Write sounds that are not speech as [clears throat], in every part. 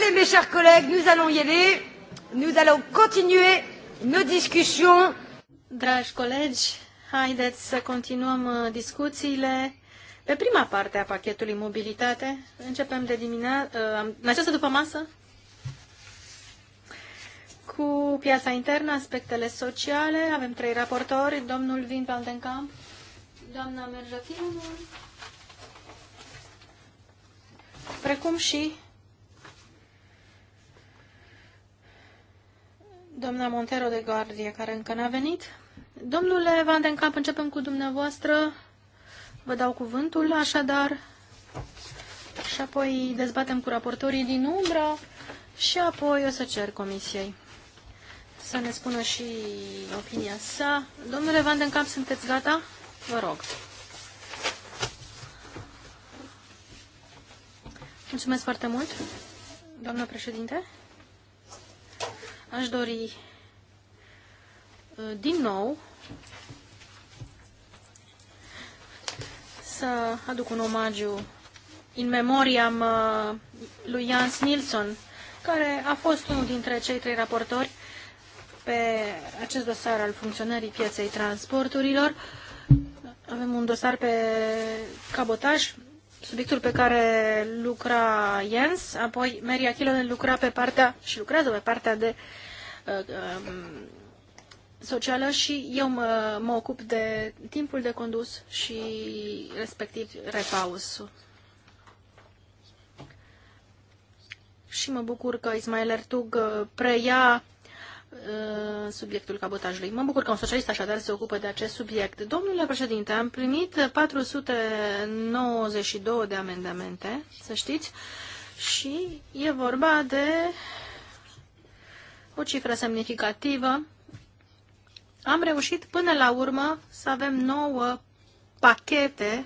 Allez, mes chers collègues, nous allons y aller. Nous allons continuer nos discussions. Dragi colegi, haideți să continuăm uh, discuțiile pe prima parte a pachetului mobilitate. Începem de dimineață, uh, în această după masă, cu piața internă, aspectele sociale. Avem trei raportori, domnul Vin Valdencamp, den Kamp, doamna Merjafinu, precum și doamna Montero de Gardie, care încă n-a venit. Domnule Van den Kamp, începem cu dumneavoastră. Vă dau cuvântul, așadar, și apoi dezbatem cu raportorii din umbră și apoi o să cer comisiei să ne spună și opinia sa. Domnule Van den Kamp, sunteți gata? Vă rog. Mulțumesc foarte mult, doamnă președinte. Aș dori uh, din nou să aduc un omagiu in memoriam lui Jans Nilsson, care a fost unul dintre cei trei raportori pe acest dosar al funcționării pieței transporturilor. Avem un dosar pe cabotaj subiectul pe care lucra Jens, apoi Mary Achilonen lucra pe partea și lucrează pe partea de uh, um, socială și eu mă, mă ocup de timpul de condus și respectiv repausul. Și mă bucur că Ismail Ertug uh, preia Uh, subiectul cabotajului. Mă bucur că un socialist așadar se ocupă de acest subiect. Domnule președinte, am primit 492 de amendamente, să știți, și e vorba de o cifră semnificativă. Am reușit până la urmă să avem 9 pachete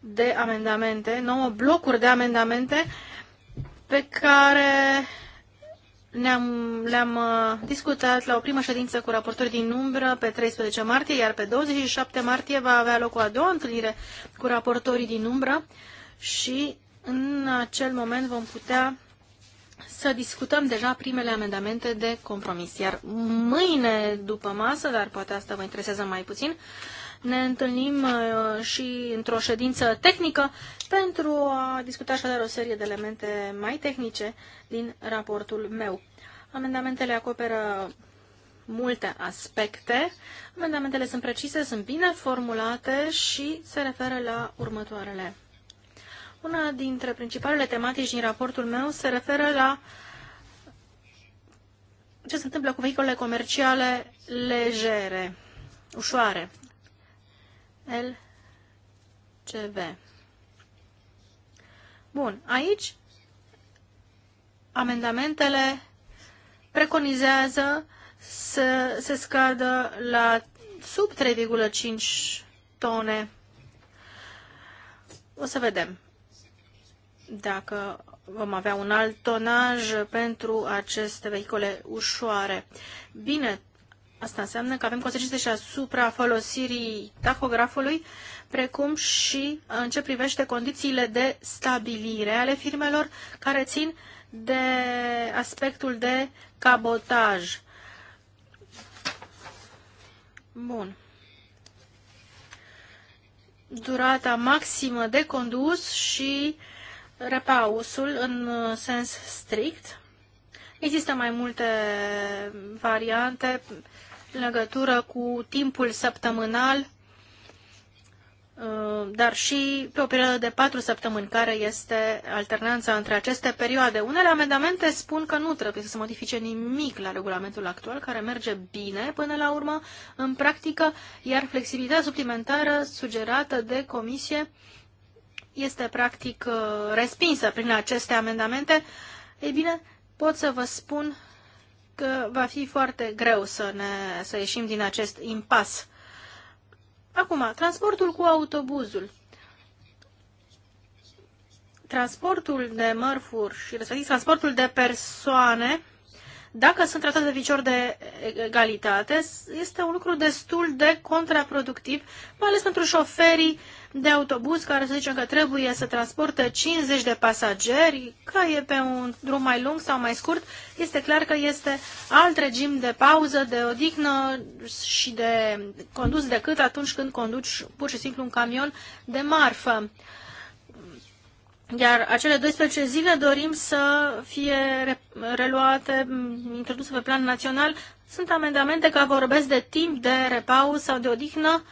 de amendamente, 9 blocuri de amendamente pe care ne-am, le-am uh, discutat la o primă ședință cu raportori din umbră pe 13 martie, iar pe 27 martie va avea loc o a doua întâlnire cu raportorii din umbră și în acel moment vom putea să discutăm deja primele amendamente de compromis. Iar mâine, după masă, dar poate asta vă interesează mai puțin, uh, ne întâlnim uh, și într-o ședință tehnică pentru a discuta așadar o serie de elemente mai tehnice din raportul meu. Amendamentele acoperă multe aspecte. Amendamentele sunt precise, sunt bine formulate și se referă la următoarele. Una dintre principalele tematici din raportul meu se referă la ce se întâmplă cu vehiculele comerciale legere, ușoare. LCV. Bun, aici amendamentele preconizează să se scadă la sub 3,5 tone. O să vedem dacă vom avea un alt tonaj pentru aceste vehicule ușoare. Bine, Asta înseamnă că avem consecințe și asupra folosirii tahografului, precum și uh, în ce privește condițiile de stabilire ale firmelor care țin de aspectul de cabotaj. Bun. Durata maximă de condus și repausul în uh, sens strict. Există mai multe variante în legătură cu timpul săptămânal, uh, dar și pe o perioadă de patru săptămâni, care este alternanța între aceste perioade. Unele amendamente spun că nu trebuie să se modifice nimic la regulamentul actual, care merge bine până la urmă în practică, iar flexibilitatea suplimentară sugerată de comisie este practic uh, respinsă prin aceste amendamente. Ei bine, pot să vă spun că va fi foarte greu să, ne, să ieșim din acest impas. Acum, transportul cu autobuzul. Transportul de mărfuri și respectiv transportul de persoane, dacă sunt tratate de picior de egalitate, este un lucru destul de contraproductiv, mai ales pentru șoferii uh, de autobuz care să zicem că trebuie să transporte 50 de pasageri, că e pe un drum mai lung sau mai scurt, este clar că este alt regim de pauză, de odihnă și de condus decât atunci când conduci pur și simplu un camion de marfă. Iar acele 12 zile dorim să fie reluate, introduse pe plan național. Sunt amendamente care vorbesc de timp de repaus sau de odihnă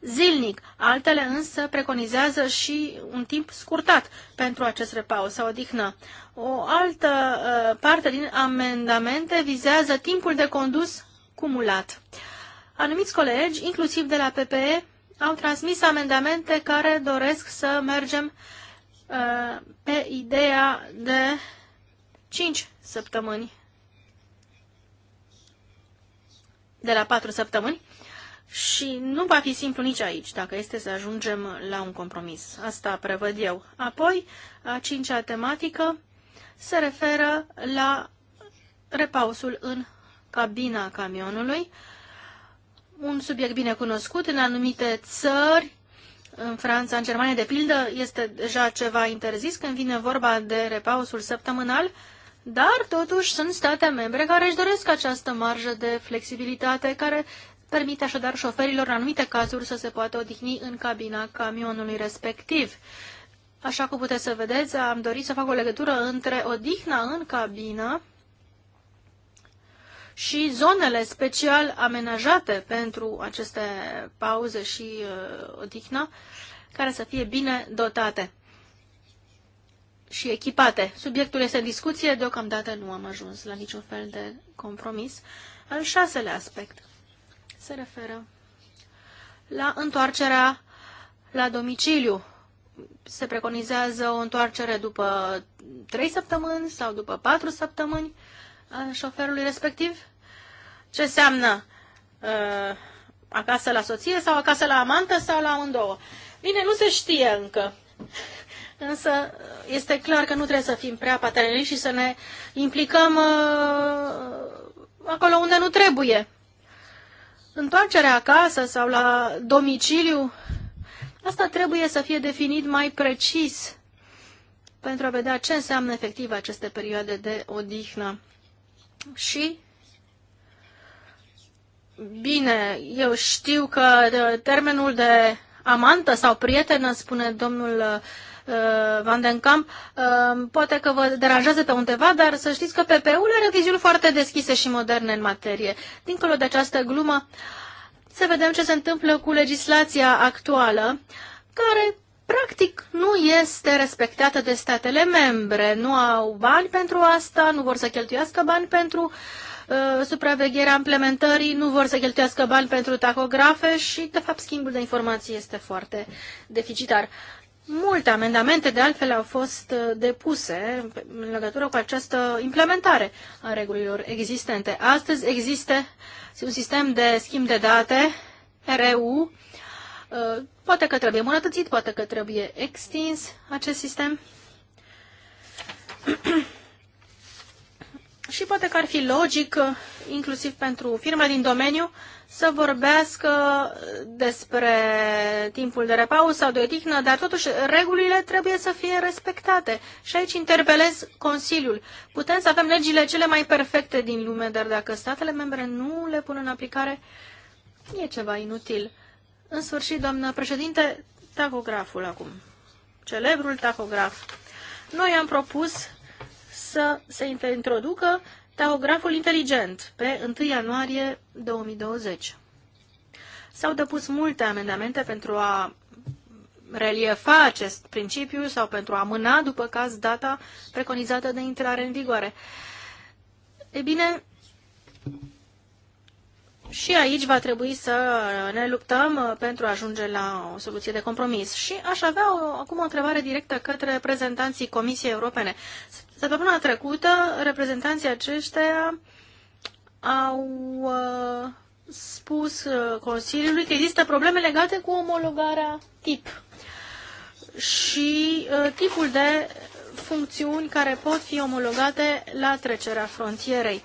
zilnic. Altele însă preconizează și un timp scurtat pentru acest repaus sau odihnă. O altă uh, parte din amendamente vizează timpul de condus cumulat. Anumiți colegi, inclusiv de la PPE, au transmis amendamente care doresc să mergem uh, pe ideea de 5 săptămâni de la 4 săptămâni și nu va fi simplu nici aici, dacă este să ajungem la un compromis. Asta prevăd eu. Apoi, a cincea tematică se referă la repausul în cabina camionului, un subiect bine cunoscut în anumite țări, în Franța, în Germania, de pildă, este deja ceva interzis când vine vorba de repausul săptămânal, dar totuși sunt state membre care își doresc această marjă de flexibilitate, care permite așadar șoferilor în anumite cazuri să se poată odihni în cabina camionului respectiv. Așa cum puteți să vedeți, am dorit să fac o legătură între odihna în cabină și zonele special amenajate pentru aceste pauze și uh, odihna, care să fie bine dotate și echipate. Subiectul este în discuție, deocamdată nu am ajuns la niciun fel de compromis. Al șaselea aspect se referă la întoarcerea la domiciliu. Se preconizează o întoarcere după 3 săptămâni sau după 4 săptămâni a șoferului respectiv. Ce înseamnă uh, acasă la soție sau acasă la amantă sau la amândouă? Bine, nu se știe încă. Însă este clar că nu trebuie să fim prea paterniști și să ne implicăm uh, acolo unde nu trebuie. Întoarcerea acasă sau la domiciliu, asta trebuie să fie definit mai precis pentru a vedea ce înseamnă efectiv aceste perioade de odihnă. Și Bine, eu știu că termenul de amantă sau prietenă, spune domnul Uh, Van den Kamp. Uh, poate că vă deranjează pe undeva, dar să știți că PPU-ul are viziuni foarte deschise și moderne în materie. Dincolo de această glumă, să vedem ce se întâmplă cu legislația actuală, care practic nu este respectată de statele membre. Nu au bani pentru asta, nu vor să cheltuiască bani pentru uh, supravegherea implementării, nu vor să cheltuiască bani pentru tacografe și, de fapt, schimbul de informații este foarte deficitar. Multe amendamente, de altfel, au fost uh, depuse în legătură cu această implementare a regulilor existente. Astăzi există un sistem de schimb de date, RU, uh, poate că trebuie îmbunătățit, poate că trebuie extins acest sistem. [clears throat] și poate că ar fi logic, inclusiv pentru firmele din domeniu, să vorbească despre timpul de repaus sau de odihnă, dar totuși regulile trebuie să fie respectate. Și aici interpelez Consiliul. Putem să avem legile cele mai perfecte din lume, dar dacă statele membre nu le pun în aplicare, e ceva inutil. În sfârșit, doamnă președinte, tacograful acum. Celebrul tacograf. Noi am propus să se introducă tahograful inteligent pe 1 ianuarie 2020. S-au depus multe amendamente pentru a reliefa acest principiu sau pentru a amâna, după caz, data preconizată de intrare în vigoare. E bine, și aici va trebui să ne luptăm uh, pentru a ajunge la o soluție de compromis. Și aș avea o, uh, acum o întrebare directă către reprezentanții Comisiei Europene. Săptămâna trecută, reprezentanții aceștia au uh, spus uh, Consiliului că există probleme legate cu omologarea tip și uh, tipul de funcțiuni care pot fi omologate la trecerea frontierei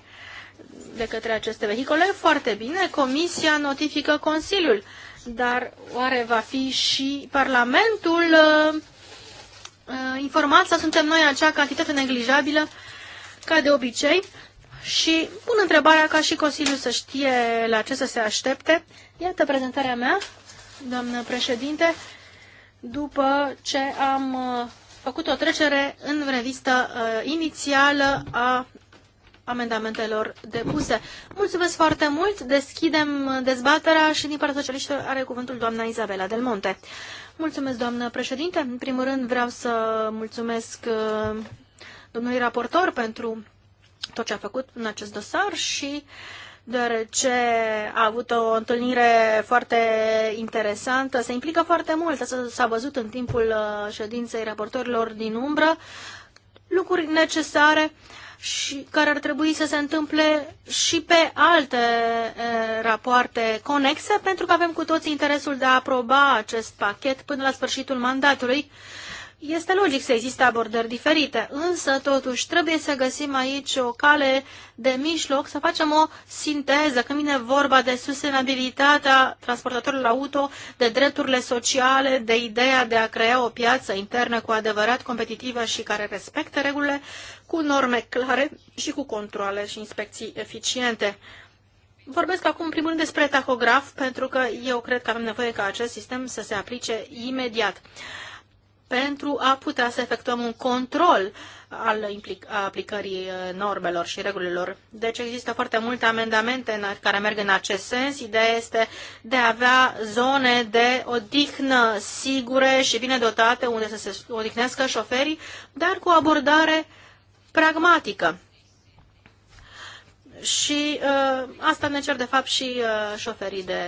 de către aceste vehicole. Foarte bine, Comisia notifică Consiliul, dar oare va fi și Parlamentul uh, Uh, informați sau suntem noi acea cantitate neglijabilă, ca de obicei, și pun întrebarea ca și Consiliul să știe la ce să se aștepte. Iată prezentarea mea, doamnă președinte, după ce am uh, făcut o trecere în revistă uh, inițială a amendamentelor depuse. Mulțumesc foarte mult, deschidem uh, dezbaterea și din partea socialiștilor are cuvântul doamna Izabela Del Monte. Mulțumesc, doamnă președinte. În primul rând vreau să mulțumesc uh, domnului raportor pentru tot ce a făcut în acest dosar și deoarece a avut o întâlnire foarte interesantă, se implică foarte mult, asta s-a văzut în timpul uh, ședinței raportorilor din umbră, lucruri necesare uh, și care ar trebui să se întâmple și pe alte e, rapoarte conexe, pentru că avem cu toți interesul de a aproba acest pachet până la sfârșitul mandatului. Este logic să existe abordări diferite, însă totuși trebuie să găsim aici o cale de mijloc, să facem o sinteză când vine vorba de sustenabilitatea transportatorilor auto, de drepturile sociale, de ideea de a crea o piață internă cu adevărat competitivă și care respectă regulile cu norme clare și cu controle și inspecții eficiente. Vorbesc acum, în primul rând, despre tachograf, pentru că eu cred că avem nevoie ca acest sistem să se aplice imediat pentru a putea să efectuăm un control al aplicării uh, normelor și regulilor. Deci există foarte multe amendamente care merg în acest sens. Ideea este de a avea zone de odihnă sigure și bine dotate unde să se odihnească șoferii, dar cu abordare uh, pragmatică. Și uh, asta ne cer de fapt și uh, șoferii de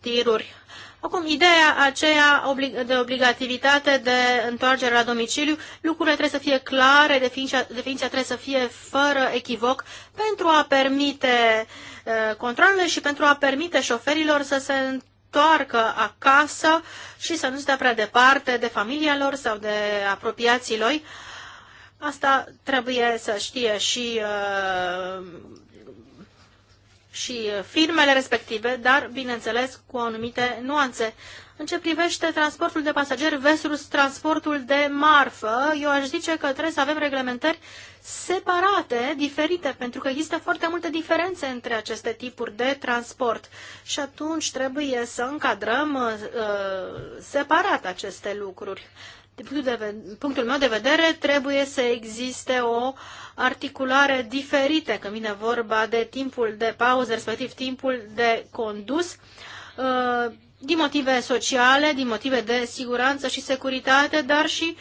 tiruri. Acum, ideea aceea de obligativitate de întoarcere la domiciliu, lucrurile trebuie să fie clare, definiția, definiția trebuie să fie fără echivoc pentru a permite uh, controlele și pentru a permite șoferilor să se întoarcă acasă și să nu stea prea departe de familia lor sau de apropiații lor Asta trebuie să știe și, uh, și firmele respective, dar, bineînțeles, cu anumite nuanțe. În ce privește transportul de pasageri versus transportul de marfă, eu aș zice că trebuie să avem reglementări separate, diferite, pentru că există foarte multe diferențe între aceste tipuri de transport și atunci trebuie să încadrăm uh, separat aceste lucruri. Din punctul meu de vedere, trebuie să existe o articulare diferită când vine vorba de timpul de pauză, respectiv timpul de condus, uh, din motive sociale, din motive de siguranță și securitate, dar și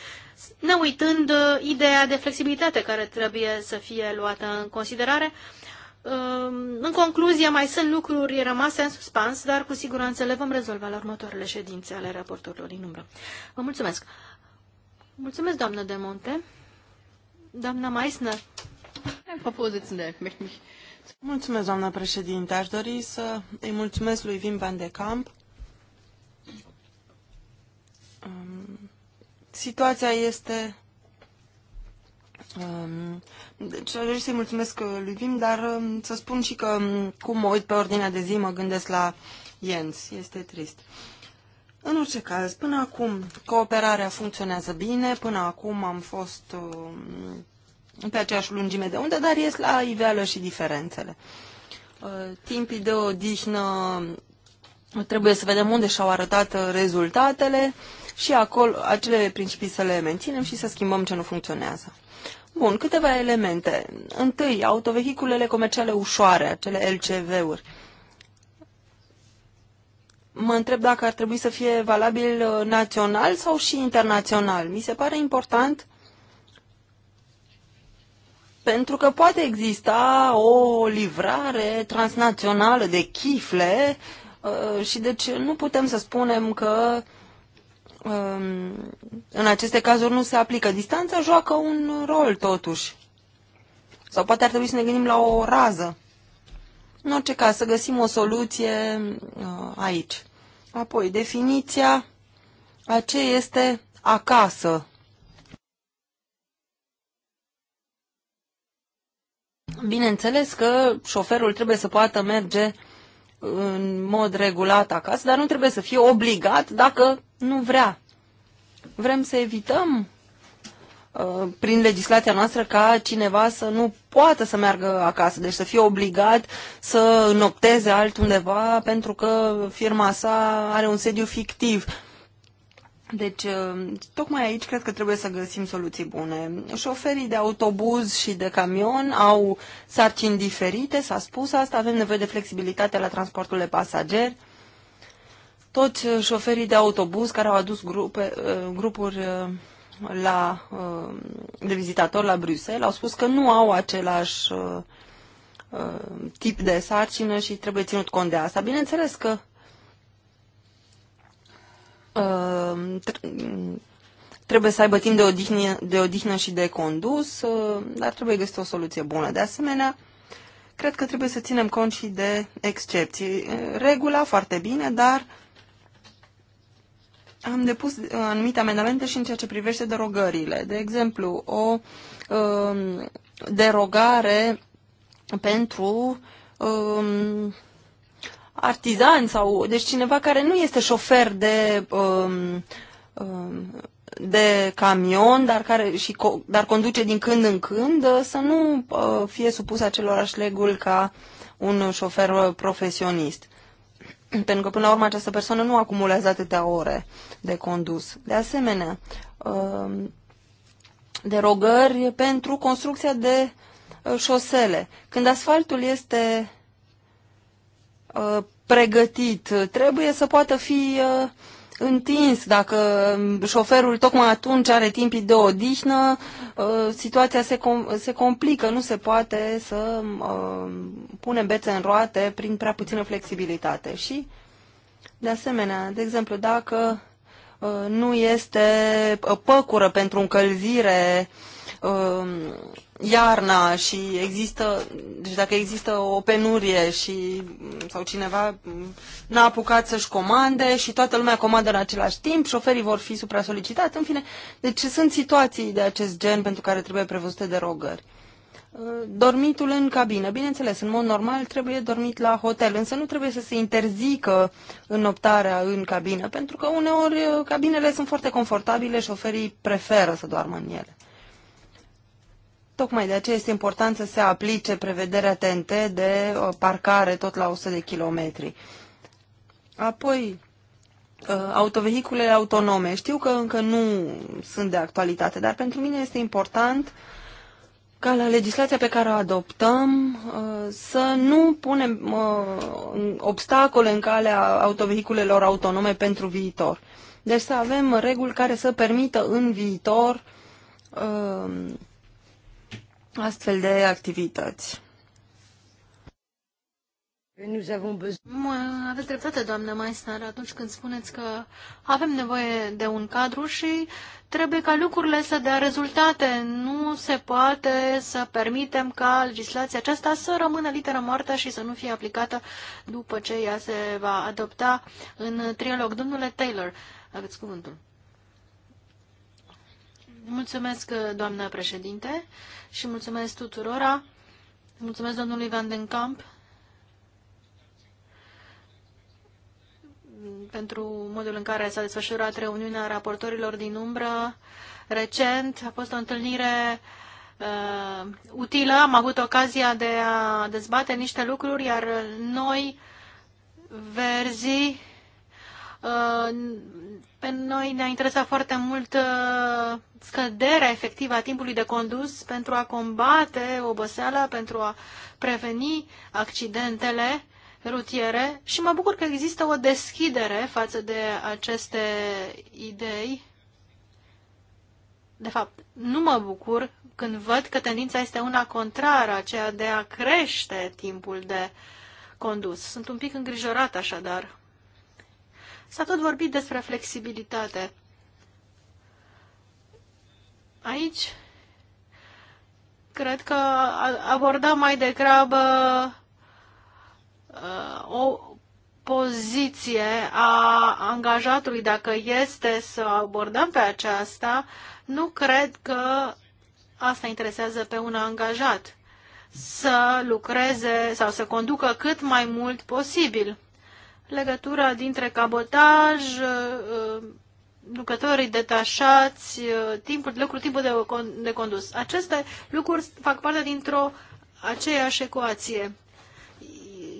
ne uitând uh, ideea de flexibilitate care trebuie să fie luată în considerare. Uh, în concluzie, mai sunt lucruri rămase în suspans, dar cu siguranță le vom rezolva la următoarele ședințe ale raportorilor din umbră. Vă mulțumesc! Mulțumesc, doamnă de Monte. Doamna Meissner. Mulțumesc, doamna președinte. Aș dori să îi mulțumesc lui Vim Van de Camp. Um, situația este... Um, deci aș să-i mulțumesc lui Vim, dar um, să spun și că cum mă uit pe ordinea de zi, mă gândesc la Jens. Este trist. Uh, în orice caz, până acum cooperarea funcționează bine, până acum am fost uh, pe aceeași lungime de unde, dar ies la iveală și diferențele. Uh, timpii de odihnă trebuie să vedem unde și-au arătat rezultatele și acolo acele principii să le menținem și să schimbăm ce nu funcționează. Bun, câteva elemente. Întâi, autovehiculele comerciale ușoare, acele LCV-uri. Uh, mă întreb dacă ar trebui să fie valabil uh, național sau și internațional. Mi se pare important pentru că poate exista o livrare transnațională de chifle uh, și deci nu putem să spunem că um, în aceste cazuri nu se aplică. Distanța joacă un rol totuși. Sau poate ar trebui să ne gândim la o rază. În orice caz, să găsim o soluție uh, aici. Apoi, definiția a ce este acasă. Bineînțeles că șoferul trebuie să poată merge în mod regulat acasă, dar nu trebuie să fie obligat dacă nu vrea. Vrem să evităm Uh, prin legislația noastră ca cineva să nu poată să meargă acasă, deci să fie obligat să nopteze altundeva pentru că firma sa are un sediu fictiv. Deci, uh, tocmai aici cred că trebuie să găsim soluții bune. Șoferii de autobuz și de camion au sarcini diferite, s-a spus asta, avem nevoie de flexibilitate la transportul de pasageri. Toți șoferii de autobuz care au adus grupe, uh, grupuri la, uh, de vizitator la Bruxelles au spus că nu au același uh, uh, tip de sarcină și trebuie ținut cont de asta. Bineînțeles că trebuie să aibă timp de odihnă, de odihnă și de condus, dar trebuie găsit o soluție bună. De asemenea, cred că trebuie să ținem cont și de excepții. Regula foarte bine, dar uh, am depus uh, anumite amendamente și în ceea ce privește derogările. De exemplu, o um, derogare pentru um, artizan sau deci cineva care nu este șofer de um, um, de camion, dar care și co- dar conduce din când în când, uh, să nu uh, fie supus acelorași reguli ca un șofer profesionist. [clears throat] pentru că până la urmă această persoană nu acumulează atâtea ore de condus. De asemenea, um, derogări pentru construcția de uh, șosele. Când asfaltul este uh, pregătit, trebuie să poată fi uh, întins. Dacă șoferul tocmai atunci are timpii de odihnă, uh, situația se, com- se complică. Nu se poate să uh, punem bețe în roate prin prea puțină flexibilitate. Și, de asemenea, de exemplu, dacă uh, nu este păcură pentru încălzire iarna și există, deci dacă există o penurie și, sau cineva n-a apucat să-și comande și toată lumea comandă în același timp, șoferii vor fi supra-solicitați, în fine. Deci sunt situații de acest gen pentru care trebuie prevăzute derogări. Uh, dormitul în cabină, bineînțeles, în mod normal trebuie dormit la hotel, însă nu trebuie să se interzică optarea în cabină, pentru că uneori uh, cabinele sunt foarte confortabile, șoferii preferă să doarmă în ele. Tocmai de aceea este important să se aplice prevederea TNT de uh, parcare tot la 100 de kilometri. Apoi, uh, autovehiculele autonome. Știu că încă nu sunt de actualitate, dar pentru mine este important ca la legislația pe care o adoptăm uh, să nu punem obstacole în calea autovehiculelor autonome pentru viitor. Deci să avem reguli care să permită în viitor astfel de activități. Aveți dreptate, doamnă Maisner, atunci când spuneți că avem nevoie de un cadru și trebuie ca lucrurile să dea rezultate. Nu se poate să permitem ca legislația aceasta să rămână literă moartă și să nu fie aplicată după ce ea se va adopta în trilog. Domnule Taylor, aveți cuvântul. Mulțumesc, doamnă președinte și mulțumesc tuturora. Mulțumesc domnului Van den Camp pentru modul în care s-a desfășurat reuniunea raportorilor din umbră recent. A fost o întâlnire uh, utilă, am avut ocazia de a dezbate niște lucruri, iar noi, verzii, Uh, pe noi ne-a interesat foarte mult uh, scăderea efectivă a timpului de condus pentru a combate oboseala, pentru a preveni accidentele rutiere și mă bucur că există o deschidere față de aceste idei. De fapt, nu mă bucur când văd că tendința este una contrară, aceea de a crește timpul de condus. Sunt un pic îngrijorat așadar. S-a tot vorbit despre flexibilitate. Aici cred că abordăm mai degrabă uh, o poziție a angajatului, dacă este să abordăm pe aceasta, nu cred că asta interesează pe un angajat să lucreze sau să conducă cât mai mult posibil legătura dintre cabotaj, uh, uh, lucrătorii detașați, uh, timpul lucru, timpul de, de condus. Aceste lucruri fac parte dintr-o aceeași ecuație.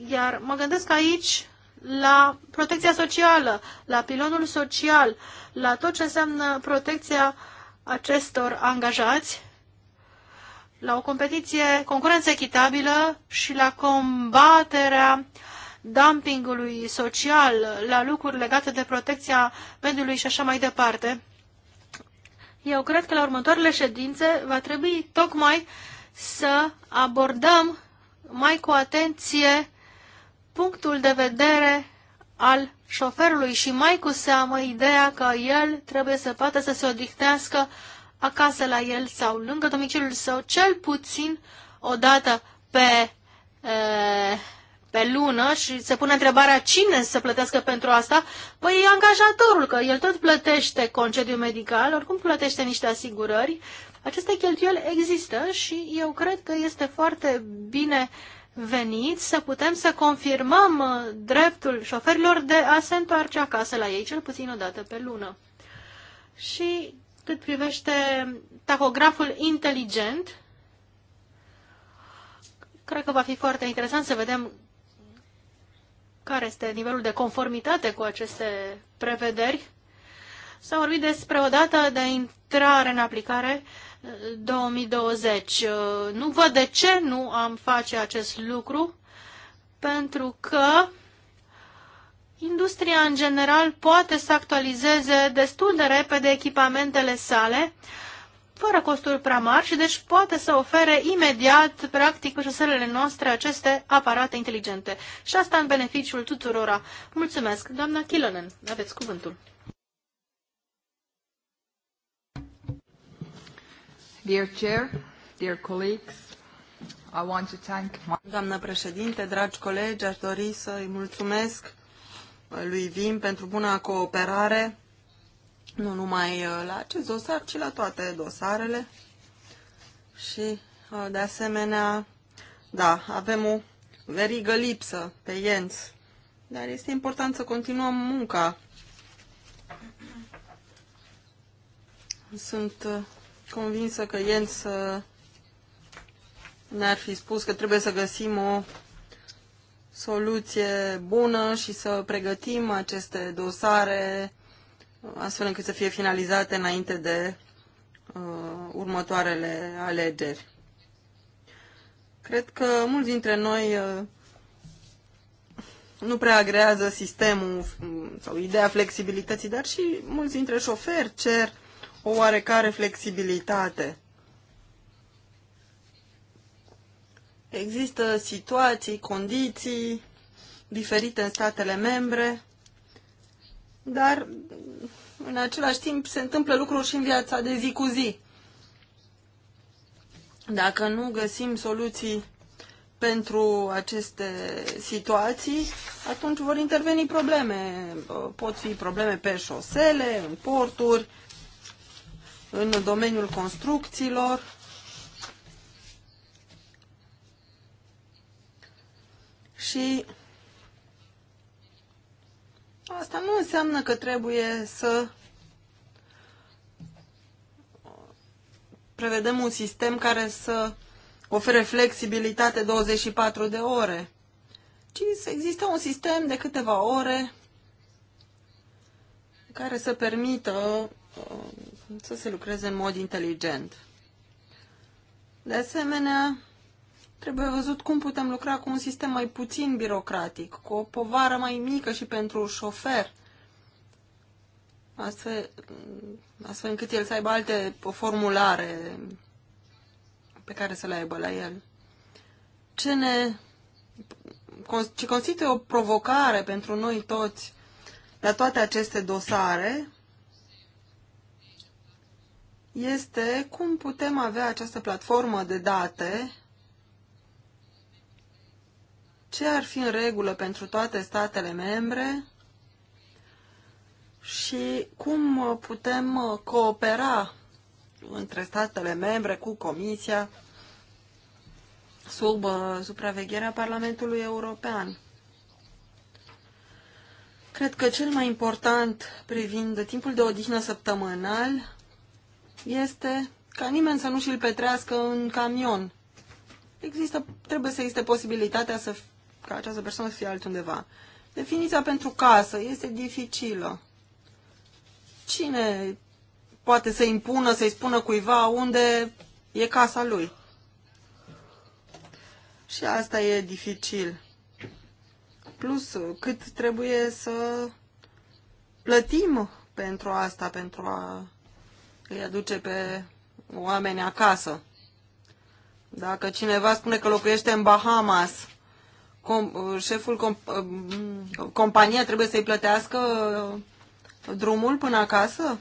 Iar mă gândesc aici la protecția socială, la pilonul social, la tot ce înseamnă protecția acestor angajați, la o competiție, concurență echitabilă și la combaterea uh, dumpingului social, la lucruri legate de protecția mediului și așa mai departe. Eu cred că la următoarele ședințe va trebui tocmai să abordăm mai cu atenție punctul de vedere al șoferului și mai cu seamă ideea că el trebuie să poată să se odihnească acasă la el sau lângă domiciliul său, cel puțin o dată pe e, eh, pe lună și se pune întrebarea cine să plătească pentru asta, păi e angajatorul, că el tot plătește concediu medical, oricum plătește niște asigurări. Aceste cheltuieli există și eu cred că este foarte bine venit să putem să confirmăm uh, dreptul șoferilor de a se întoarce acasă la ei, cel puțin o dată pe lună. Și cât privește tachograful inteligent, cred că va fi foarte interesant să vedem care este nivelul de conformitate cu aceste prevederi. S-a vorbit despre o dată de intrare în aplicare 2020. Uh, uh, nu văd de ce nu am face acest lucru, pentru că industria în general poate să actualizeze destul de repede echipamentele sale fără costuri prea mari și deci poate să ofere imediat, practic, șoselele noastre aceste aparate inteligente. Și asta în beneficiul tuturora. Mulțumesc. Doamna Kilonen, aveți cuvântul. Dear Chair, dear colleagues, I want to thank my... Doamnă președinte, dragi colegi, aș dori să i mulțumesc lui Vim pentru buna cooperare nu numai uh, la acest dosar, ci la toate dosarele. Și, uh, de asemenea, da, avem o verigă lipsă pe Jens, dar este important să continuăm munca. Sunt uh, convinsă că Jens ne-ar fi spus că trebuie să găsim o soluție bună și să pregătim aceste dosare astfel încât să fie finalizate înainte de uh, următoarele alegeri. Cred că mulți dintre noi uh, nu prea agrează sistemul mm, sau ideea flexibilității, dar și mulți dintre șoferi cer o oarecare flexibilitate. Există situații, condiții diferite în statele membre dar în același timp se întâmplă lucruri și în viața de zi cu zi. Dacă nu găsim soluții pentru aceste situații, atunci vor interveni probleme. Pot fi probleme pe șosele, în porturi, în domeniul construcțiilor. Și Asta nu înseamnă că trebuie să prevedem un sistem care să ofere flexibilitate 24 de ore, ci să existe un sistem de câteva ore care să permită uh, să se lucreze în mod inteligent. De asemenea, Trebuie văzut cum putem lucra cu un sistem mai puțin birocratic, cu o povară mai mică și pentru șofer, astfel, astfel încât el să aibă alte formulare pe care să le aibă la el. Ce ne ce constituie o provocare pentru noi toți la toate aceste dosare este cum putem avea această platformă de date ce ar fi în regulă pentru toate statele membre și cum putem uh, coopera între statele membre cu Comisia sub uh, supravegherea Parlamentului European. Cred că cel mai important privind timpul de odihnă săptămânal este ca nimeni să nu și-l petrească în camion. Există, trebuie să existe posibilitatea să ca această persoană să fie altundeva. Definiția pentru casă este dificilă. Cine poate să impună, să-i spună cuiva unde e casa lui? Și asta e dificil. Plus, cât trebuie să plătim pentru asta, pentru a îi aduce pe oameni acasă. Dacă cineva spune că locuiește în Bahamas com, șeful com, compania trebuie să-i plătească drumul până acasă?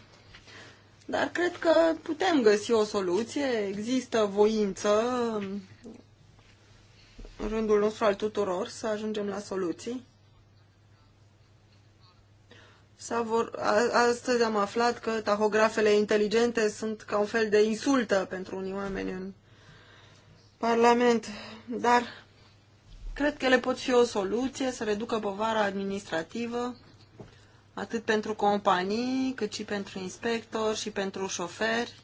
Dar cred că putem găsi o soluție, există voință în rândul nostru al tuturor să ajungem la soluții. S-a vor... Astăzi am aflat că tahografele inteligente sunt ca un fel de insultă pentru unii oameni în Parlament, dar Cred că ele pot fi o soluție să reducă povara administrativă atât pentru companii, cât și pentru inspectori și pentru șoferi.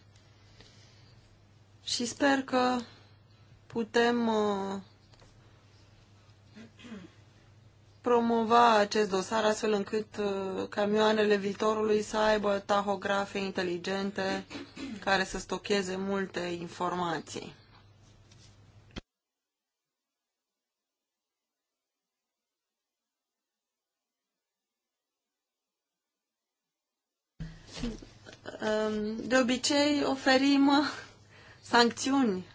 Și sper că putem uh, promova acest dosar astfel încât uh, camioanele viitorului să aibă tahografe inteligente care să stocheze multe informații. Ehm, de obicei oferim sancțiuni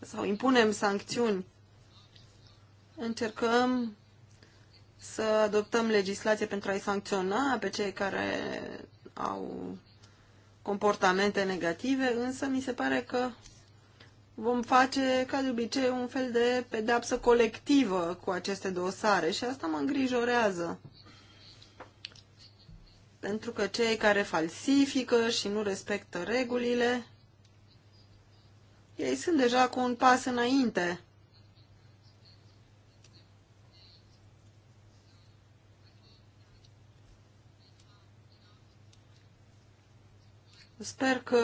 sau impunem sancțiuni. Încercăm să adoptăm legislație pentru a-i sancționa pe cei care au comportamente negative, însă mi se pare că vom face, ca de obicei, un fel de pedapsă colectivă cu aceste dosare și asta mă îngrijorează pentru că cei care falsifică și nu respectă regulile, ei sunt deja cu un pas înainte. Sper că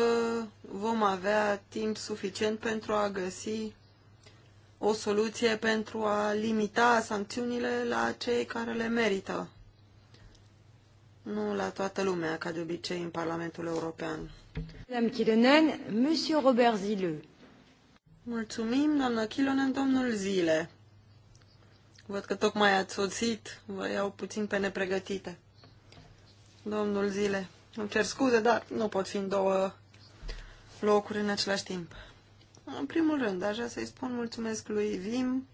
vom avea timp suficient pentru a găsi o soluție pentru a limita sancțiunile la cei care le merită. Nu la toată lumea, ca de obicei în Parlamentul European. Madame Kilonen, Monsieur Robert Zile. Mulțumim, doamna Kilonen, domnul Zile. Văd că tocmai ați soțit, vă iau puțin pe nepregătite. Domnul Zile, îmi cer scuze, dar nu pot fi în două locuri în același timp. În primul rând, așa să-i spun mulțumesc lui Vim.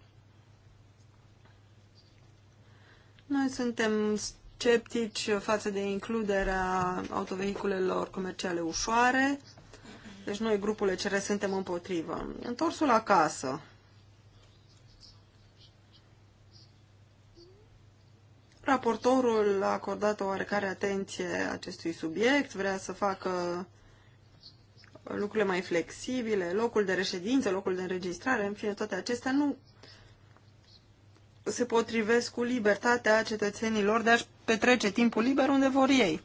Noi suntem sceptici față de includerea autovehiculelor comerciale ușoare. Deci noi, grupul ECR, suntem împotrivă. Întorsul acasă. Raportorul a acordat o oarecare atenție acestui subiect, vrea să facă lucrurile mai flexibile, locul de reședință, locul de înregistrare, în fine, toate acestea nu se potrivesc cu libertatea cetățenilor de a-și petrece timpul liber unde vor ei.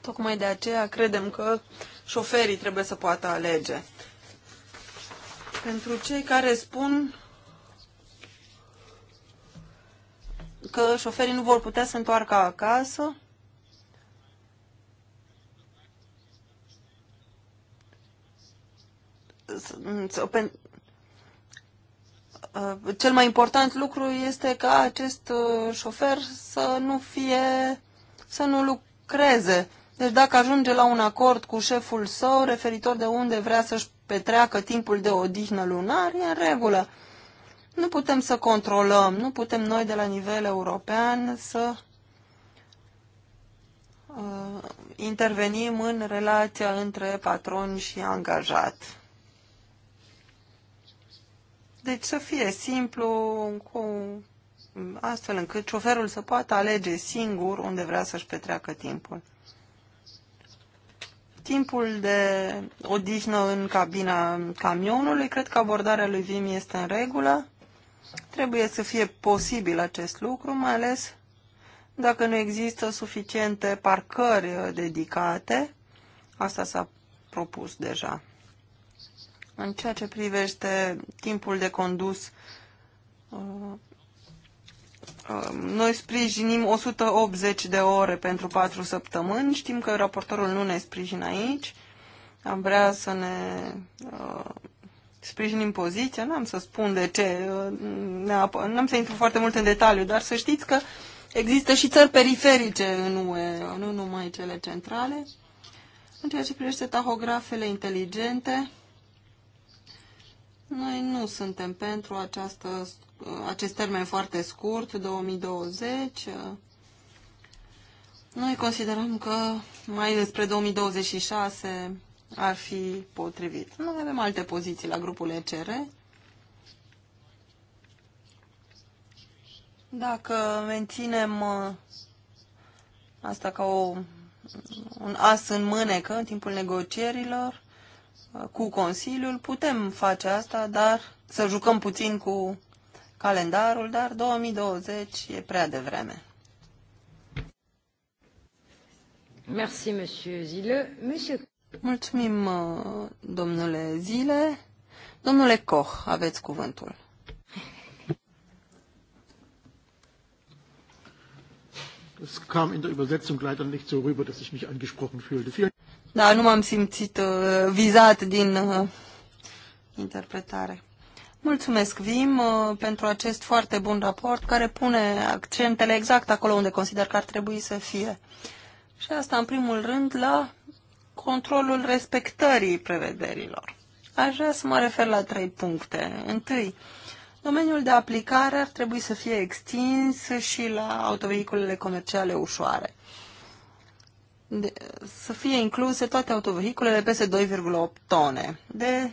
Tocmai de aceea credem că șoferii trebuie să poată alege. Pentru cei care spun că șoferii nu vor putea să întoarcă acasă, să Uh, cel mai important lucru este ca acest uh, șofer să nu fie, să nu lucreze. Deci dacă ajunge la un acord cu șeful său referitor de unde vrea să-și petreacă timpul de odihnă lunar, e în regulă. Nu putem să controlăm, nu putem noi de la nivel european să uh, intervenim în relația între patron și angajat. Deci să fie simplu, cu, astfel încât șoferul să poată alege singur unde vrea să-și petreacă timpul. Timpul de odihnă în cabina camionului, cred că abordarea lui Vim este în regulă. Trebuie să fie posibil acest lucru, mai ales dacă nu există suficiente parcări dedicate. Asta s-a propus deja. În ceea ce privește timpul de condus, uh, uh, noi sprijinim 180 de ore pentru 4 săptămâni. Știm că raportorul nu ne sprijină aici. Am vrea să ne uh, sprijinim poziția. N-am să spun de ce, n-am să intru foarte mult în detaliu, dar să știți că există și țări periferice în UE, nu numai cele centrale. În ceea ce privește tahografele inteligente, noi nu suntem pentru această, acest termen foarte scurt, 2020. Noi considerăm că mai despre 2026 ar fi potrivit. Nu avem alte poziții la grupul ECR. Dacă menținem uh, asta ca o, un as în mânecă în timpul negocierilor, cu Consiliul, putem face asta, dar să jucăm puțin cu calendarul, dar 2020 e prea devreme. Merci, monsieur Zile. Monsieur... Mulțumim, uh, domnule Zile. Domnule Koch, aveți cuvântul. Es kam in der Übersetzung leider nicht so rüber, dass ich mich angesprochen fühlte. Vielen da, nu m-am simțit uh, vizat din uh, interpretare. Mulțumesc, Vim, uh, pentru acest foarte bun raport care pune accentele exact acolo unde consider că ar trebui să fie. Și asta, în primul rând, la controlul respectării prevederilor. Aș vrea să mă refer la trei puncte. Întâi, domeniul de aplicare ar trebui să fie extins și la autovehiculele comerciale ușoare de, să fie incluse toate autovehiculele peste 2,8 tone. De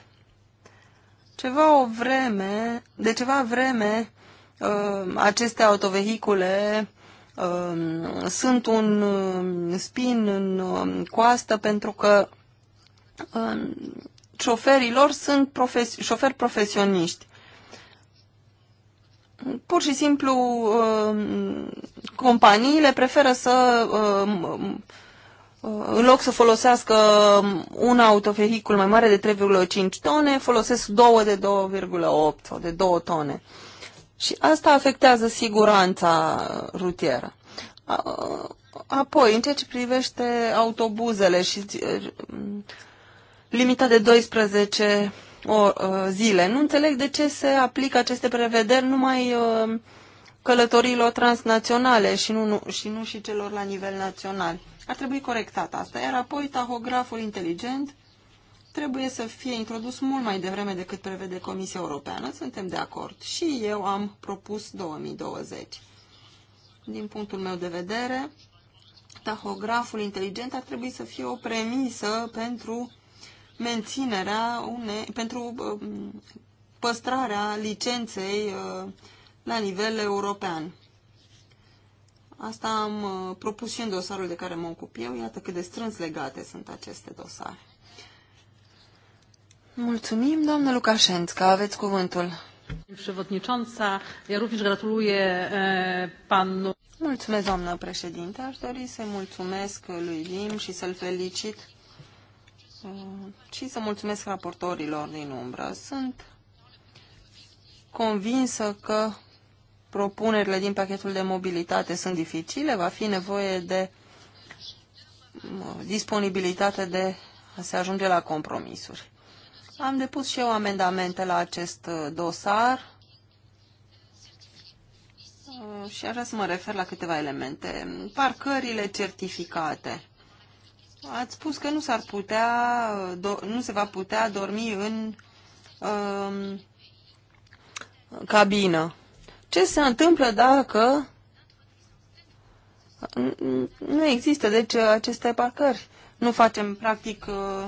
ceva o vreme, de ceva vreme uh, aceste autovehicule um, sunt un um, spin în um, coastă pentru că șoferii lor sunt profes- șoferi profesioniști. Pur și simplu, companiile preferă să Uh, în loc să folosească um, un autovehicul mai mare de 3,5 tone, folosesc două de 2,8 sau de 2 tone. Și asta afectează siguranța rutieră. Uh, apoi, în ceea ce privește autobuzele și uh, limita de 12 zile, nu înțeleg de ce se aplică aceste prevederi numai călătorilor transnaționale și nu, și nu și celor la nivel național. Ar trebui corectat asta, iar apoi tahograful inteligent trebuie să fie introdus mult mai devreme decât prevede Comisia Europeană. Suntem de acord. Și eu am propus 2020. Din punctul meu de vedere, tahograful inteligent ar trebui să fie o premisă pentru menținerea unei, pentru um, păstrarea licenței uh, la nivel european. Asta am uh, propus și în dosarul de care mă ocup eu. Iată cât de strâns legate sunt aceste dosare. Mulțumim, doamnă că Aveți cuvântul. Mulțumesc, doamnă președinte. Aș dori să mulțumesc lui Lim și să-l felicit și să mulțumesc raportorilor din umbră. Sunt convinsă că propunerile din pachetul de mobilitate sunt dificile, va fi nevoie de disponibilitate de a se ajunge la compromisuri. Am depus și eu amendamente la acest uh, dosar uh, și aș vrea să mă refer la câteva elemente. Parcările certificate. Ați spus că nu s-ar putea, uh, nu se va putea dormi în um, cabină. Ce se întâmplă dacă nu există, deci, aceste parcări? Nu facem, practic, uh,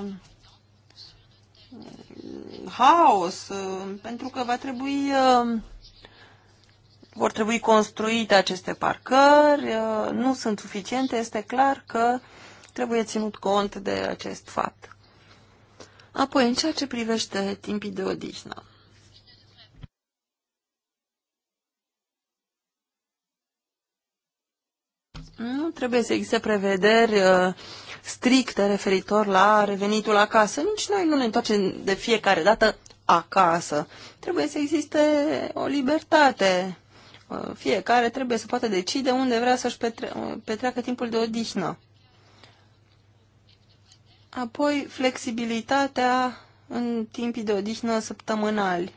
haos, uh, pentru că va trebui, uh, vor trebui construite aceste parcări, nu sunt suficiente, este clar că trebuie ținut cont de acest fapt. Apoi, în ceea ce privește timpii de odihnă, Nu trebuie să existe prevederi uh, stricte referitor la revenitul acasă. Nici noi nu ne întoarcem de fiecare dată acasă. Trebuie să existe o libertate. Uh, fiecare trebuie să poată decide unde vrea să-și petre- uh, petreacă timpul de odihnă. Apoi, flexibilitatea în timpii de odihnă săptămânali.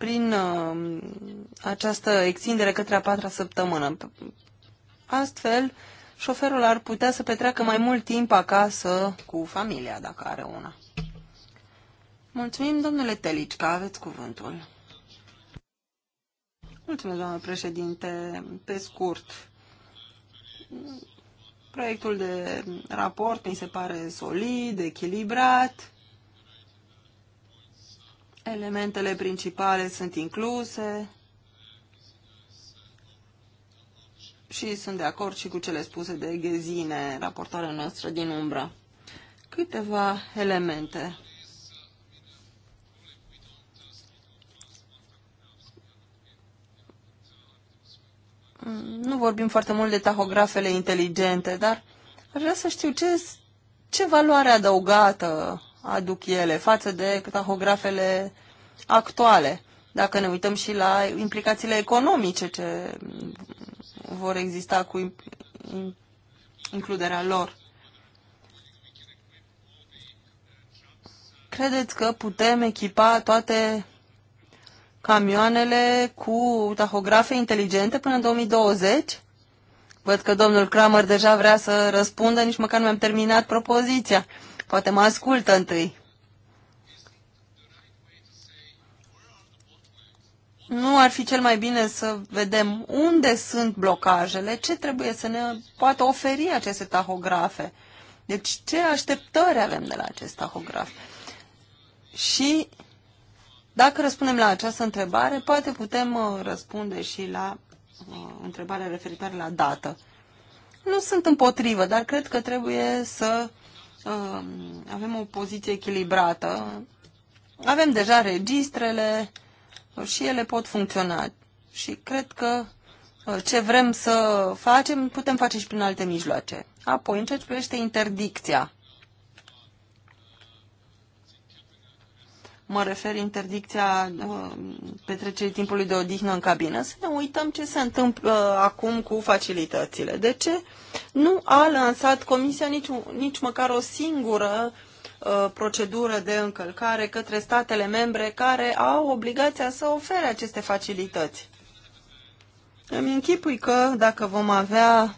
prin uh, această extindere către a patra săptămână. Astfel, șoferul ar putea să petreacă mai mult timp acasă cu familia, dacă are una. Mulțumim, domnule că aveți cuvântul. Mulțumesc, doamnă președinte. Pe scurt, proiectul de raport mi se pare solid, echilibrat, Elementele principale sunt incluse și sunt de acord și cu cele spuse de Ghezine, raportarea noastră din umbră. Câteva elemente. Nu vorbim foarte mult de tahografele inteligente, dar aș vrea să știu ce, ce valoare adăugată aduc ele față de tahografele actuale. Dacă ne uităm și la implicațiile economice ce vor exista cu includerea lor. Credeți că putem echipa toate camioanele cu tahografe inteligente până în 2020? Văd că domnul Kramer deja vrea să răspundă, nici măcar nu am terminat propoziția. Poate mă ascultă întâi. Nu ar fi cel mai bine să vedem unde sunt blocajele, ce trebuie să ne poată oferi aceste tahografe. Deci ce așteptări avem de la acest tahograf? Și dacă răspundem la această întrebare, poate putem uh, răspunde și la uh, întrebarea referitoare la dată. Nu sunt împotrivă, dar cred că trebuie să Um, avem o poziție echilibrată. Avem deja registrele și ele pot funcționa. Și cred că uh, ce vrem să facem, putem face și prin alte mijloace. Apoi, în ceea ce privește interdicția, mă refer interdicția uh, petrecerii timpului de odihnă în cabină, să ne uităm ce se întâmplă uh, acum cu facilitățile. De ce nu a lansat Comisia nici, nici măcar o singură uh, procedură de încălcare către statele membre care au obligația să ofere aceste facilități? Îmi închipui că dacă vom avea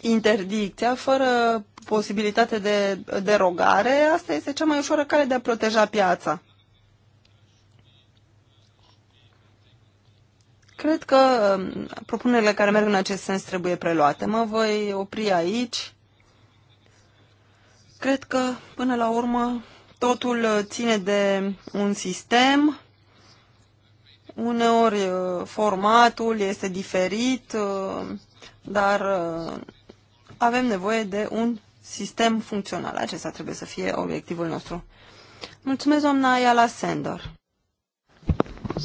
interdicția fără posibilitate de derogare, asta este cea mai ușoară cale de a proteja piața. Cred că um, propunerile care merg în acest sens trebuie preluate. Mă voi opri aici. Cred că, până la urmă, totul ține de un sistem. Uneori uh, formatul este diferit, uh, dar uh, avem nevoie de un sistem funcțional. Acesta trebuie să fie obiectivul nostru. Mulțumesc, doamna Ayala Sendor.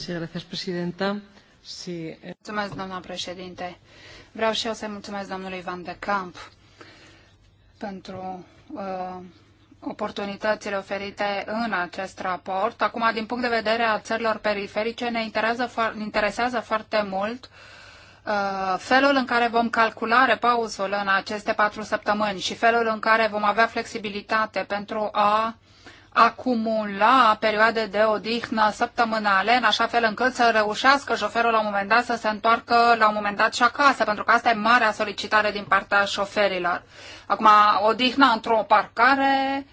Eh. Mulțumesc, doamna președinte. Vreau și eu să-i mulțumesc domnului Van de Camp pentru uh, oportunitățile oferite în acest raport. Acum, din punct de vedere a țărilor periferice, ne interesează, fo- interesează foarte mult uh, Uh, felul în care vom calcula repausul în aceste patru săptămâni și felul în care vom avea flexibilitate pentru a acumula perioade de odihnă săptămânale, în așa fel încât să reușească șoferul la un moment dat să se întoarcă la un moment dat și acasă, pentru că asta e marea solicitare din partea șoferilor. Acum, odihna într-o parcare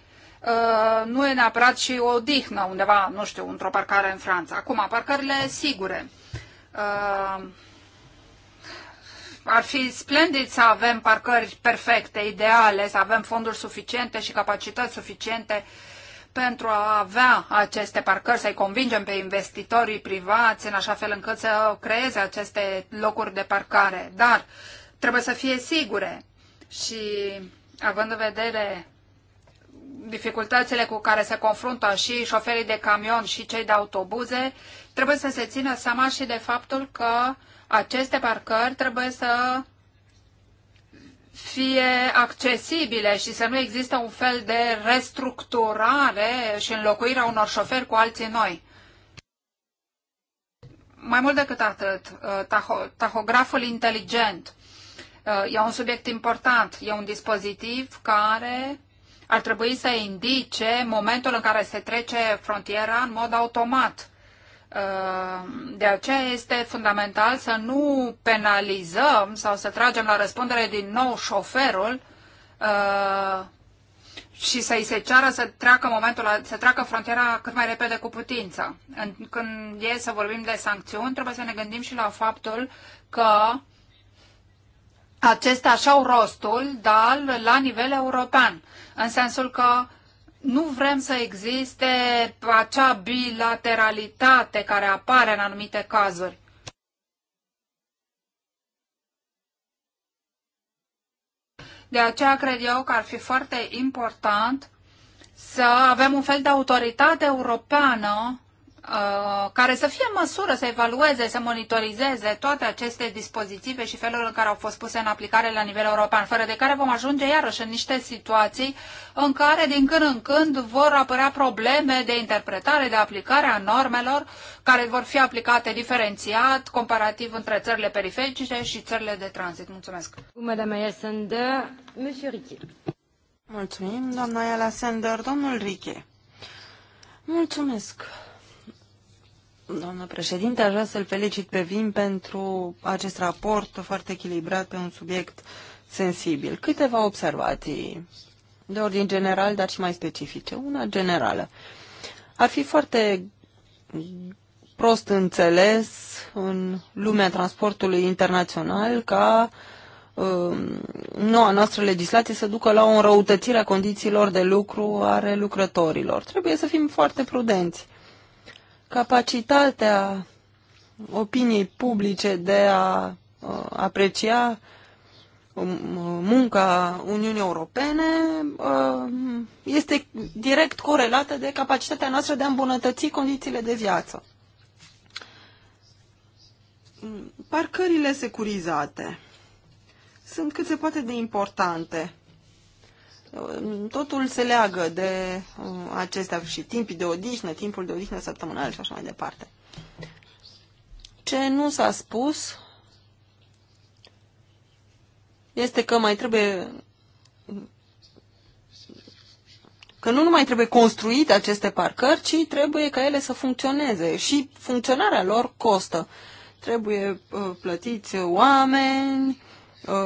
uh, nu e neapărat și o odihnă undeva, nu știu, într-o parcare în Franța. Acum, parcările sigure. Uh, ar fi splendid să avem parcări perfecte, ideale, să avem fonduri suficiente și capacități suficiente pentru a avea aceste parcări, să-i convingem pe investitorii privați în așa fel încât să creeze aceste locuri de parcare. Dar trebuie să fie sigure și având în vedere dificultățile cu care se confruntă și șoferii de camion și cei de autobuze, trebuie să se țină seama și de faptul că uh, aceste parcări trebuie să fie accesibile și să nu există un fel de restructurare și înlocuirea unor șoferi cu alții noi. Mai mult decât atât, uh, taho- tahograful inteligent uh, e un subiect important, e un dispozitiv care ar trebui să indice momentul în care se trece frontiera în mod automat Ehm, de aceea este fundamental să nu penalizăm sau să tragem la răspundere din nou șoferul ehm, și să-i se ceară să treacă, momentul, să treacă frontiera cât mai repede cu putință. Când e să vorbim de sancțiuni, trebuie să ne gândim și la faptul că acestea așa au rostul, dar la nivel european, în sensul că nu vrem să existe acea bilateralitate care apare în anumite cazuri. De aceea cred eu că ar fi foarte important să avem un fel de autoritate europeană Uh, care să fie în măsură să evalueze, să monitorizeze toate aceste dispozitive și felul în care au fost puse în aplicare la nivel european, fără de care vom ajunge iarăși în niște situații în care din când în când vor apărea probleme de interpretare, de aplicare a normelor care vor fi aplicate diferențiat, comparativ între țările periferice și țările de tranzit. Mulțumesc! Mulțumim, doamna Ayala Sender, domnul Riche. Mulțumesc! Doamnă președinte, aș vrea să-l felicit pe Vim pentru acest raport foarte echilibrat pe un subiect sensibil. Câteva observații de ordin general, dar și mai specifice. Una generală. Ar fi foarte prost înțeles în lumea transportului internațional ca um, noua noastră legislație să ducă la o înrăutățire a condițiilor de lucru ale lucrătorilor. Trebuie să fim foarte prudenți capacitatea opiniei publice de a uh, aprecia um, munca Uniunii Europene uh, este direct corelată de capacitatea noastră de a îmbunătăți condițiile de viață. Parcările securizate sunt cât se poate de importante totul se leagă de uh, acestea și timpii de odihnă, timpul de odihnă săptămânal și așa mai departe. Ce nu s-a spus este că mai trebuie că nu numai trebuie construite aceste parcări, ci trebuie ca ele să funcționeze și funcționarea lor costă. Trebuie uh, plătiți oameni,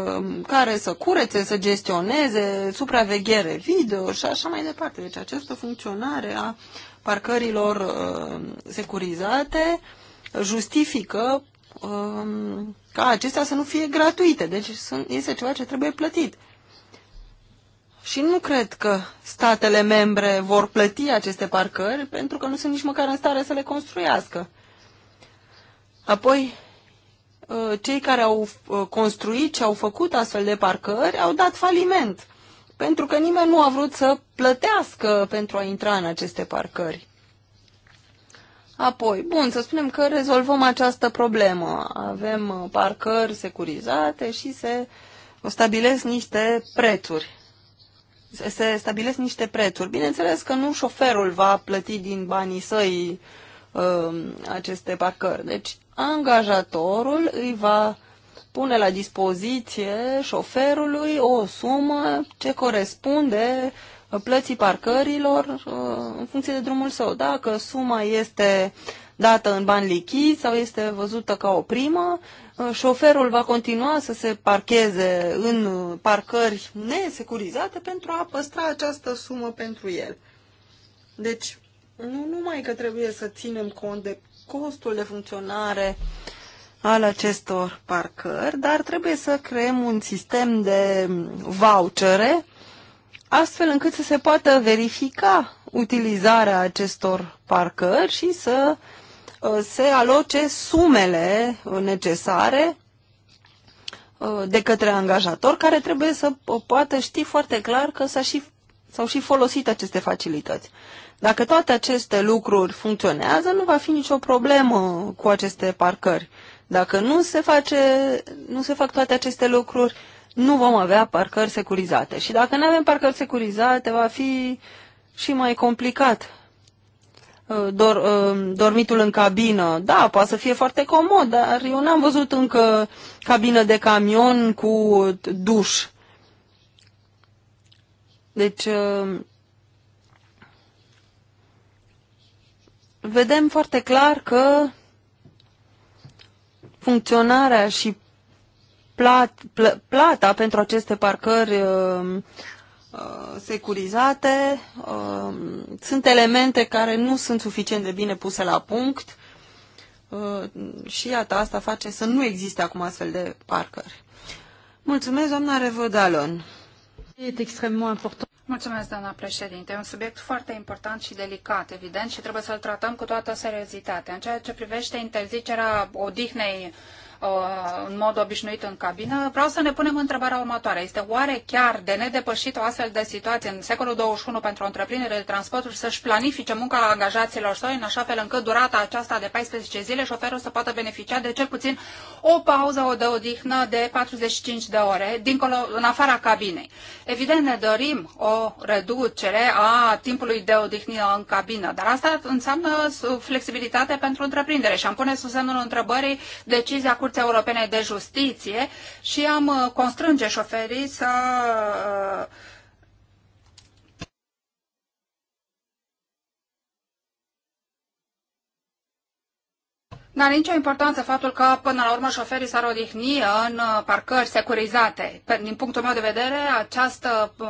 Um, care să curețe, să gestioneze, supraveghere video și așa mai departe. Deci această funcționare a parcărilor um, securizate justifică um, ca acestea să nu fie gratuite. Deci este ceva ce trebuie plătit. Și nu cred că statele membre vor plăti aceste parcări pentru că nu sunt nici măcar în stare să le construiască. Apoi, Uh, cei care au uh, construit și au făcut astfel de parcări au dat faliment, pentru că nimeni nu a vrut să plătească pentru a intra în aceste parcări. Apoi, bun, să spunem că rezolvăm această problemă. Avem uh, parcări securizate și se stabilesc niște prețuri. Se stabilesc niște prețuri. Bineînțeles că nu șoferul va plăti din banii săi uh, aceste parcări. Deci angajatorul îi va pune la dispoziție șoferului o sumă ce corespunde plății parcărilor uh, în funcție de drumul său. Dacă suma este dată în bani lichizi sau este văzută ca o primă, uh, șoferul va continua să se parcheze în parcări nesecurizate pentru a păstra această sumă pentru el. Deci, nu numai că trebuie să ținem cont de costul de funcționare al acestor parcări, dar trebuie să creăm un sistem de vouchere astfel încât să se poată verifica utilizarea acestor parcări și să uh, se aloce sumele necesare uh, de către angajator, care trebuie să poată ști foarte clar că s-a și, au și folosit aceste facilități. Dacă toate aceste lucruri funcționează, nu va fi nicio problemă cu aceste parcări. Dacă nu se, face, nu se fac toate aceste lucruri, nu vom avea parcări securizate. Și dacă nu avem parcări securizate, va fi și mai complicat. Uh, dor, uh, dormitul în cabină, da, poate să fie foarte comod, dar eu n-am văzut încă cabină de camion cu duș. Deci, uh, vedem foarte clar că funcționarea și plat, pl plata pentru aceste parcări uh, uh, securizate uh, sunt elemente care nu sunt suficient de bine puse la punct uh, și iată, asta face să nu existe acum astfel de parcări. Mulțumesc, doamna Revădalon. Este extrem important. Mulțumesc, doamna președinte. E un subiect foarte important și delicat, evident, și trebuie să-l tratăm cu toată seriozitatea. În ceea ce privește interzicerea odihnei Uh, în mod obișnuit în cabină, vreau să ne punem întrebarea următoare. Este oare chiar de nedepășit o astfel de situație în secolul 21 pentru o întreprindere de transporturi să-și planifice munca angajaților săi în așa fel încât durata aceasta de 14 zile șoferul să poată beneficia de cel puțin o pauză, o de odihnă de 45 de ore, dincolo, în afara cabinei. Evident, ne dorim o reducere a timpului de odihnă în cabină, dar asta înseamnă flexibilitate pentru întreprindere și am pune sub semnul întrebării decizia cu Curții Europene de Justiție și am uh, constrânge șoferii să uh, N-are nicio importanță faptul că, până la urmă, șoferii s-ar odihni în uh, parcări securizate. Din punctul meu de vedere, această, uh,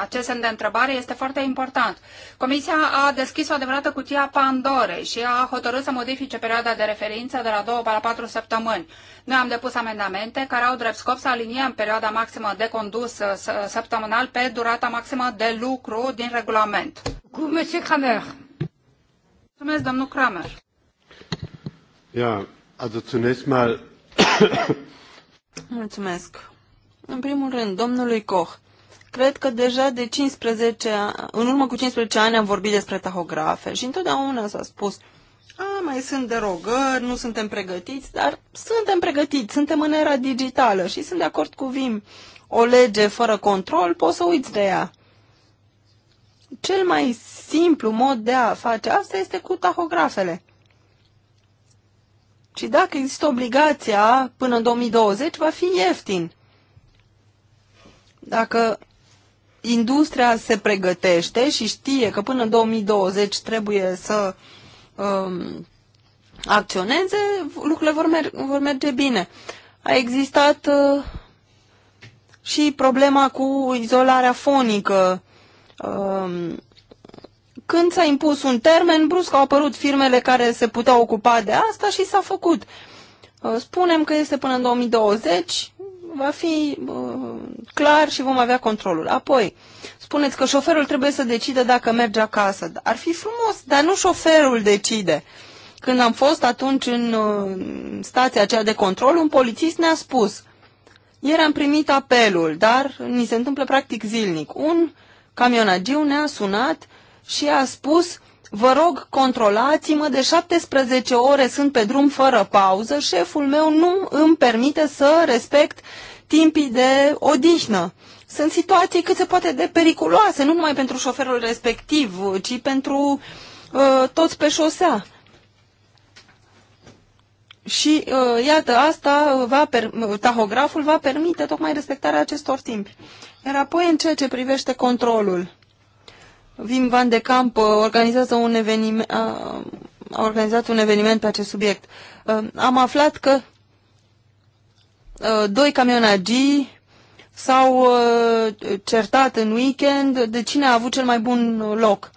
acest semn de întrebare este foarte important. Comisia a deschis o adevărată cutie a Pandorei și a hotărât să modifice perioada de referință de la 2 la 4 săptămâni. Noi am depus amendamente care au drept scop să aliniem perioada maximă de condus uh, săptămânal pe durata maximă de lucru din regulament. Cu Mulțumesc, domnul Kramer. [coughs] În primul rând, domnului Koch, cred că deja de 15, în urmă cu 15 ani am vorbit despre tahografe și întotdeauna s-a spus a, mai sunt derogări, nu suntem pregătiți, dar suntem pregătiți, suntem în era digitală și sunt de acord cu Vim. O lege fără control, poți să uiți de ea. Cel mai simplu mod de a face asta este cu tahografele. Ci dacă există obligația până în 2020, va fi ieftin. Dacă industria se pregătește și știe că până în 2020 trebuie să um, acționeze, lucrurile vor, mer- vor merge bine. A existat uh, și problema cu izolarea fonică. Um, când s-a impus un termen, brusc au apărut firmele care se puteau ocupa de asta și s-a făcut. Uh, spunem că este până în 2020, va fi uh, clar și vom avea controlul. Apoi, spuneți că șoferul trebuie să decide dacă merge acasă. Ar fi frumos, dar nu șoferul decide. Când am fost atunci în uh, stația aceea de control, un polițist ne-a spus, ieri am primit apelul, dar ni se întâmplă practic zilnic. Un camionagiu ne-a sunat și a spus Vă rog, controlați-mă, de 17 ore sunt pe drum fără pauză, șeful meu nu îmi permite să respect timpii de odihnă. Sunt situații cât se poate de periculoase, nu numai pentru șoferul respectiv, ci pentru uh, toți pe șosea. Și uh, iată, asta va per- tahograful va permite tocmai respectarea acestor timpi. Iar apoi în ceea ce privește controlul Vim Van de Camp uh, organizează un eveniment, a, uh, a organizat un eveniment pe acest subiect. Uh, am aflat că doi camionagii s-au certat în weekend de cine a avut cel mai bun loc.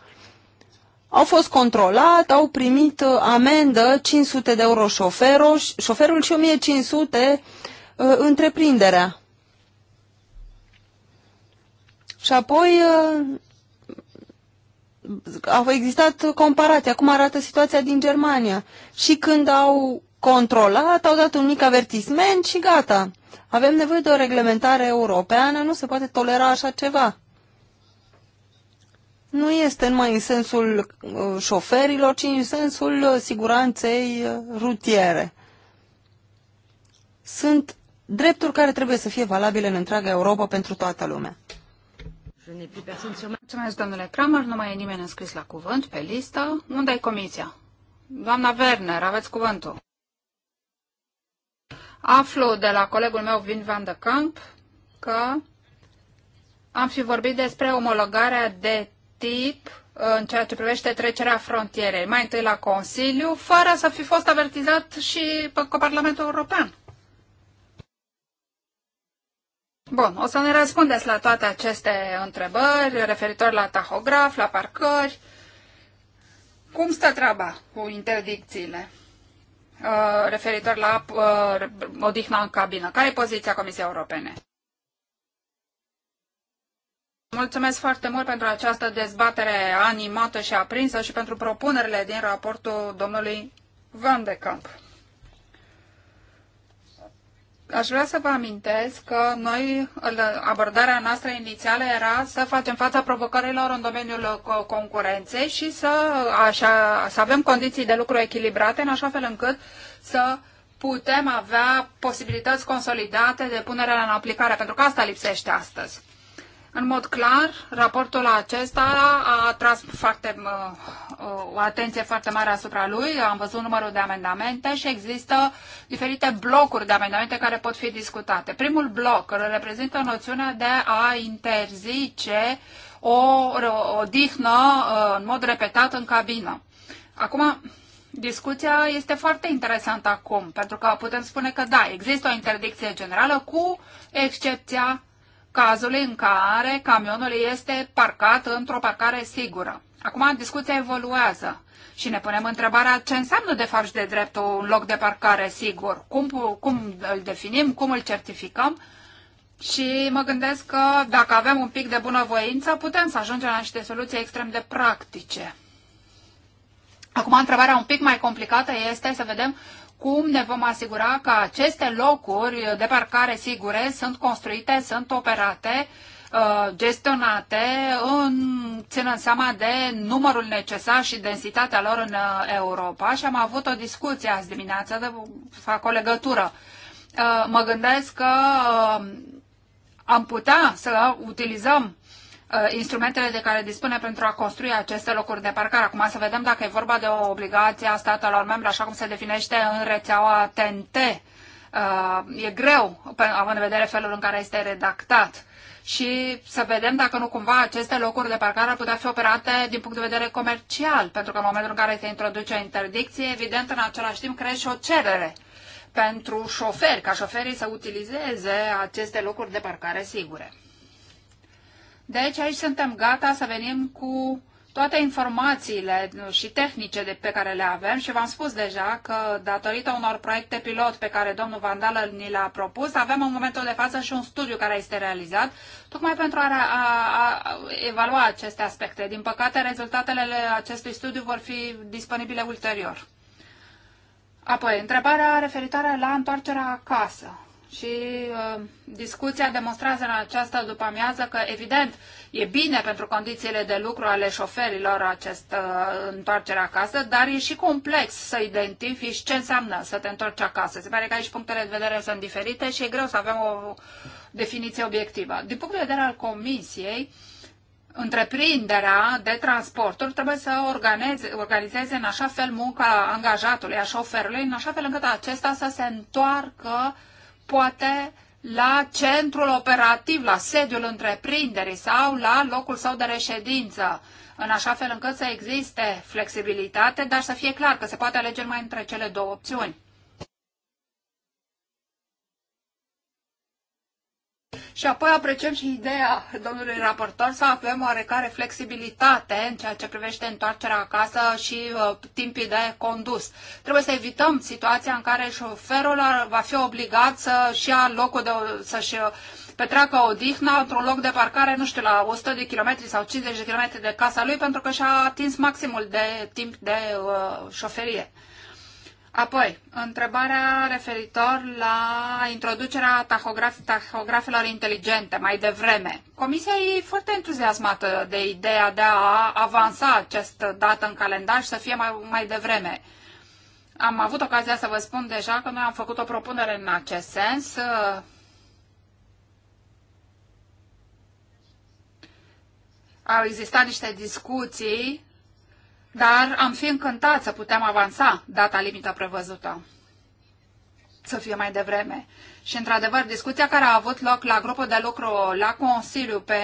Au fost controlat, au primit amendă 500 de euro șoferul, șoferul și 1500 întreprinderea. Și apoi au existat comparații. Acum arată situația din Germania. Și când au controlat, au dat un mic avertisment și gata. Avem nevoie de o reglementare europeană, nu se poate tolera așa ceva. Nu este numai în sensul uh, șoferilor, ci în sensul uh, siguranței uh, rutiere. Sunt drepturi care trebuie să fie valabile în întreaga Europa pentru toată lumea. Mulțumesc, domnule Kramer. Nu mai e nimeni înscris la cuvânt pe listă. Unde e comisia? Doamna Werner, aveți cuvântul. Aflu de la colegul meu, Vin van de Kamp că am fi vorbit despre omologarea de tip în ceea ce privește trecerea frontierei, mai întâi la Consiliu, fără să fi fost avertizat și pe Parlamentul European. Bun, o să ne răspundeți la toate aceste întrebări referitor la tahograf, la parcări. Cum stă treaba cu interdicțiile uh, referitor la uh, odihna în cabină? Care e poziția Comisiei Europene? Mulțumesc foarte mult pentru această dezbatere animată și aprinsă și pentru propunerile din raportul domnului Van de Camp. Aș vrea să vă amintesc că noi, abordarea noastră inițială era să facem fața provocărilor în domeniul concurenței și să, așa, să avem condiții de lucru echilibrate în așa fel încât să putem avea posibilități consolidate de punere în aplicare, pentru că asta lipsește astăzi. În mod clar, raportul acesta a atras foarte, uh, o atenție foarte mare asupra lui. Am văzut numărul de amendamente și există diferite blocuri de amendamente care pot fi discutate. Primul bloc reprezintă noțiunea de a interzice o, odihnă uh, în mod repetat în cabină. Acum, discuția este foarte interesantă acum, pentru că putem spune că da, există o interdicție generală cu excepția cazul în care camionul este parcat într-o parcare sigură. Acum discuția evoluează și ne punem întrebarea ce înseamnă de fapt și de drept un loc de parcare sigur, cum, cum îl definim, cum îl certificăm și mă gândesc că dacă avem un pic de bunăvoință putem să ajungem la niște soluții extrem de practice. Acum, întrebarea un pic mai complicată este să vedem cum ne vom asigura că aceste locuri de parcare sigure sunt construite, sunt operate, uh, gestionate, în, ținând seama de numărul necesar și densitatea lor în uh, Europa. Și am avut o discuție azi dimineață, de, fac o legătură. Uh, mă gândesc că am putea să utilizăm Uh, instrumentele de care dispune pentru a construi aceste locuri de parcare. Acum să vedem dacă e vorba de o obligație a statelor membre, așa cum se definește în rețeaua TNT. Uh, e greu, având în vedere felul în care este redactat și să vedem dacă nu cumva aceste locuri de parcare ar putea fi operate din punct de vedere comercial, pentru că în momentul în care se introduce o interdicție, evident în același timp crește o cerere pentru șoferi, ca șoferii să utilizeze aceste locuri de parcare sigure. Deci aici suntem gata să venim cu toate informațiile și tehnice de, pe care le avem și v-am spus deja că datorită unor proiecte pilot pe care domnul Vandală ni le-a propus, avem în momentul de față și un studiu care este realizat, tocmai pentru a, a, a evalua aceste aspecte. Din păcate, rezultatele acestui studiu vor fi disponibile ulterior. Apoi, întrebarea referitoare la întoarcerea acasă și uh, discuția demonstrează în această după amiază că, evident, e bine pentru condițiile de lucru ale șoferilor această uh, întoarcere acasă, dar e și complex să identifici ce înseamnă să te întorci acasă. Se pare că aici punctele de vedere sunt diferite și e greu să avem o definiție obiectivă. Din punct de vedere al Comisiei, întreprinderea de transporturi trebuie să organizeze, organizeze în așa fel munca angajatului, a șoferului, în așa fel încât acesta să se întoarcă poate la centrul operativ, la sediul întreprinderii sau la locul său de reședință, în așa fel încât să existe flexibilitate, dar să fie clar că se poate alege mai între cele două opțiuni. Și apoi apreciem și ideea domnului raportor să avem oarecare flexibilitate în ceea ce privește întoarcerea acasă și uh, timpii de condus. Trebuie să evităm situația în care șoferul va fi obligat să-și ia locul de, să-și uh, petreacă o dihnă într-un loc de parcare, nu știu, la 100 de km sau 50 de km de casa lui, pentru că și-a atins maximul de timp de uh, șoferie. Apoi, întrebarea referitor la introducerea tahograf- tahografelor inteligente mai devreme. Comisia e foarte entuziasmată de ideea de a avansa această dată în calendar și să fie mai, mai devreme. Am avut ocazia să vă spun deja că noi am făcut o propunere în acest sens. Au existat niște discuții dar am fi încântat să putem avansa data limită prevăzută să fie mai devreme. Și, într-adevăr, discuția care a avut loc la grupul de lucru, la Consiliu, pe,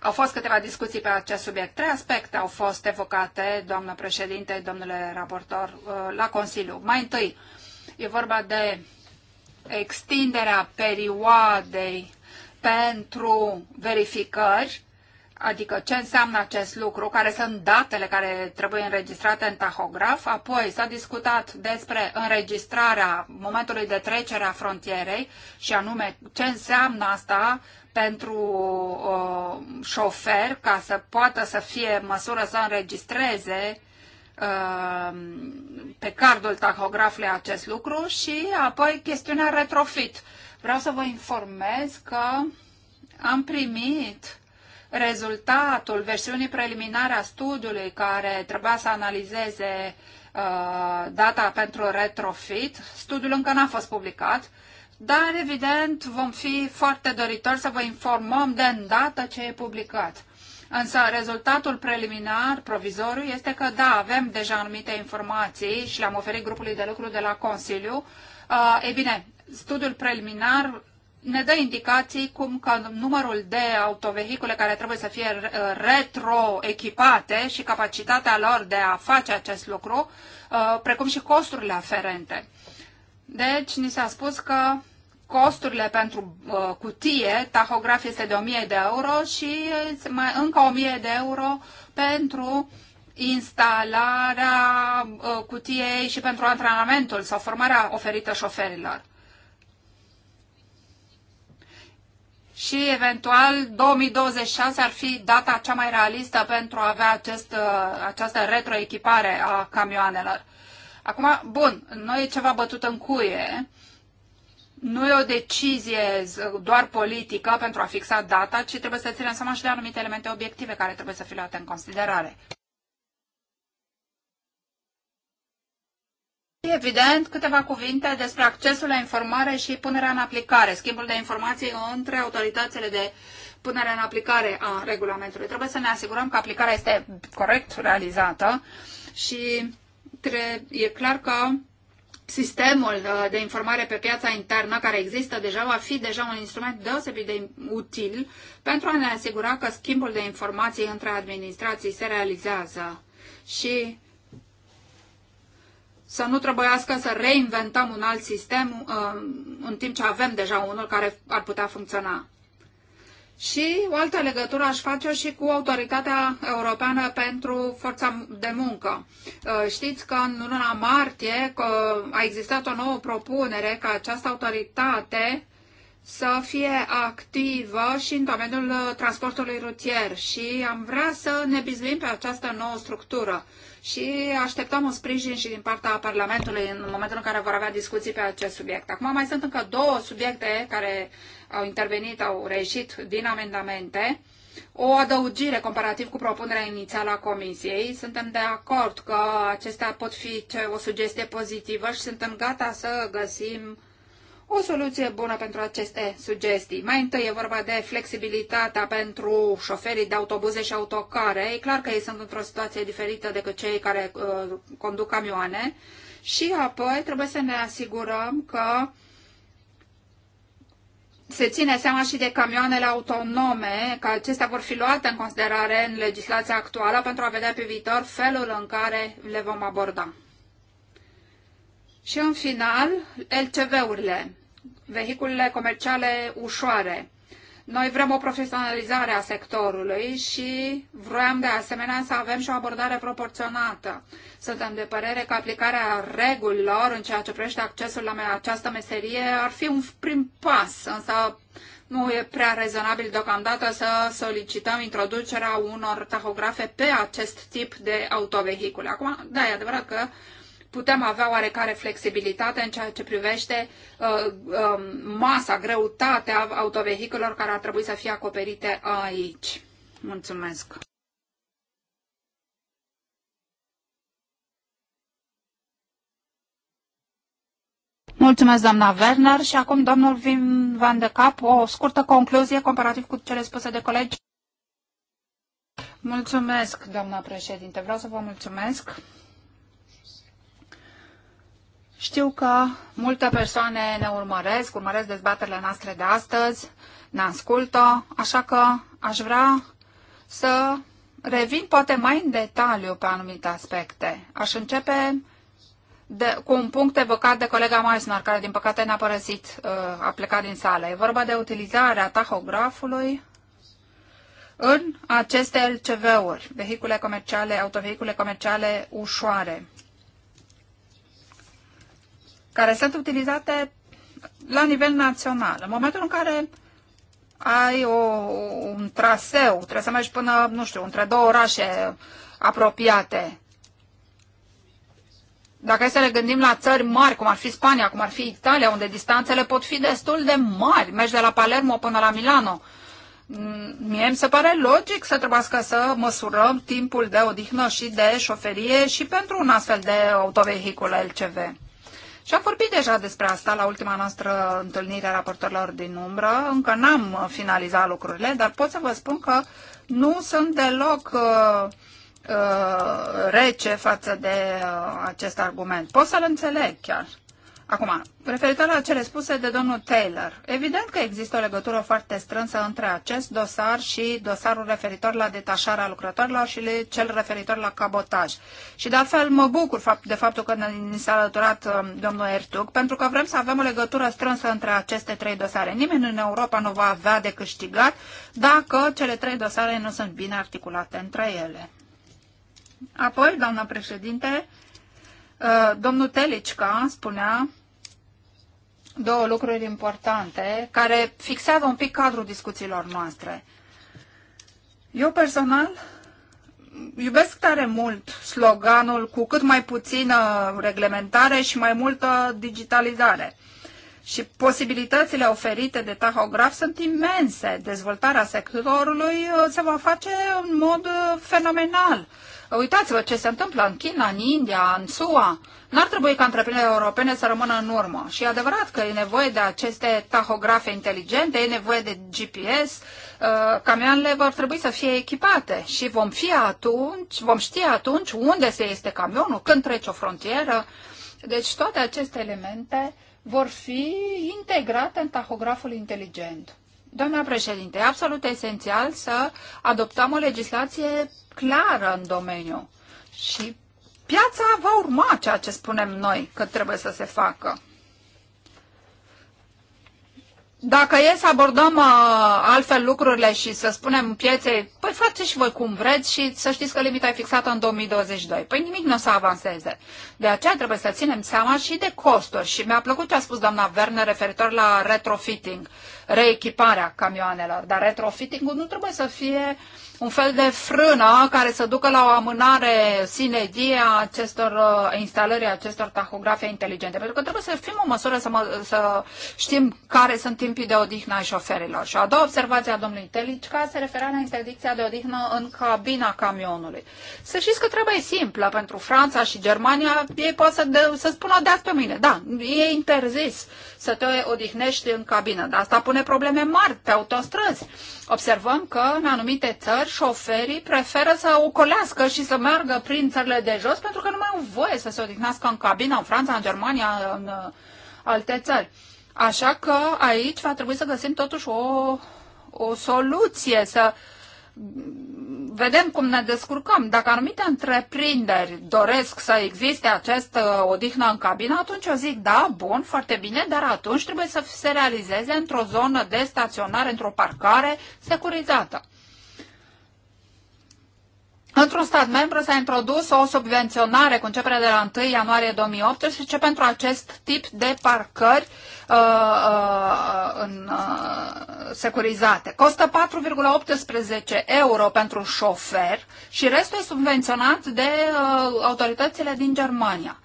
au fost câteva discuții pe acest subiect. Trei aspecte au fost evocate, doamnă președinte, domnule raportor, uh, la Consiliu. Mai întâi, e vorba de extinderea perioadei pentru verificări adică ce înseamnă acest lucru, care sunt datele care trebuie înregistrate în tahograf. Apoi s-a discutat despre înregistrarea momentului de trecere a frontierei și anume ce înseamnă asta pentru uh, șofer ca să poată să fie măsură să înregistreze uh, pe cardul tahografului acest lucru și apoi chestiunea retrofit. Vreau să vă informez că am primit rezultatul versiunii preliminare a studiului care trebuia să analizeze uh, data pentru retrofit. Studiul încă n-a fost publicat, dar evident vom fi foarte doritori să vă informăm de îndată ce e publicat. Însă rezultatul preliminar, provizoriu, este că da, avem deja anumite informații și le-am oferit grupului de lucru de la Consiliu. Uh, e bine, studiul preliminar ne dă indicații cum că numărul de autovehicule care trebuie să fie uh, retroechipate și capacitatea lor de a face acest lucru, uh, precum și costurile aferente. Deci, ni s-a spus că costurile pentru uh, cutie, tahograf este de 1000 de euro și mai încă 1000 de euro pentru instalarea cutiei și pentru antrenamentul sau formarea oferită șoferilor. și eventual 2026 ar fi data cea mai realistă pentru a avea acest, uh, această retroechipare a camioanelor. Acum, bun, nu e ceva bătut în cuie, nu e o decizie doar politică pentru a fixa data, ci trebuie să ținem seama și de anumite elemente obiective care trebuie să fie luate în considerare. Evident, câteva cuvinte despre accesul la informare și punerea în aplicare, schimbul de informații între autoritățile de punere în aplicare a regulamentului. Trebuie să ne asigurăm că aplicarea este corect realizată și e clar că sistemul uh, de informare pe piața internă care există deja va fi deja un instrument deosebit de util pentru a ne asigura că schimbul de informații între administrații se realizează și să nu trebuiască să reinventăm un alt sistem uh, în timp ce avem deja unul care ar putea funcționa. Și o altă legătură aș face și cu Autoritatea Europeană pentru Forța de Muncă. Uh, știți că în luna martie uh, a existat o nouă propunere ca această autoritate să fie activă și în domeniul transportului rutier și am vrea să ne bizuim pe această nouă structură și așteptăm un sprijin și din partea Parlamentului în momentul în care vor avea discuții pe acest subiect. Acum mai sunt încă două subiecte care au intervenit, au reieșit din amendamente. O adăugire comparativ cu propunerea inițială a Comisiei. Suntem de acord că acestea pot fi o sugestie pozitivă și suntem gata să găsim o soluție bună pentru aceste sugestii. Mai întâi e vorba de flexibilitatea pentru șoferii de autobuze și autocare. E clar că ei sunt într-o situație diferită decât cei care uh, conduc camioane. Și apoi trebuie să ne asigurăm că se ține seama și de camioanele autonome, că acestea vor fi luate în considerare în legislația actuală pentru a vedea pe viitor felul în care le vom aborda. Și în final, LCV-urile, vehiculele comerciale ușoare. Noi vrem o profesionalizare a sectorului și vrem de asemenea să avem și o abordare proporționată. Suntem de părere că aplicarea regulilor în ceea ce privește accesul la această meserie ar fi un prim pas, însă nu e prea rezonabil deocamdată să solicităm introducerea unor tahografe pe acest tip de autovehicule. Acum, da, e adevărat că putem avea oarecare flexibilitate în ceea ce privește uh, uh, masa, greutatea autovehiculor care ar trebui să fie acoperite aici. Mulțumesc! Mulțumesc, doamna Werner. Și acum, domnul Vim Van de Cap, o scurtă concluzie comparativ cu cele spuse de colegi. Mulțumesc, doamna președinte. Vreau să vă mulțumesc știu că multe persoane ne urmăresc, urmăresc dezbaterile noastre de astăzi, ne ascultă, așa că aș vrea să revin poate mai în detaliu pe anumite aspecte. Aș începe de, cu un punct evocat de colega Meissner, care din păcate ne-a părăsit, uh, a plecat din sală. E vorba de utilizarea tahografului în aceste LCV-uri, vehicule comerciale, autovehicule comerciale ușoare care sunt utilizate la nivel național. În momentul în care ai o, un traseu, trebuie să mergi până, nu știu, între două orașe apropiate. Dacă să ne gândim la țări mari, cum ar fi Spania, cum ar fi Italia, unde distanțele pot fi destul de mari, mergi de la Palermo până la Milano, mm, mie îmi se pare logic să trebuiască să măsurăm timpul de odihnă și de șoferie și pentru un astfel de autovehicul LCV. Și am vorbit deja despre asta la ultima noastră întâlnire a raportorilor din umbră. Încă n-am finalizat lucrurile, dar pot să vă spun că nu sunt deloc uh, uh, rece față de uh, acest argument. Pot să-l înțeleg chiar. Acum, referitor la cele spuse de domnul Taylor, evident că există o legătură foarte strânsă între acest dosar și dosarul referitor la detașarea lucrătorilor și cel referitor la cabotaj. Și de altfel mă bucur de faptul că ni s-a alăturat um, domnul Ertug, pentru că vrem să avem o legătură strânsă între aceste trei dosare. Nimeni în Europa nu va avea de câștigat dacă cele trei dosare nu sunt bine articulate între ele. Apoi, doamna președinte, Uh, domnul Telicca spunea două lucruri importante care fixează un pic cadrul discuțiilor noastre. Eu personal iubesc tare mult sloganul cu cât mai puțină reglementare și mai multă digitalizare. Și posibilitățile oferite de tahograf sunt imense. Dezvoltarea sectorului uh, se va face în mod uh, fenomenal. Uitați-vă ce se întâmplă în China, în India, în SUA. N-ar trebui ca întreprinderile europene să rămână în urmă. Și e adevărat că e nevoie de aceste tahografe inteligente, e nevoie de GPS, uh, camioanele vor trebui să fie echipate și vom fi atunci, vom ști atunci unde se este camionul, când trece o frontieră. Deci toate aceste elemente vor fi integrate în tahograful inteligent. Doamna președinte, e absolut esențial să adoptăm o legislație clară în domeniu și piața va urma ceea ce spunem noi că trebuie să se facă. Dacă e să abordăm uh, altfel lucrurile și să spunem pieței, păi faceți și voi cum vreți și să știți că limita e fixată în 2022. Păi nimic nu o să avanseze. De aceea trebuie să ținem seama și de costuri. Și mi-a plăcut ce a spus doamna Werner referitor la retrofitting. Uh, reechiparea camioanelor, dar retrofitting-ul nu trebuie să fie un fel de frână care să ducă la o amânare sine die a acestor uh, instalări, a acestor tahografe inteligente, pentru că trebuie să fim o măsură să, mă, să știm care sunt timpii de odihnă ai șoferilor. Și a doua observație a domnului Telicca se referea la interdicția de odihnă în cabina camionului. Să știți că treaba e simplă pentru Franța și Germania, ei poate să, de, să spună de azi pe mâine. Da, e interzis să te odihnești în cabină. Dar asta pune probleme mari pe autostrăzi. Observăm că în anumite țări șoferii preferă să ocolească și să meargă prin țările de jos pentru că nu mai au voie să se odihnească în cabină, în Franța, în Germania, în uh, alte țări. Așa că aici va trebui să găsim totuși o, o soluție, să vedem cum ne descurcăm. Dacă anumite întreprinderi doresc să existe această odihnă în cabină, atunci eu zic, da, bun, foarte bine, dar atunci trebuie să se realizeze într-o zonă de staționare, într-o parcare securizată. Într-un stat membru s-a introdus o subvenționare cu începere de la 1 ianuarie 2018 pentru acest tip de parcări uh, uh, în, uh, securizate. Costă 4,18 euro pentru șofer și restul e subvenționat de uh, autoritățile din Germania.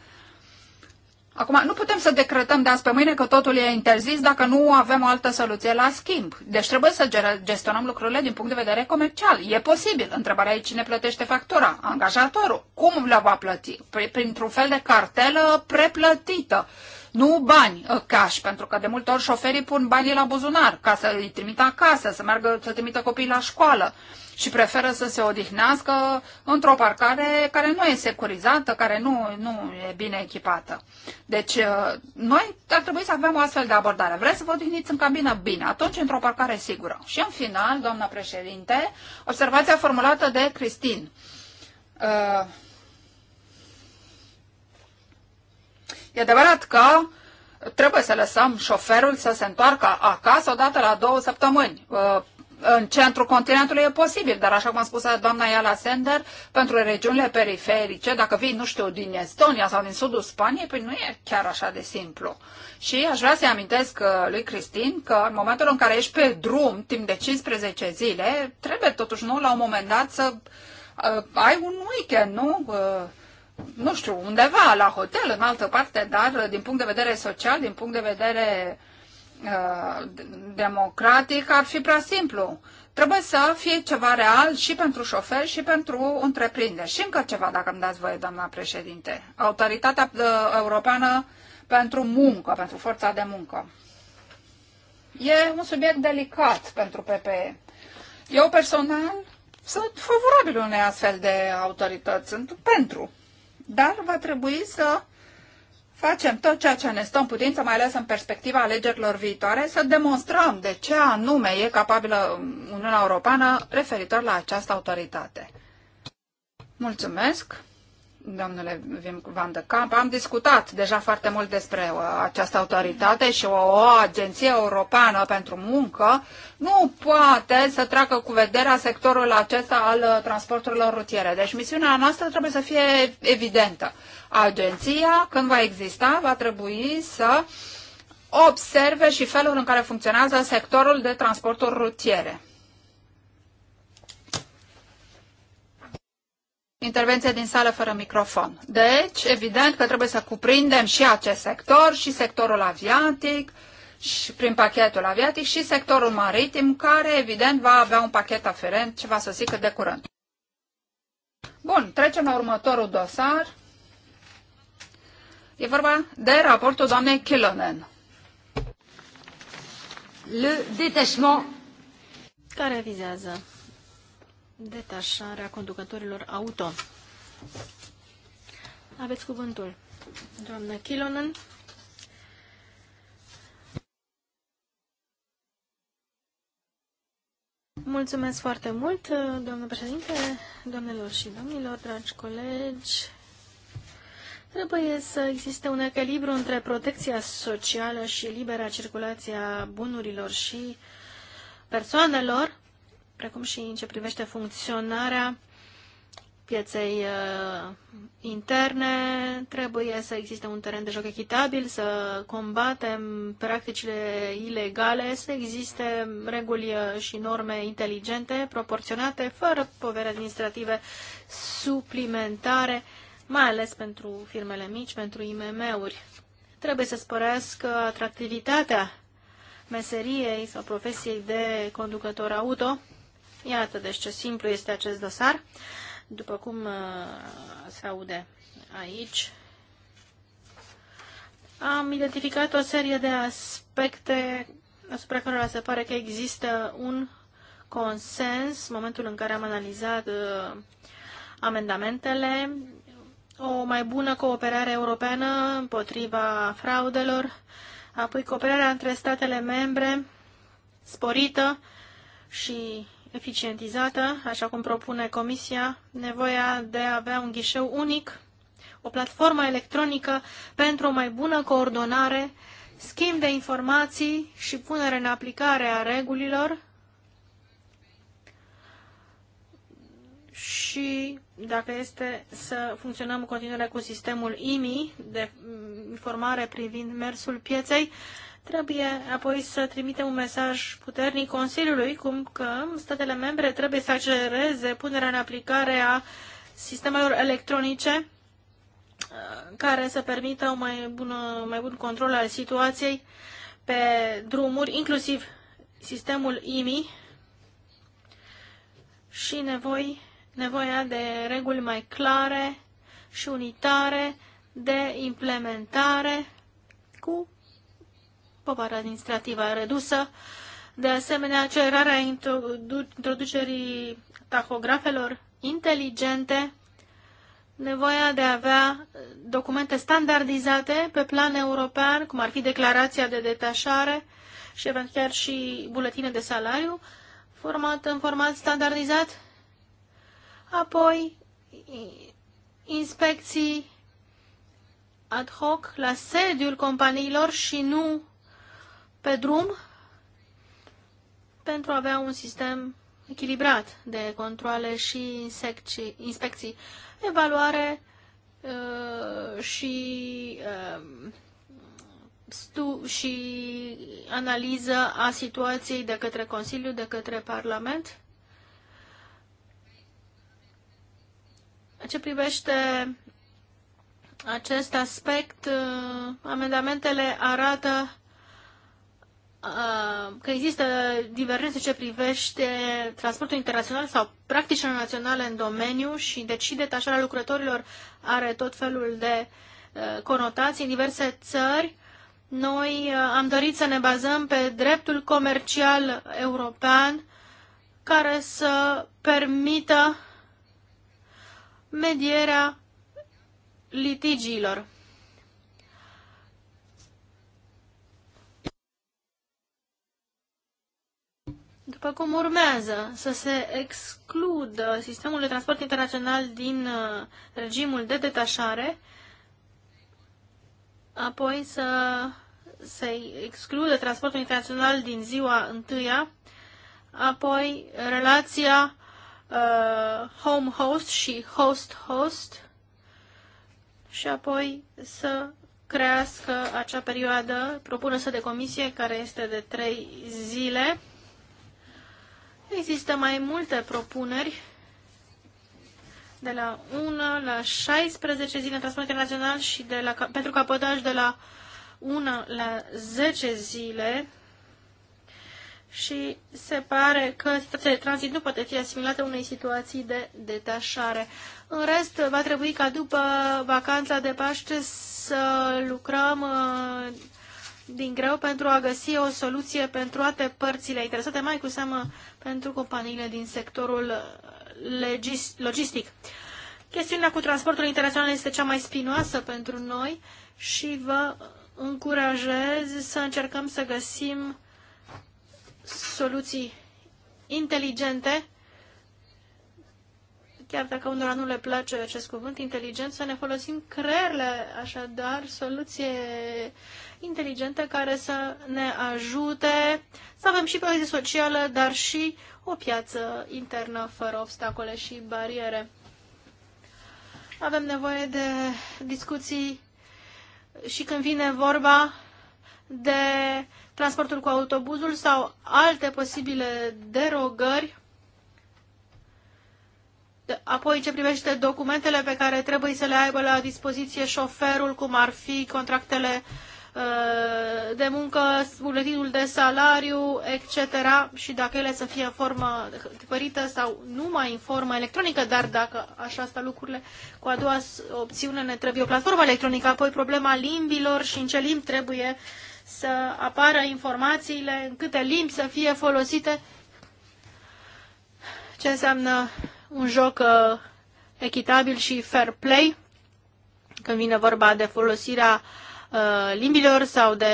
Acum, nu putem să decretăm de azi pe mâine că totul e interzis dacă nu avem o altă soluție la schimb. Deci trebuie să gestionăm lucrurile din punct de vedere comercial. E posibil. Întrebarea e cine plătește factura? Angajatorul. Cum le va plăti? Printr-un fel de cartelă preplătită. Uh, nu bani, uh, cash, pentru că de multe ori șoferii pun banii la buzunar ca să îi trimită acasă, să meargă, să trimită copiii la școală și preferă să se odihnească într-o parcare care nu e securizată, care nu, nu e bine echipată. Deci, uh, noi ar trebui să avem o astfel de abordare. Vreți să vă odihniți în cabină? Bine, atunci într-o parcare sigură. Și în final, doamna președinte, observația formulată de Cristin. Uh, E adevărat că trebuie să lăsăm șoferul să se întoarcă acasă odată la două săptămâni. Uh, în centrul continentului e posibil, dar așa cum a spus doamna Iala Sender, pentru regiunile periferice, dacă vii, nu știu, din Estonia sau din sudul Spaniei, păi nu e chiar așa de simplu. Și aș vrea să-i amintesc uh, lui Cristin că în momentul în care ești pe drum timp de 15 zile, trebuie totuși nu la un moment dat să uh, ai un weekend, nu? nu știu, undeva, la hotel, în altă parte, dar din punct de vedere social, din punct de vedere uh, democratic, ar fi prea simplu. Trebuie să fie ceva real și pentru șofer și pentru întreprinderi. Și încă ceva, dacă îmi dați voie, doamna președinte. Autoritatea uh, Europeană pentru muncă, pentru forța de muncă. E un subiect delicat pentru PPE. Eu personal sunt favorabil unei astfel de autorități, sunt pentru dar va trebui să facem tot ceea ce ne stă în putință, mai ales în perspectiva alegerilor viitoare, să demonstrăm de ce anume e capabilă Uniunea Europeană referitor la această autoritate. Mulțumesc! domnule Van de Camp, am discutat deja foarte mult despre uh, această autoritate și o, o agenție europeană pentru muncă nu poate să treacă cu vederea sectorul acesta al uh, transporturilor rutiere. Deci misiunea noastră trebuie să fie evidentă. Agenția, când va exista, va trebui să observe și felul în care funcționează sectorul de transporturi rutiere. Intervenție din sală fără microfon. Deci, evident că trebuie să cuprindem și acest sector, și sectorul aviatic, și prin pachetul aviatic și sectorul maritim, care evident va avea un pachet aferent și va să cât de curând. Bun, trecem la următorul dosar. E vorba de raportul doamnei Kilonen. Le detachement care vizează detașarea conducătorilor auto. Aveți cuvântul, doamnă Kilonen. Mulțumesc foarte mult, doamnă președinte, doamnelor și domnilor, dragi colegi. Trebuie să existe un echilibru între protecția socială și libera circulație a bunurilor și persoanelor, precum și în ce privește funcționarea pieței uh, interne. Trebuie să existe un teren de joc echitabil, să combatem practicile ilegale, să existe reguli uh, și norme inteligente, proporționate, fără povere administrative suplimentare, mai ales pentru firmele mici, pentru IMM-uri. Trebuie să sporească atractivitatea meseriei sau profesiei de conducător auto Iată deci ce simplu este acest dosar, după cum uh, se aude aici. Am identificat o serie de aspecte asupra cărora se pare că există un consens în momentul în care am analizat uh, amendamentele, o mai bună cooperare europeană împotriva fraudelor, apoi cooperarea între statele membre sporită și eficientizată, așa cum propune Comisia, nevoia de a avea un ghișeu unic, o platformă electronică pentru o mai bună coordonare, schimb de informații și punere în aplicare a regulilor și dacă este să funcționăm în continuare cu sistemul IMI de mm, informare privind mersul pieței, uh, Trebuie apoi să trimitem un mesaj puternic Consiliului, cum că statele membre trebuie să accelereze punerea în aplicare a sistemelor electronice uh, care să permită un mai, bună, mai bun control al situației pe drumuri, inclusiv sistemul IMI și nevoi, nevoia de reguli mai clare și unitare de implementare cu povara administrativă redusă, de asemenea cerarea introducerii tahografelor inteligente, nevoia de a avea documente standardizate pe plan european, cum ar fi declarația de detașare și chiar și buletine de salariu, format în format standardizat, apoi inspecții ad hoc la sediul companiilor și nu pe drum pentru a avea un sistem echilibrat de controle și inspecții, evaluare uh, și, uh, stu- și analiză a situației de către Consiliu, de către Parlament. Ce privește acest aspect, uh, amendamentele arată Uh, că există divergențe ce privește transportul internațional sau practicile naționale în domeniu și deci detașarea lucrătorilor are tot felul de uh, conotații în diverse țări. Noi uh, am dorit să ne bazăm pe dreptul comercial european care să permită medierea litigiilor. după cum urmează să se excludă sistemul de transport internațional din uh, regimul de detașare, apoi să se excludă transportul internațional din ziua întâia, apoi relația uh, home-host și host-host și apoi să crească acea perioadă să de comisie care este de trei zile Există mai multe propuneri de la 1 la 16 zile în transport internațional și de la, pentru capotaj de la 1 la 10 zile și se pare că situația de tranzit nu poate fi asimilată unei situații de detașare. În rest, va trebui ca după vacanța de Paște să lucrăm uh, din greu pentru a găsi o soluție pentru toate părțile interesate, mai cu seamă pentru companiile din sectorul uh, logistic. Chestiunea cu transportul internațional este cea mai spinoasă pentru noi și vă încurajez să încercăm să găsim soluții inteligente chiar dacă unora nu le place acest cuvânt, inteligent, să ne folosim creierele, așadar, soluție inteligentă care să ne ajute să avem și pe socială, dar și o piață internă fără obstacole și bariere. Avem nevoie de discuții și când vine vorba de transportul cu autobuzul sau alte posibile derogări Apoi, în ce privește documentele pe care trebuie să le aibă la dispoziție șoferul, cum ar fi contractele uh, de muncă, buletinul de salariu, etc. și dacă ele să fie în formă tipărită sau numai în formă electronică, dar dacă așa stau lucrurile, cu a doua opțiune ne trebuie o platformă electronică, apoi problema limbilor și în ce limbi trebuie să apară informațiile, în câte limbi să fie folosite, ce înseamnă un joc uh, echitabil și fair play când vine vorba de folosirea uh, limbilor sau de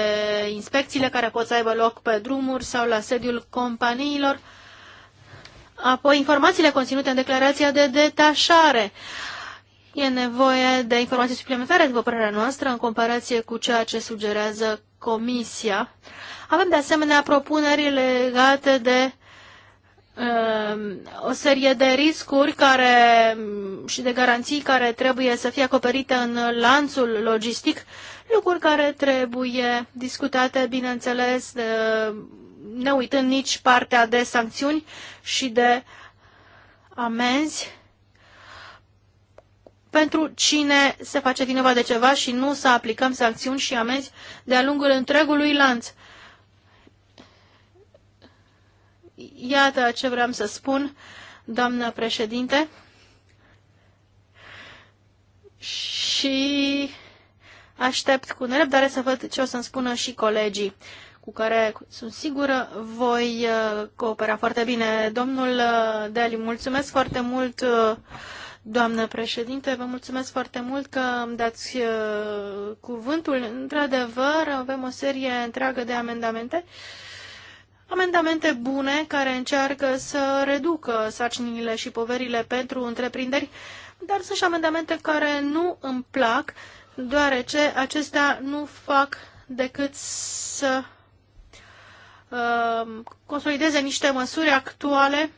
inspecțiile care pot să aibă loc pe drumuri sau la sediul companiilor. Apoi, informațiile conținute în declarația de detașare. E nevoie de informații suplimentare, după părerea noastră, în comparație cu ceea ce sugerează Comisia. Avem de asemenea propuneri legate de Um, o serie de riscuri care, și de garanții care trebuie să fie acoperite în lanțul logistic, lucruri care trebuie discutate, bineînțeles, ne uitând nici partea de sancțiuni și de amenzi pentru cine se face vinovat de ceva și nu să aplicăm sancțiuni și amenzi de-a lungul întregului lanț. Iată ce vreau să spun, doamnă președinte. Și aștept cu nerăbdare să văd ce o să-mi spună și colegii cu care, sunt sigură, voi uh, coopera foarte bine. Domnul uh, Deli, mulțumesc foarte mult, uh, doamnă președinte, vă mulțumesc foarte mult că îmi dați cuvântul. Într-adevăr, avem o serie întreagă de amendamente amendamente bune care încearcă să reducă sarcinile și poverile pentru întreprinderi, dar sunt și amendamente care nu îmi plac, deoarece acestea nu fac decât să uh, consolideze niște măsuri actuale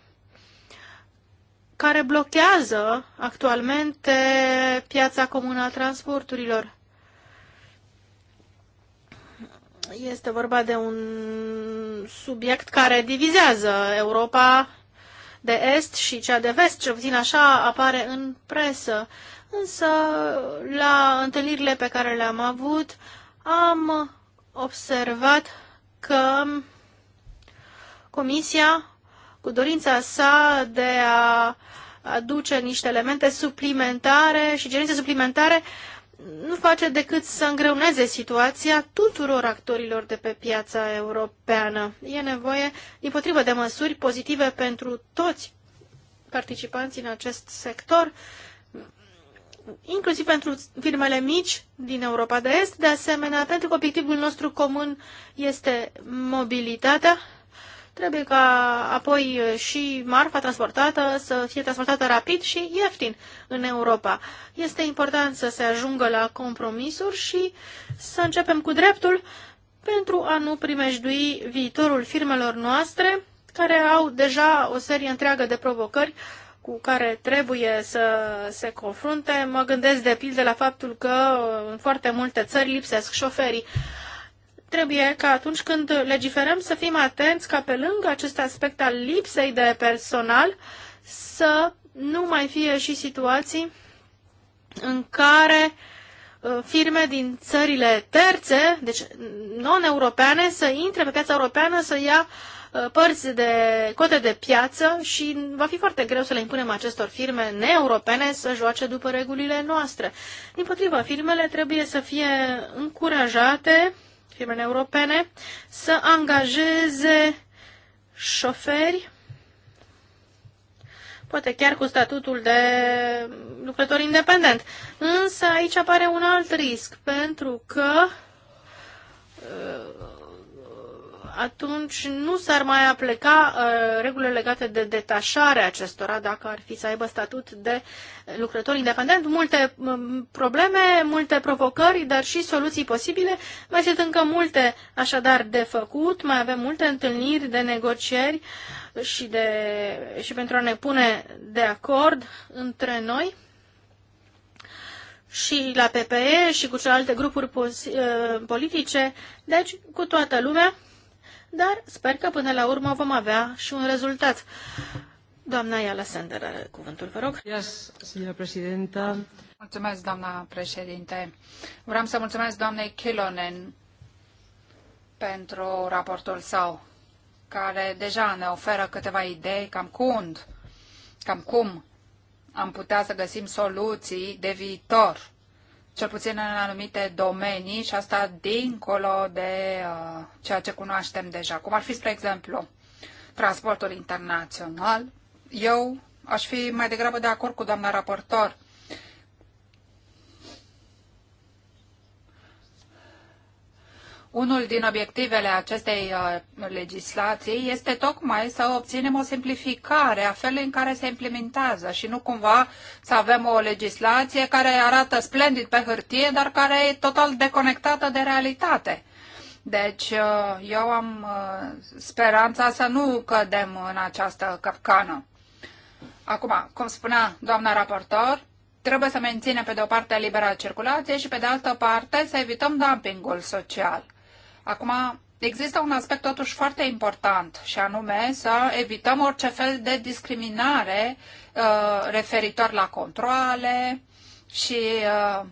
care blochează actualmente piața comună a transporturilor. Este vorba de un subiect care divizează Europa de est și cea de vest, ce puțin așa apare în presă. Însă, la întâlnirile pe care le-am avut, am observat că Comisia, cu dorința sa de a aduce niște elemente suplimentare și gerințe suplimentare, nu face decât să îngreuneze situația tuturor actorilor de pe piața europeană. E nevoie, din potrivă, de măsuri pozitive pentru toți participanții în acest sector, inclusiv pentru firmele mici din Europa de Est. De asemenea, pentru că obiectivul nostru comun este mobilitatea, Trebuie ca apoi și marfa transportată să fie transportată rapid și ieftin în Europa. Este important să se ajungă la compromisuri și să începem cu dreptul pentru a nu primejdui viitorul firmelor noastre, care au deja o serie întreagă de provocări cu care trebuie să se confrunte. Mă gândesc de pildă la faptul că uh, în foarte multe țări lipsesc șoferii trebuie ca atunci când legiferăm să fim atenți ca pe lângă acest aspect al lipsei de personal să nu mai fie și situații în care uh, firme din țările terțe, deci non-europene, să intre pe piața europeană să ia uh, părți de cote de piață și va fi foarte greu să le impunem acestor firme neeuropene să joace după regulile noastre. Din potriva, firmele trebuie să fie încurajate firmele europene să angajeze șoferi, poate chiar cu statutul de lucrător independent. Însă aici apare un alt risc, pentru că atunci nu s-ar mai apleca uh, regulile legate de detașare acestora dacă ar fi să aibă statut de lucrător independent. Multe um, probleme, multe provocări, dar și soluții posibile. Mai sunt încă multe așadar de făcut, mai avem multe întâlniri de negocieri și, de, și pentru a ne pune de acord între noi și la PPE și cu celelalte grupuri uh, politice, deci cu toată lumea dar sper că până la urmă vom avea și un rezultat. Doamna Iala Sender cuvântul, vă rog. Yes, președintă. Mulțumesc, doamna președinte. Vreau să mulțumesc doamnei Kilonen pentru raportul său, care deja ne oferă câteva idei cam cum, cam cum am putea să găsim soluții de viitor cel puțin în anumite domenii și asta dincolo de uh, ceea ce cunoaștem deja. Cum ar fi, spre exemplu, transportul internațional, eu aș fi mai degrabă de acord cu doamna raportor Unul din obiectivele acestei uh, legislații este tocmai să obținem o simplificare a felului în care se implementează și nu cumva să avem o legislație care arată splendid pe hârtie, dar care e total deconectată de realitate. Deci uh, eu am uh, speranța să nu cădem în această capcană. Acum, cum spunea doamna raportor, trebuie să menținem pe de o parte libera circulație și pe de altă parte să evităm dumpingul social. Acum, există un aspect totuși foarte important și anume să evităm orice fel de discriminare uh, referitor la controle și uh,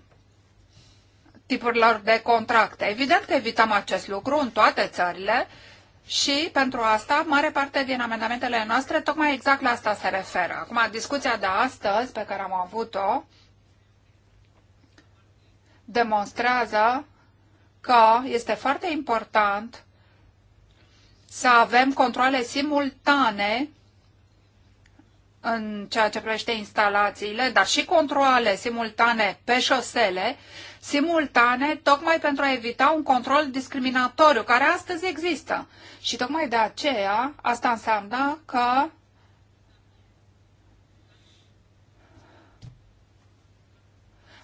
tipurilor de contracte. Evident că evităm acest lucru în toate țările și pentru asta, mare parte din amendamentele noastre tocmai exact la asta se referă. Acum, discuția de astăzi pe care am avut-o demonstrează că este foarte important să avem controle simultane în ceea ce privește instalațiile, dar și controle simultane pe șosele, simultane, tocmai pentru a evita un control discriminatoriu, care astăzi există. Și tocmai de aceea, asta înseamnă că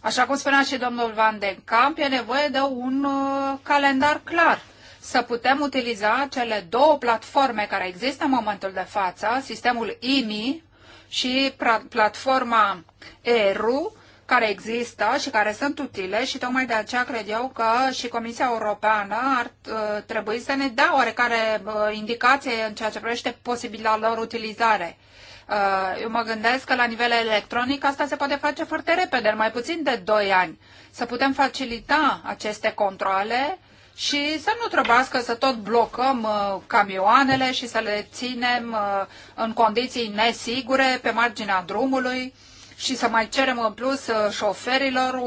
Așa cum spunea și domnul Van den Camp, e nevoie de un uh, calendar clar să putem utiliza cele două platforme care există în momentul de față, sistemul IMI și platforma ERU, care există și care sunt utile și tocmai de aceea cred eu că și Comisia Europeană ar uh, trebui să ne dea oarecare uh, indicație în ceea ce privește posibilitatea lor utilizare. Uh, eu mă gândesc că la nivel electronic asta se poate face foarte repede, în mai puțin de 2 ani. Să putem facilita aceste controle și să nu trebuiască să tot blocăm uh, camioanele și să le ținem uh, în condiții nesigure pe marginea drumului și să mai cerem în plus șoferilor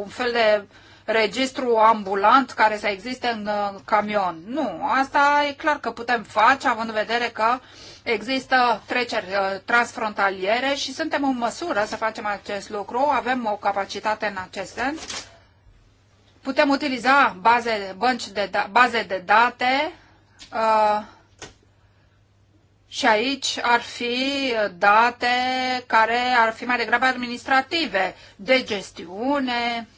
un fel de registru ambulant care să existe în camion. Nu, asta e clar că putem face, având în vedere că Există treceri uh, transfrontaliere și suntem în măsură să facem acest lucru. Avem o capacitate în acest sens. Putem utiliza baze, bănci de, da, baze de date uh, și aici ar fi date care ar fi mai degrabă administrative, de gestiune.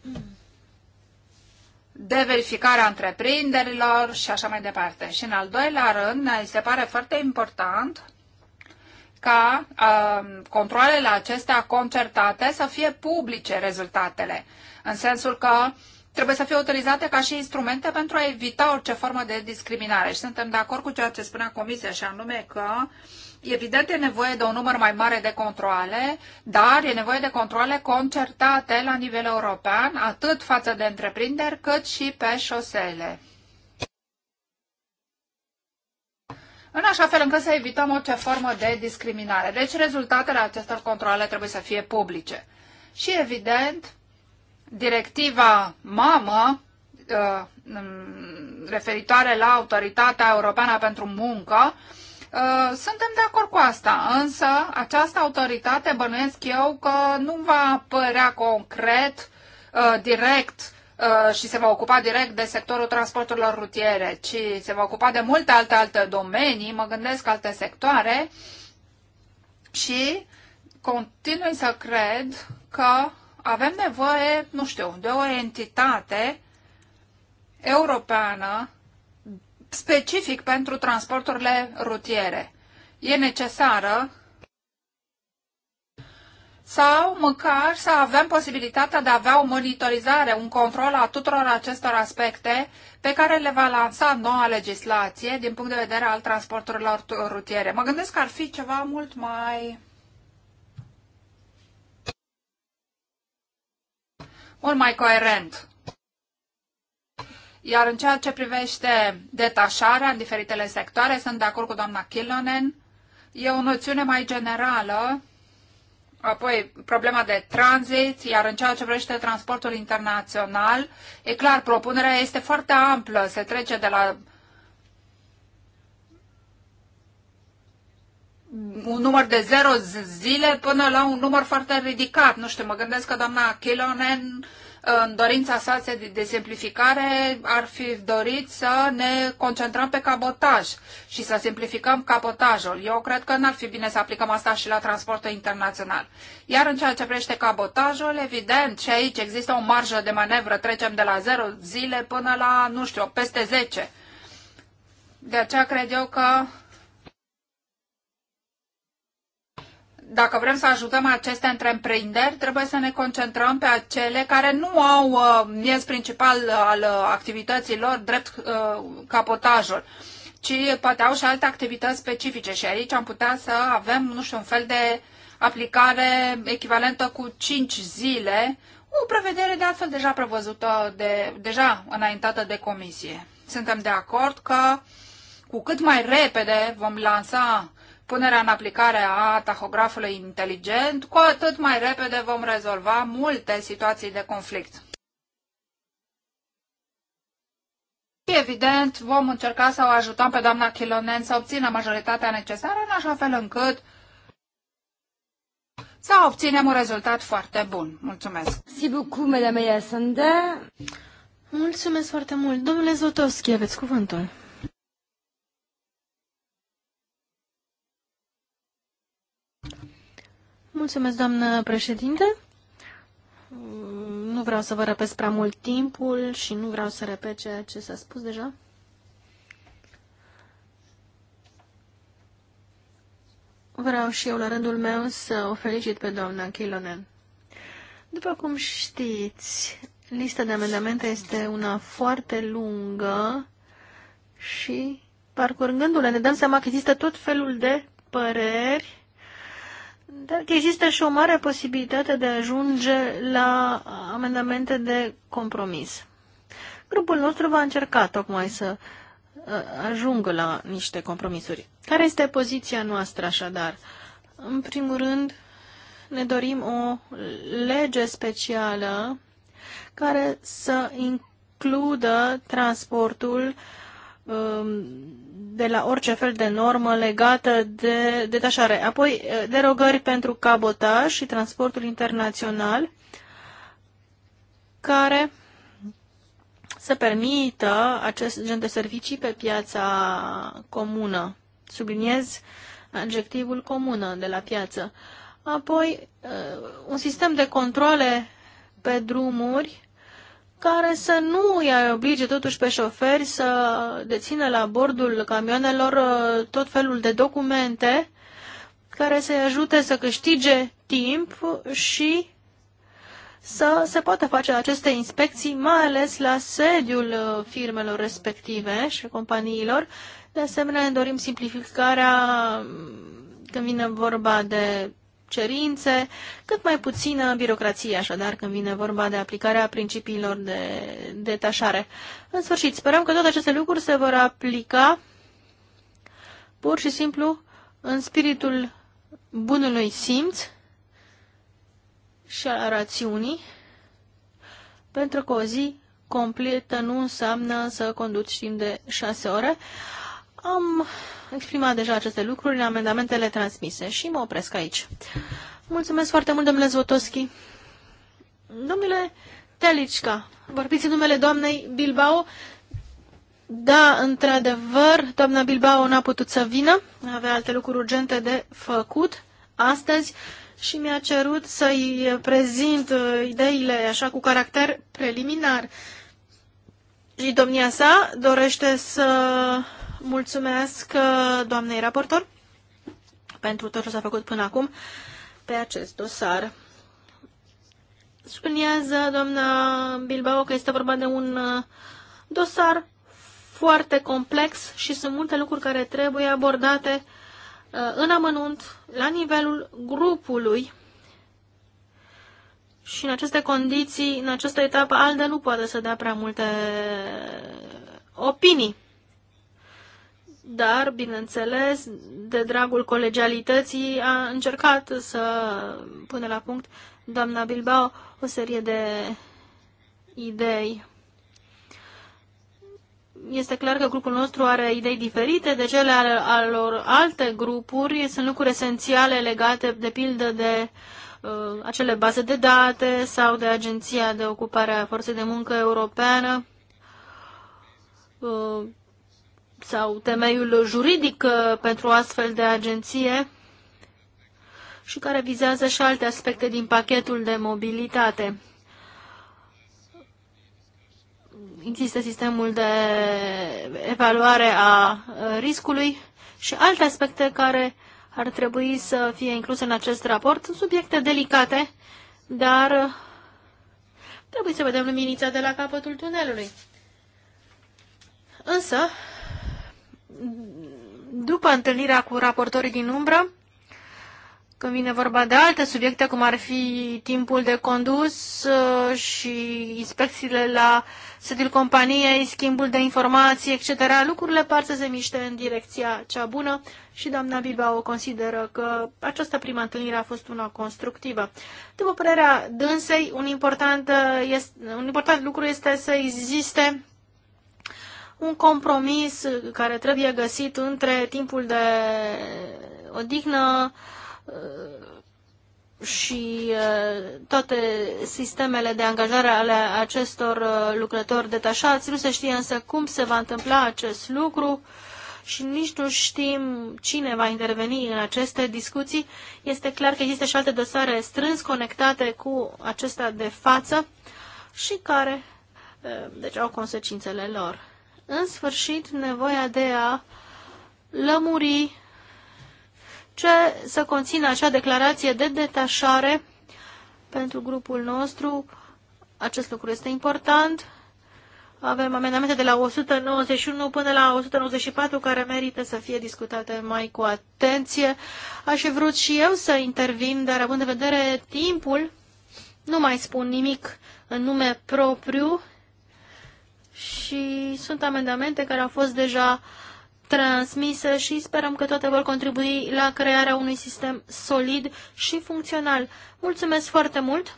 Mm-mm de verificare a întreprinderilor și așa mai departe. Și în al doilea rând, ne se pare foarte important ca uh, controlele acestea concertate să fie publice rezultatele, în sensul că trebuie să fie utilizate ca și instrumente pentru a evita orice formă de discriminare. Și suntem de acord cu ceea ce spunea Comisia, și anume că uh, Evident, e nevoie de un număr mai mare de controle, dar e nevoie de controle concertate la nivel european, atât față de întreprinderi, cât și pe șosele. în așa fel încât să evităm orice formă de discriminare. Deci rezultatele acestor controle trebuie să fie publice. Și evident, directiva mama, uh, mm, referitoare la Autoritatea Europeană pentru Muncă Uh, suntem de acord cu asta, însă această autoritate bănuiesc eu că nu va apărea concret, uh, direct uh, și se va ocupa direct de sectorul transporturilor rutiere, ci se va ocupa de multe alte alte domenii, mă gândesc alte sectoare și continui să cred că avem nevoie, nu știu, de o entitate europeană specific pentru transporturile rutiere. E necesară sau măcar să avem posibilitatea de a avea o monitorizare, un control a tuturor acestor aspecte pe care le va lansa noua legislație din punct de vedere al transporturilor rutiere. Mă gândesc că ar fi ceva mult mai... mult mai coerent. Iar în ceea ce privește detașarea în diferitele sectoare, sunt de acord cu doamna Killonen. E o noțiune mai generală. Apoi, problema de tranzit, iar în ceea ce privește transportul internațional, e clar, propunerea este foarte amplă. Se trece de la un număr de zero zile până la un număr foarte ridicat. Nu știu, mă gândesc că doamna Kilonen în dorința sa de simplificare, ar fi dorit să ne concentrăm pe cabotaj și să simplificăm cabotajul. Eu cred că n-ar fi bine să aplicăm asta și la transportul internațional. Iar în ceea ce privește cabotajul, evident, și aici există o marjă de manevră, trecem de la 0 zile până la, nu știu, peste 10. De aceea cred eu că dacă vrem să ajutăm aceste întreprinderi, trebuie să ne concentrăm pe acele care nu au uh, miez principal uh, al uh, activităților drept uh, capotajul, ci poate au și alte activități specifice și aici am putea să avem, nu știu, un fel de aplicare echivalentă cu 5 zile, o prevedere de altfel deja prevăzută, de, deja înaintată de comisie. Suntem de acord că cu cât mai repede vom lansa punerea în aplicare a tahografului inteligent, cu atât mai repede vom rezolva multe situații de conflict. Evident, vom încerca să o ajutăm pe doamna Chilonen să obțină majoritatea necesară în așa fel încât să obținem un rezultat foarte bun. Mulțumesc! Mulțumesc foarte mult! Domnule Zotowski, aveți cuvântul. Mulțumesc, doamnă președinte. Nu vreau să vă răpesc prea mult timpul și nu vreau să repet ceea ce s-a spus deja. Vreau și eu, la rândul meu, să o felicit pe doamna Chilonen. După cum știți, lista de amendamente este una foarte lungă și, parcurgându-le, ne dăm seama că există tot felul de păreri dar există și o mare posibilitate de a ajunge la amendamente de compromis. Grupul nostru va încerca tocmai să uh, ajungă la niște compromisuri. Care este poziția noastră așadar? În primul rând, ne dorim o lege specială care să includă transportul uh, Um, de la orice fel de normă legată de detașare. Apoi, uh, derogări pentru cabotaj și transportul internațional care să permită acest gen de servicii pe piața comună. Subliniez adjectivul comună de la piață. Apoi, uh, un sistem de controle pe drumuri care să nu îi oblige totuși pe șoferi să dețină la bordul camioanelor uh, tot felul de documente care să-i ajute să câștige timp și să se poată face aceste inspecții, mai ales la sediul uh, firmelor respective și companiilor. De asemenea, ne dorim simplificarea mm, când vine vorba de cerințe, cât mai puțină birocrație, așadar, când vine vorba de aplicarea principiilor de detașare. În sfârșit, sperăm că toate aceste lucruri se vor aplica pur și simplu în spiritul bunului simț și a rațiunii, pentru că o zi completă nu înseamnă să conduci timp de șase ore. Am exprimat deja aceste lucruri în amendamentele transmise și mă opresc aici. Mulțumesc foarte mult, domnule Zvotoschi. Domnule Telicca, vorbiți în numele doamnei Bilbao. Da, într-adevăr, doamna Bilbao n-a putut să vină, avea alte lucruri urgente de făcut astăzi și mi-a cerut să-i prezint uh, ideile așa cu caracter preliminar. Și domnia sa dorește să Mulțumesc doamnei raportor pentru tot ce s-a făcut până acum pe acest dosar. Spunează doamna Bilbao că este vorba de un uh, dosar foarte complex și sunt multe lucruri care trebuie abordate uh, în amănunt la nivelul grupului și în aceste condiții, în această etapă, ALDE nu poate să dea prea multe opinii dar, bineînțeles, de dragul colegialității a încercat să pune la punct doamna Bilbao o serie de idei. Este clar că grupul nostru are idei diferite de cele ale alor alte grupuri. Sunt lucruri esențiale legate, de pildă, de uh, acele baze de date sau de Agenția de Ocupare a Forței de Muncă Europeană. Uh, sau temeiul juridic uh, pentru o astfel de agenție și care vizează și alte aspecte din pachetul de mobilitate. Există sistemul de evaluare a uh, riscului și alte aspecte care ar trebui să fie incluse în acest raport. Sunt subiecte delicate, dar uh, trebuie să vedem luminița de la capătul tunelului. Însă, după întâlnirea cu raportorii din umbră, când vine vorba de alte subiecte, cum ar fi timpul de condus uh, și inspecțiile la sediul companiei, schimbul de informații, etc., lucrurile par să se miște în direcția cea bună și doamna o consideră că această prima întâlnire a fost una constructivă. După părerea dânsei, un important, uh, este, un important lucru este să existe un compromis care trebuie găsit între timpul de odihnă uh, și uh, toate sistemele de angajare ale acestor uh, lucrători detașați. Nu se știe însă cum se va întâmpla acest lucru și nici nu știm cine va interveni în aceste discuții. Este clar că există și alte dosare strâns conectate cu acesta de față și care deci au consecințele lor în sfârșit nevoia de a lămuri ce să conțină acea declarație de detașare pentru grupul nostru. Acest lucru este important. Avem amendamente de la 191 până la 194 care merită să fie discutate mai cu atenție. Aș fi vrut și eu să intervin, dar având în vedere timpul, nu mai spun nimic în nume propriu și sunt amendamente care au fost deja transmise și sperăm că toate vor contribui la crearea unui sistem solid și funcțional. Mulțumesc foarte mult!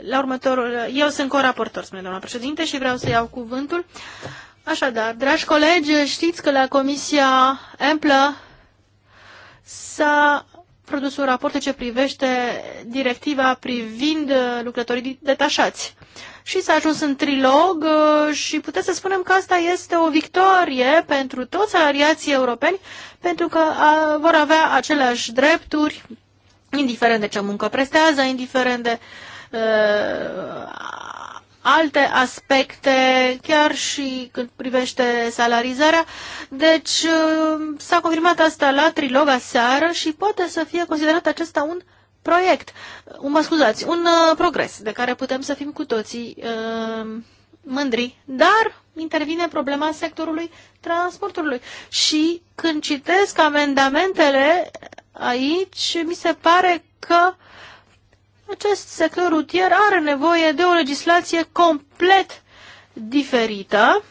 La următorul, eu sunt coraportor, spune doamna președinte, și vreau să iau cuvântul. Așadar, dragi colegi, știți că la Comisia Amplă s-a produs un raport ce privește directiva privind uh, lucrătorii detașați. Și s-a ajuns în trilog uh, și putem să spunem că asta este o victorie pentru toți salariații europeni, pentru că uh, vor avea aceleași drepturi, indiferent de ce muncă prestează, indiferent de alte aspecte, chiar și cât privește salarizarea. Deci uh, s-a confirmat asta la Triloga seară și poate să fie considerat acesta un proiect, un, uh, mă scuzați, un uh, progres de care putem să fim cu toții uh, mândri, dar intervine problema sectorului transportului. Și când citesc amendamentele aici, mi se pare că uh, acest sector rutier are nevoie de o legislație complet diferită,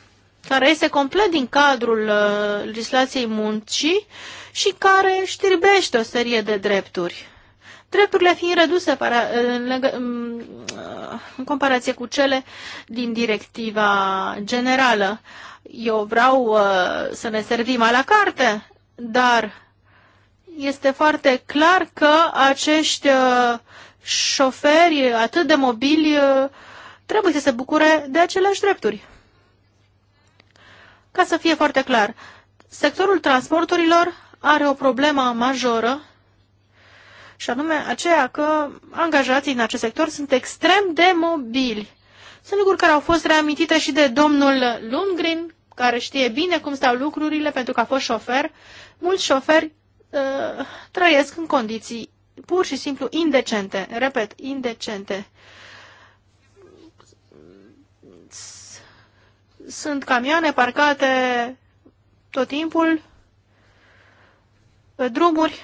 care este complet din cadrul uh, legislației muncii și care știrbește o serie de drepturi. Drepturile fiind reduse uh, mm, uh, în comparație cu cele din directiva generală. Eu vreau să ne servim la carte, dar este foarte clar că acești șoferi atât de mobili uh, trebuie să se bucure de aceleași drepturi. Ca să fie foarte clar, sectorul transporturilor are o problemă majoră și anume aceea că angajații în acest sector sunt extrem de mobili. Sunt lucruri care au fost reamintite și de domnul Lundgren, care știe bine cum stau lucrurile pentru că a fost șofer. Mulți șoferi uh, trăiesc în condiții pur și simplu indecente, repet, indecente. Sunt camioane parcate tot timpul pe drumuri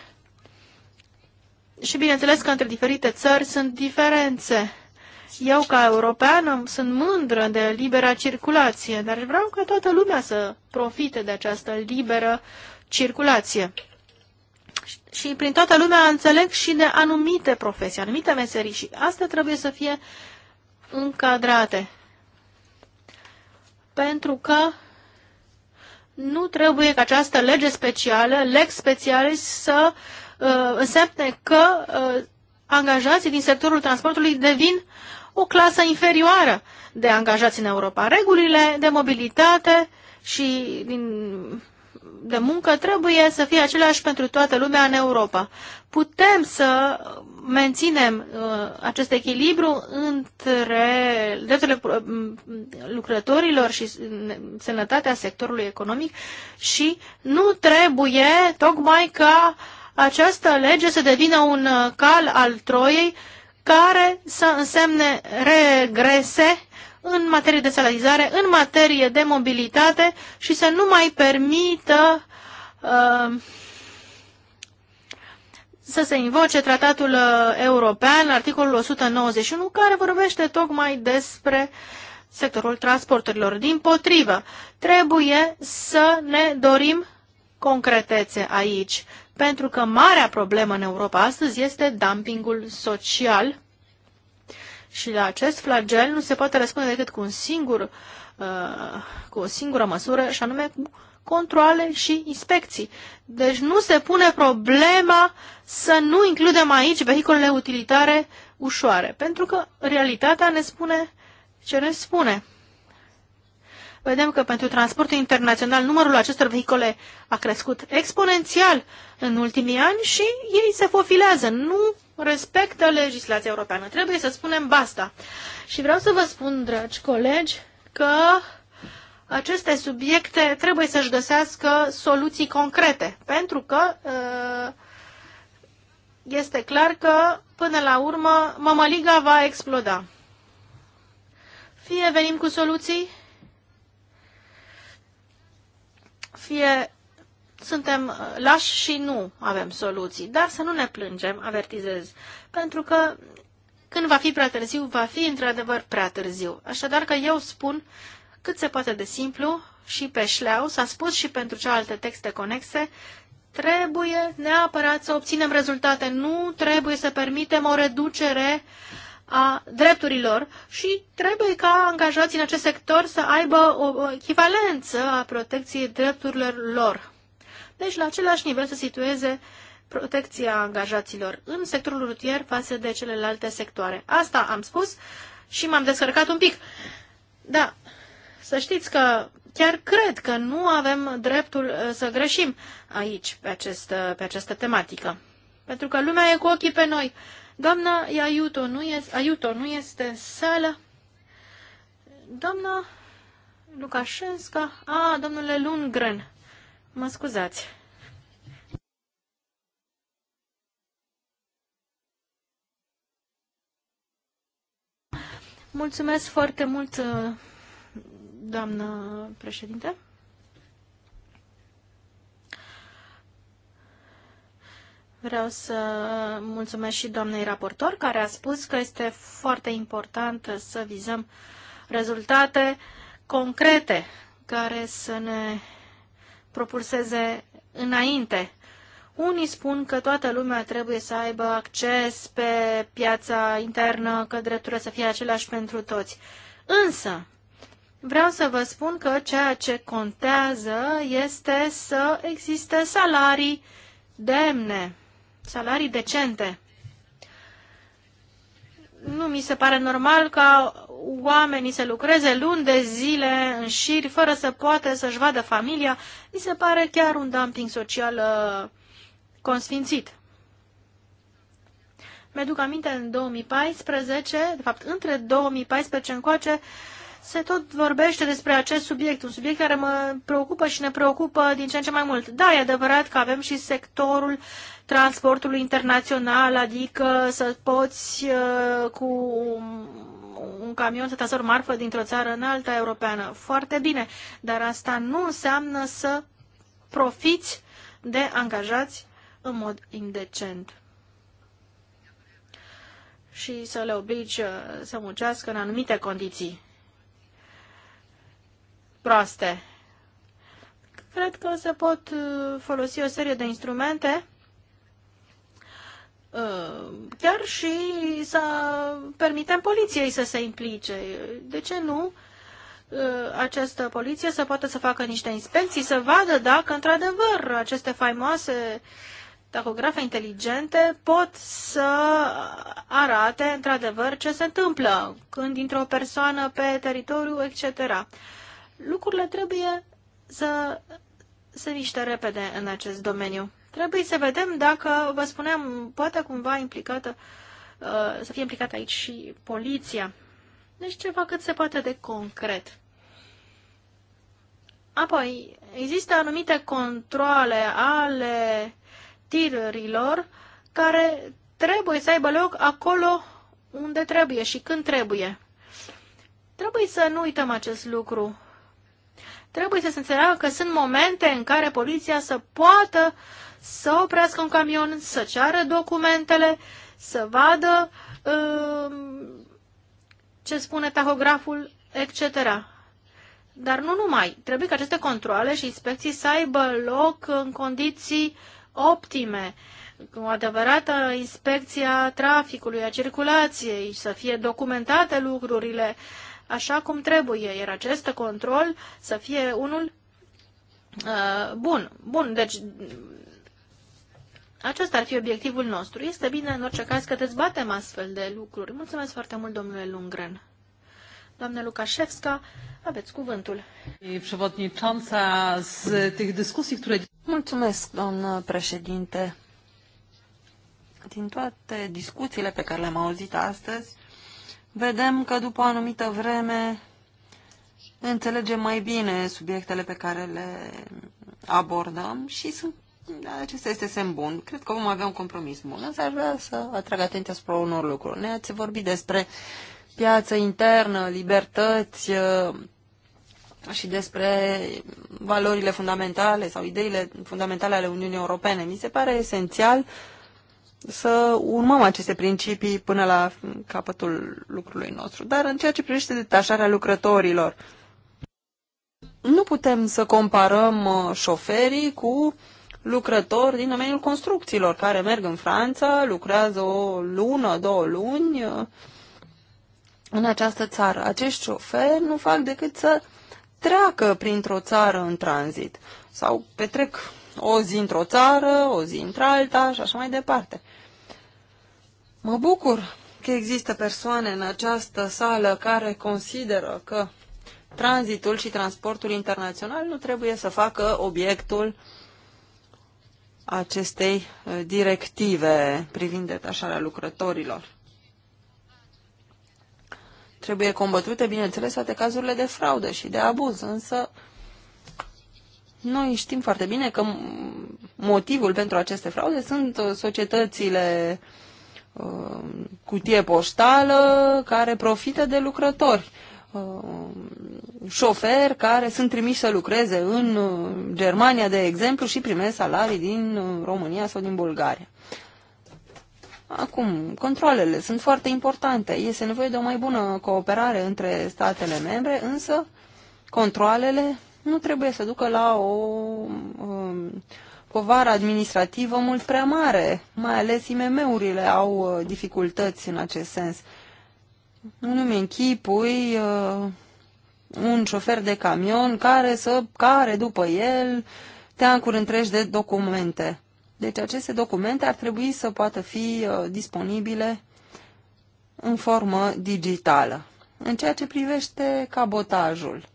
și bineînțeles că între diferite țări sunt diferențe. Eu, ca european, sunt mândră de libera circulație, dar vreau ca toată lumea să profite de această liberă circulație și prin toată lumea înțeleg și de anumite profesii, anumite meserii și astea trebuie să fie încadrate. Pentru că nu trebuie ca această lege specială, lex specialis, să uh, însemne că uh, angajații din sectorul transportului devin o clasă inferioară de angajați în Europa. Regulile de mobilitate și din de muncă trebuie să fie aceleași pentru toată lumea în Europa. Putem să menținem uh, acest echilibru între drepturile uh, mm, lucrătorilor și sănătatea sectorului economic și nu trebuie tocmai ca această lege să devină un uh, cal al Troiei care să însemne regrese în materie de salarizare, în materie de mobilitate și să nu mai permită uh, să se invoce tratatul uh, european, articolul 191, care vorbește tocmai despre sectorul transporturilor. Din potrivă, trebuie să ne dorim concretețe aici, pentru că marea problemă în Europa astăzi este dumpingul social și la acest flagel nu se poate răspunde decât cu, un singur, uh, cu o singură măsură, și anume cu controle și inspecții. Deci nu se pune problema să nu includem aici vehiculele utilitare ușoare, pentru că realitatea ne spune ce ne spune. Vedem că pentru transportul internațional numărul acestor vehicole a crescut exponențial în ultimii ani și ei se fofilează, nu respectă legislația europeană. Trebuie să spunem basta. Și vreau să vă spun, dragi colegi, că aceste subiecte trebuie să-și găsească soluții concrete, pentru că uh, este clar că, până la urmă, mămăliga va exploda. Fie venim cu soluții, fie suntem uh, lași și nu avem soluții, dar să nu ne plângem, avertizez, pentru că când va fi prea târziu, va fi într-adevăr prea târziu. Așadar că eu spun cât se poate de simplu și pe șleau, s-a spus și pentru cealaltă texte conexe, trebuie neapărat să obținem rezultate, nu trebuie să permitem o reducere a drepturilor și trebuie ca angajații în acest sector să aibă o echivalență a protecției drepturilor lor. Deci, la același nivel se situeze protecția angajaților în sectorul rutier față de celelalte sectoare. Asta am spus și m-am descărcat un pic. Da, să știți că chiar cred că nu avem dreptul uh, să greșim aici, pe, acest, uh, pe această tematică. Pentru că lumea e cu ochii pe noi. Doamna Iaiuto nu, este, Aiuto nu este în sală. Doamna Lucașenska. A, domnule Lundgren. Mă scuzați. Mulțumesc foarte mult, uh, doamnă președinte. Vreau să mulțumesc și doamnei raportor, care a spus că este foarte important să vizăm rezultate concrete care să ne propulseze înainte. Unii spun că toată lumea trebuie să aibă acces pe piața internă, că drepturile să fie aceleași pentru toți. Însă, vreau să vă spun că ceea ce contează este să existe salarii demne, salarii decente nu mi se pare normal ca oamenii să lucreze luni de zile în șiri fără să poată să-și vadă familia. Mi se pare chiar un dumping social uh, consfințit. Mi-aduc aminte în 2014, de fapt între 2014 încoace, uh, se tot vorbește despre acest subiect, un subiect care mă preocupă și ne preocupă din ce în ce mai mult. Da, e adevărat că avem și sectorul transportului internațional, adică să poți uh, cu un camion să transformi marfă dintr-o țară în alta europeană. Foarte bine, dar asta nu înseamnă să profiți de angajați în mod indecent și să le obligi să muncească în anumite condiții proaste. Cred că se pot uh, folosi o serie de instrumente uh, chiar și să permitem poliției să se implice. De ce nu uh, această poliție să poată să facă niște inspecții, să vadă dacă, într-adevăr, aceste faimoase tahografe inteligente pot să arate, într-adevăr, ce se întâmplă când dintr o persoană pe teritoriu, etc lucrurile trebuie să se miște repede în acest domeniu. Trebuie să vedem dacă, vă spuneam, poate cumva implicată, uh, să fie implicată aici și poliția. Deci ceva cât se poate de concret. Apoi, există anumite controle ale tirurilor care trebuie să aibă loc acolo unde trebuie și când trebuie. Trebuie să nu uităm acest lucru trebuie să se înțeleagă că sunt momente în care poliția să poată să oprească un camion, să ceară documentele, să vadă uh, ce spune tahograful, etc. Dar nu numai. Trebuie ca aceste controle și inspecții să aibă loc în condiții optime, cu adevărată inspecție a traficului, a circulației, să fie documentate lucrurile, uh, așa cum trebuie, iar acest control să fie unul uh, bun. Bun, deci acesta ar fi obiectivul nostru. Este bine, în orice caz, că dezbatem astfel de lucruri. Mulțumesc foarte mult, domnule Lungren. Doamne Lukaszewska, aveți cuvântul. Mulțumesc, doamnă președinte. Din toate discuțiile pe care le-am auzit astăzi, vedem că după o anumită vreme înțelegem mai bine subiectele pe care le abordăm și sunt, da, acesta este semn bun. Cred că vom avea un compromis bun, însă aș vrea să atrag atenția asupra unor lucruri. Ne-ați vorbit despre piață internă, libertăți uh, și despre valorile fundamentale sau ideile fundamentale ale Uniunii Europene. Mi se pare esențial uh, să urmăm aceste principii până la capătul lucrului nostru. Dar în ceea ce privește detașarea lucrătorilor, nu putem să comparăm uh, șoferii cu lucrători din domeniul construcțiilor care merg în Franța, lucrează o lună, două luni uh, în această țară. Acești șoferi nu fac decât să treacă printr-o țară în tranzit sau petrec o zi într-o țară, o zi într-alta și așa mai departe. Mă bucur că există persoane în această sală care consideră că tranzitul și transportul internațional nu trebuie să facă obiectul acestei uh, directive privind detașarea lucrătorilor. Trebuie combătute, bineînțeles, toate cazurile de fraudă și de abuz, însă noi știm foarte bine că motivul pentru aceste fraude sunt uh, societățile uh, Uh, cutie poștală care profită de lucrători, uh, șoferi care sunt trimiși să lucreze în uh, Germania, de exemplu, și primesc salarii din România sau din Bulgaria. Acum, controlele sunt foarte importante. Este nevoie de o mai bună cooperare între statele membre, însă controlele nu trebuie să ducă la o um, povară administrativă mult prea mare, mai ales IMM-urile au uh, dificultăți în acest sens. Nu-mi închipui uh, un șofer de camion care să care după el teancuri întregi de documente. Deci aceste documente ar trebui să poată fi uh, disponibile în formă digitală. În ceea ce privește cabotajul,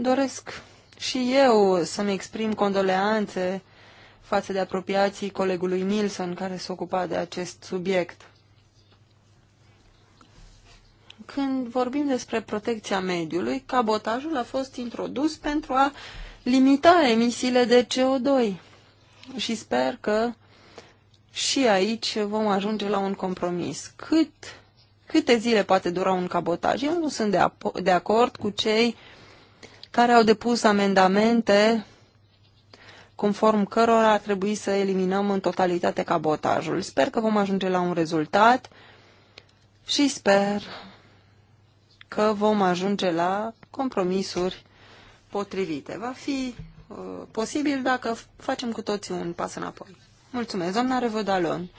Doresc și eu să-mi exprim condoleanțe față de apropiații colegului Nilsson care se ocupa de acest subiect. Când vorbim despre protecția mediului, cabotajul a fost introdus pentru a limita emisiile de CO2 și sper că și aici vom ajunge la un compromis. Cât, câte zile poate dura un cabotaj? Eu nu sunt de, de acord cu cei uh, care au depus amendamente conform cărora ar trebui să eliminăm în totalitate cabotajul. Sper că vom ajunge la un rezultat și sper că vom ajunge la compromisuri potrivite. Va fi uh, posibil dacă facem cu toții un pas înapoi. Mulțumesc, doamna Revădalon.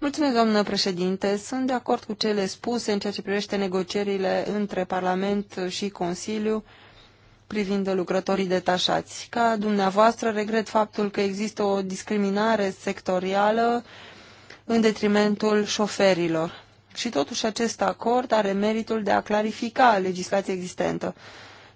Mulțumesc, doamnă președinte. Sunt de acord cu cele spuse în ceea ce privește negocierile între Parlament și Consiliu privind lucrătorii detașați. Ca dumneavoastră, regret faptul că există o discriminare sectorială în detrimentul șoferilor. Și totuși acest acord are meritul de a clarifica legislația existentă.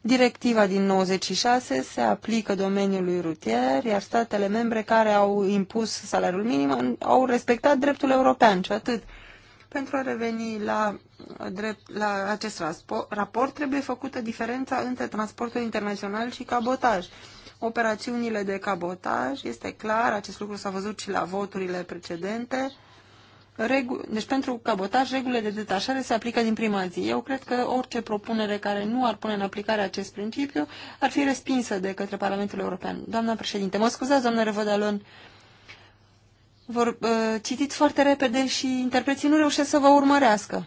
Directiva din 96 se aplică domeniului rutier, iar statele membre care au impus salariul minim au respectat dreptul european și atât. Pentru a reveni la, drept, la acest raport, trebuie făcută diferența între transportul internațional și cabotaj. Operațiunile de cabotaj, este clar, acest lucru s-a văzut și la voturile precedente, Regu deci pentru cabotaj, regulile de detașare se aplică din prima zi. Eu cred că orice propunere care nu ar pune în aplicare acest principiu ar fi respinsă de către Parlamentul European. Doamna președinte, mă scuzați, doamnă Revădalon, vor, uh, citiți foarte repede și interpreții nu reușesc să vă urmărească.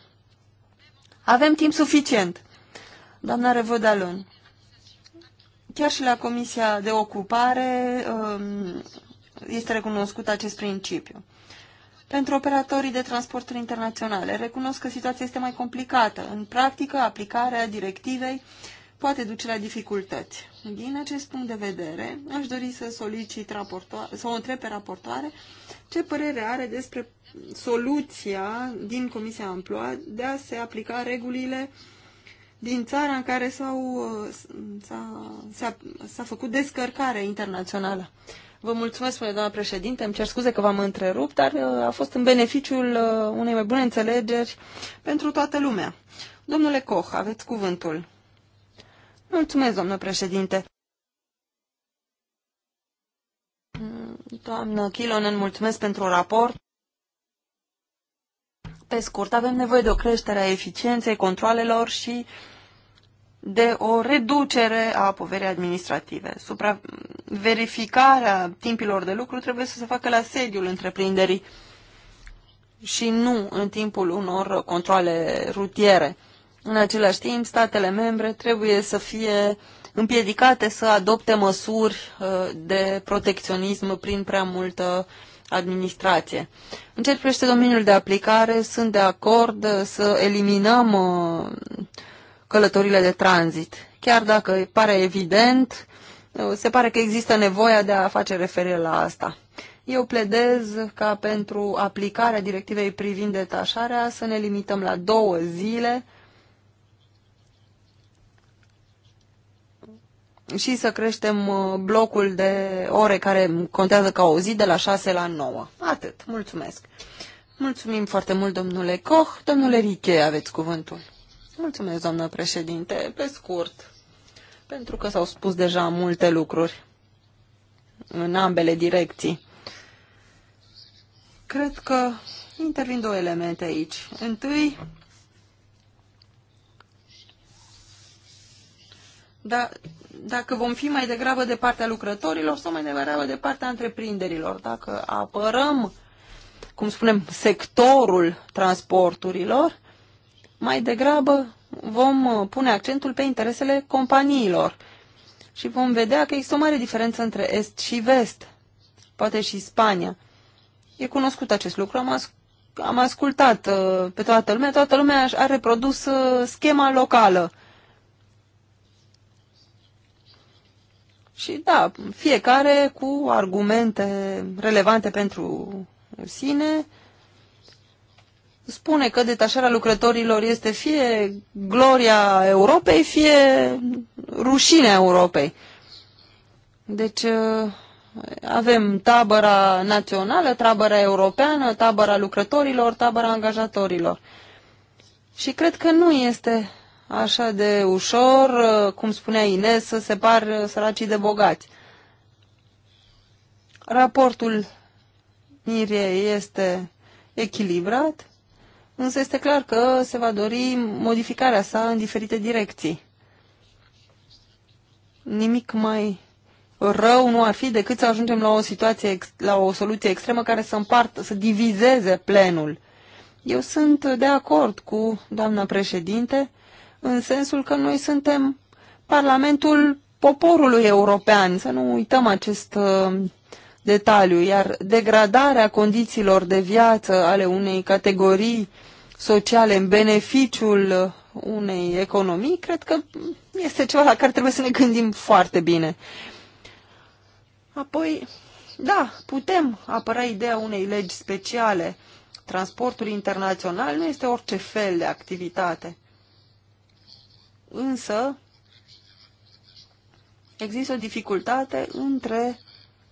Avem timp suficient. Doamna Revodalon, chiar și la Comisia de Ocupare um, este recunoscut acest principiu. Pentru operatorii de transporturi internaționale, recunosc că situația este mai complicată. În practică, aplicarea directivei uh, poate duce la dificultăți. Din acest punct de vedere, aș dori să solicit raportoare, să o întreb pe raportoare ce părere are despre soluția din Comisia Amploa de a se aplica regulile din țara în care s-au, s-a, s-a, făcut descărcare internațională. Vă mulțumesc, spune doamna președinte, îmi cer scuze că v-am întrerupt, dar uh, a fost în beneficiul uh, unei mai bune înțelegeri pentru toată lumea. Domnule Koch, aveți cuvântul. Mulțumesc, domnule președinte. Doamnă Chilonen, mulțumesc pentru raport. Pe scurt, avem nevoie de o creștere a eficienței controlelor și de o reducere a poverii administrative. Supra verificarea timpilor de lucru trebuie să se facă la sediul întreprinderii și nu în timpul unor controle rutiere. În același timp, statele membre trebuie să fie împiedicate să adopte măsuri uh, de protecționism prin prea multă administrație. În ce privește domeniul de aplicare, sunt de acord uh, să eliminăm uh, călătorile de tranzit. Chiar dacă pare evident, se pare că există nevoia de a face referire la asta. Eu pledez ca pentru aplicarea directivei privind detașarea să ne limităm la două zile și să creștem uh, blocul de ore care contează ca o zi de la 6 la 9. Atât. Mulțumesc. Mulțumim foarte mult, domnule Koch. Domnule Riche, aveți cuvântul. Mulțumesc, doamnă președinte. Pe scurt, pentru că s-au spus deja multe lucruri în ambele direcții. Cred că intervin două elemente aici. Întâi, da, dacă vom fi mai degrabă de partea lucrătorilor sau mai degrabă de partea întreprinderilor. Dacă apărăm, cum spunem, sectorul transporturilor, mai degrabă vom uh, pune accentul pe interesele companiilor și vom vedea că există o mare diferență între Est și Vest, poate și Spania. E cunoscut acest lucru, am, as- am ascultat uh, pe toată lumea, toată lumea a reprodus uh, schema locală. Uh, Și da, fiecare cu argumente relevante pentru sine spune că detașarea lucrătorilor este fie gloria Europei, fie rușinea Europei. Deci ă, avem tabăra națională, tabăra europeană, tabăra lucrătorilor, tabăra angajatorilor. Și cred că nu este așa de ușor, uh, cum spunea Ines, să separ uh, săracii de bogați. Raportul Miriei este echilibrat, însă este clar că se va dori modificarea sa în diferite direcții. Nimic mai rău nu ar fi decât să ajungem la o situație, la o soluție extremă care să împartă, să divizeze plenul. Eu sunt de acord cu doamna președinte în sensul că noi suntem Parlamentul poporului european, să nu uităm acest uh, detaliu, iar degradarea condițiilor de viață ale unei categorii sociale în beneficiul uh, unei economii, cred că este ceva la care trebuie să ne gândim foarte bine. Apoi, da, putem apăra ideea unei legi speciale. Transportul internațional nu este orice fel de activitate însă există o dificultate între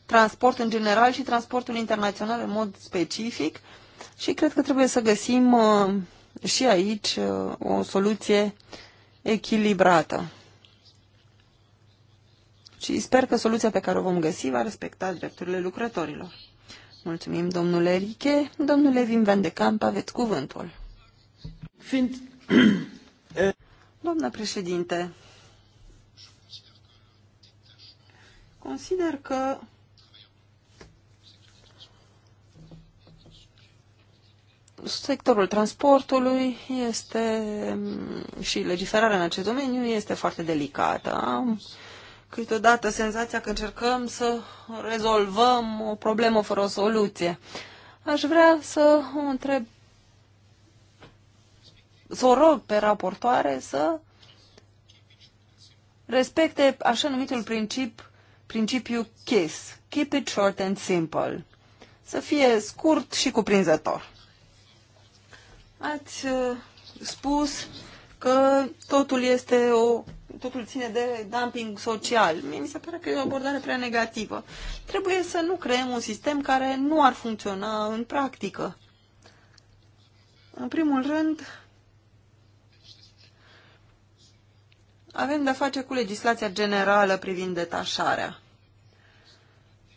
transport în general și transportul internațional în mod specific și cred că trebuie să găsim uh, și aici uh, o soluție echilibrată. Și sper că soluția pe care o vom găsi va respecta drepturile lucrătorilor. Mulțumim, domnule Riche. Domnule Vim Vendecamp, de Camp, aveți cuvântul. Fiind... Doamnă președinte, consider că sectorul transportului este și legiferarea în acest domeniu este foarte delicată. Am câteodată senzația că încercăm să rezolvăm o problemă fără o soluție. Aș vrea să o întreb să o rog pe raportoare să respecte așa numitul princip, principiu KISS, Keep it short and simple, să fie scurt și cuprinzător. Ați uh, spus că totul este o totul ține de dumping social. Mie mi se pare că e o abordare prea negativă. Trebuie să nu creăm un sistem care nu ar funcționa în practică. În primul rând, avem de-a face cu legislația generală privind detașarea.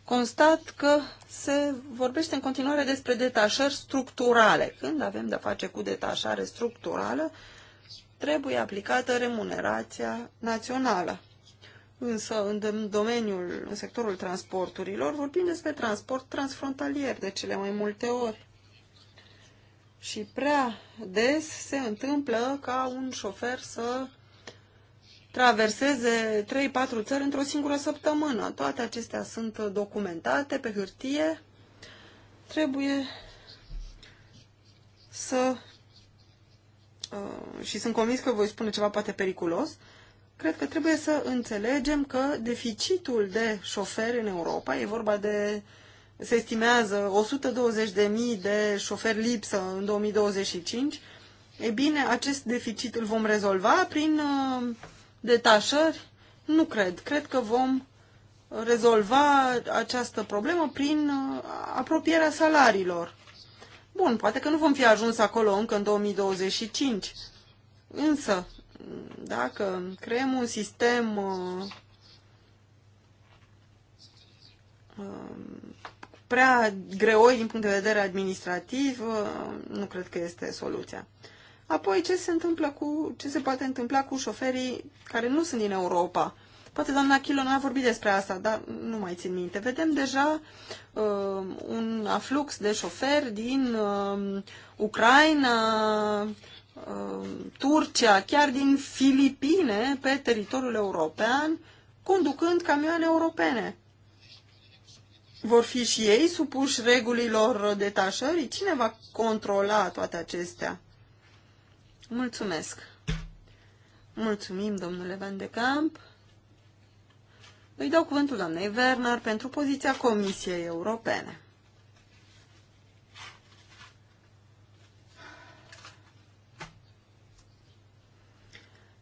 Constat că se vorbește în continuare despre detașări structurale. Când avem de-a face cu detașare structurală, trebuie aplicată remunerația națională. Însă, în domeniul, în sectorul transporturilor, vorbim despre transport transfrontalier de cele mai multe ori. Și prea des se întâmplă ca un șofer să traverseze 3-4 țări într-o singură săptămână. Toate acestea sunt documentate pe hârtie. Trebuie să uh, și sunt convins că voi spune ceva poate periculos, cred că trebuie să înțelegem că deficitul de șoferi în Europa, e vorba de, se estimează 120.000 de șoferi lipsă în 2025, e bine, acest deficit îl vom rezolva prin uh, detașări, nu cred. Cred că vom rezolva această problemă prin uh, apropierea salariilor. Bun, poate că nu vom fi ajuns acolo încă în 2025, însă dacă creăm un sistem uh, um, prea greoi din punct de vedere administrativ, uh, nu cred că este soluția. Apoi, ce se, întâmplă cu, ce se poate întâmpla cu șoferii care nu sunt din Europa? Poate doamna nu a vorbit despre asta, dar nu mai țin minte. Vedem deja uh, un aflux de șoferi din uh, Ucraina, uh, Turcia, chiar din Filipine, pe teritoriul european, conducând camioane europene. Vor fi și ei supuși regulilor detașării? Cine va controla toate acestea? Mulțumesc! Mulțumim, domnule Van de Camp. Îi dau cuvântul doamnei Werner pentru poziția Comisiei Europene.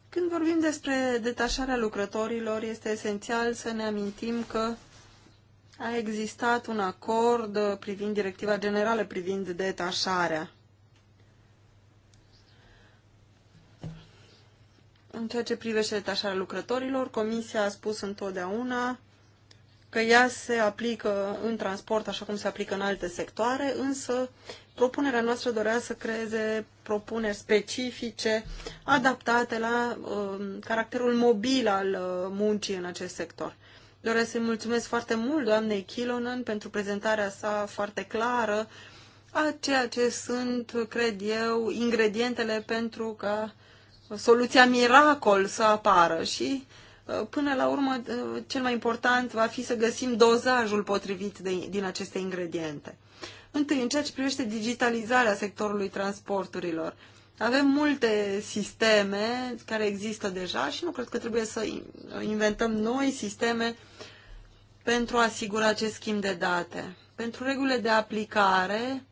Când vorbim despre detașarea lucrătorilor, este esențial să ne amintim că a existat un acord privind directiva generală privind detașarea. În ceea ce privește detașarea lucrătorilor, Comisia a spus întotdeauna că ea se aplică în transport așa cum se aplică în alte sectoare, însă propunerea noastră dorea să creeze propuneri specifice adaptate la uh, caracterul mobil al uh, muncii în acest sector. Doresc să-i mulțumesc foarte mult doamnei Kilonen pentru prezentarea sa foarte clară a ceea ce sunt, cred eu, ingredientele pentru ca soluția miracol să apară și uh, până la urmă uh, cel mai important va fi să găsim dozajul potrivit de, din aceste ingrediente. Întâi, în ceea ce privește digitalizarea sectorului transporturilor, avem multe sisteme care există deja și nu cred că trebuie să inventăm noi sisteme pentru a asigura acest schimb de date. Pentru regulile de aplicare,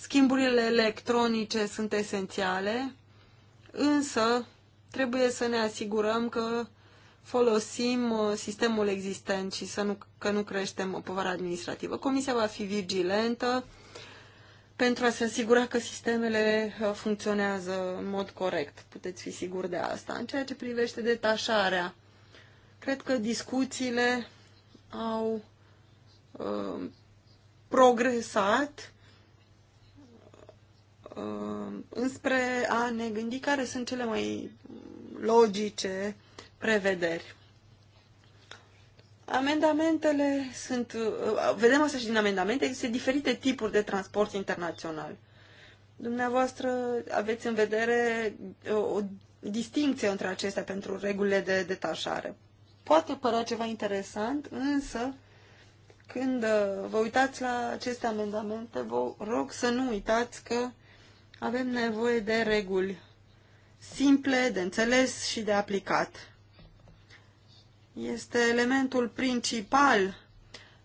schimburile electronice sunt esențiale, însă trebuie să ne asigurăm că folosim uh, sistemul existent și să nu, că nu creștem povara administrativă. Comisia va fi vigilentă pentru a se asigura că sistemele uh, funcționează în mod corect. Puteți fi siguri de asta. În ceea ce privește detașarea, cred că discuțiile au uh, progresat Uh, înspre a ne gândi care sunt cele mai logice prevederi. Amendamentele sunt, uh, vedem asta și din amendamente, există diferite tipuri de transport internațional. Dumneavoastră aveți în vedere o, uh, o distinție între acestea pentru regulile de detașare. Poate părea ceva interesant, însă când vă uitați la aceste amendamente, vă rog să nu uitați că avem nevoie de reguli simple, de înțeles și de aplicat. Este elementul principal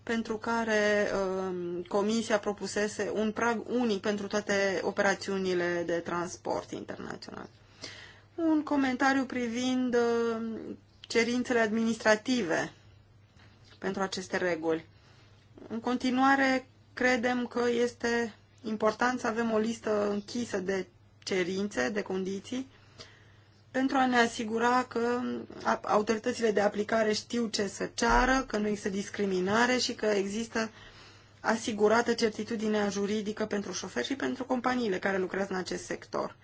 pentru care uh, Comisia propusese un prag unic pentru toate operațiunile de transport internațional. Un comentariu privind uh, cerințele administrative pentru aceste reguli. În continuare, credem că este important să avem o listă închisă de cerințe, de condiții, pentru a ne asigura că autoritățile de aplicare știu ce să ceară, că nu există discriminare și că există asigurată certitudinea juridică pentru șoferi și pentru companiile care lucrează în acest sector.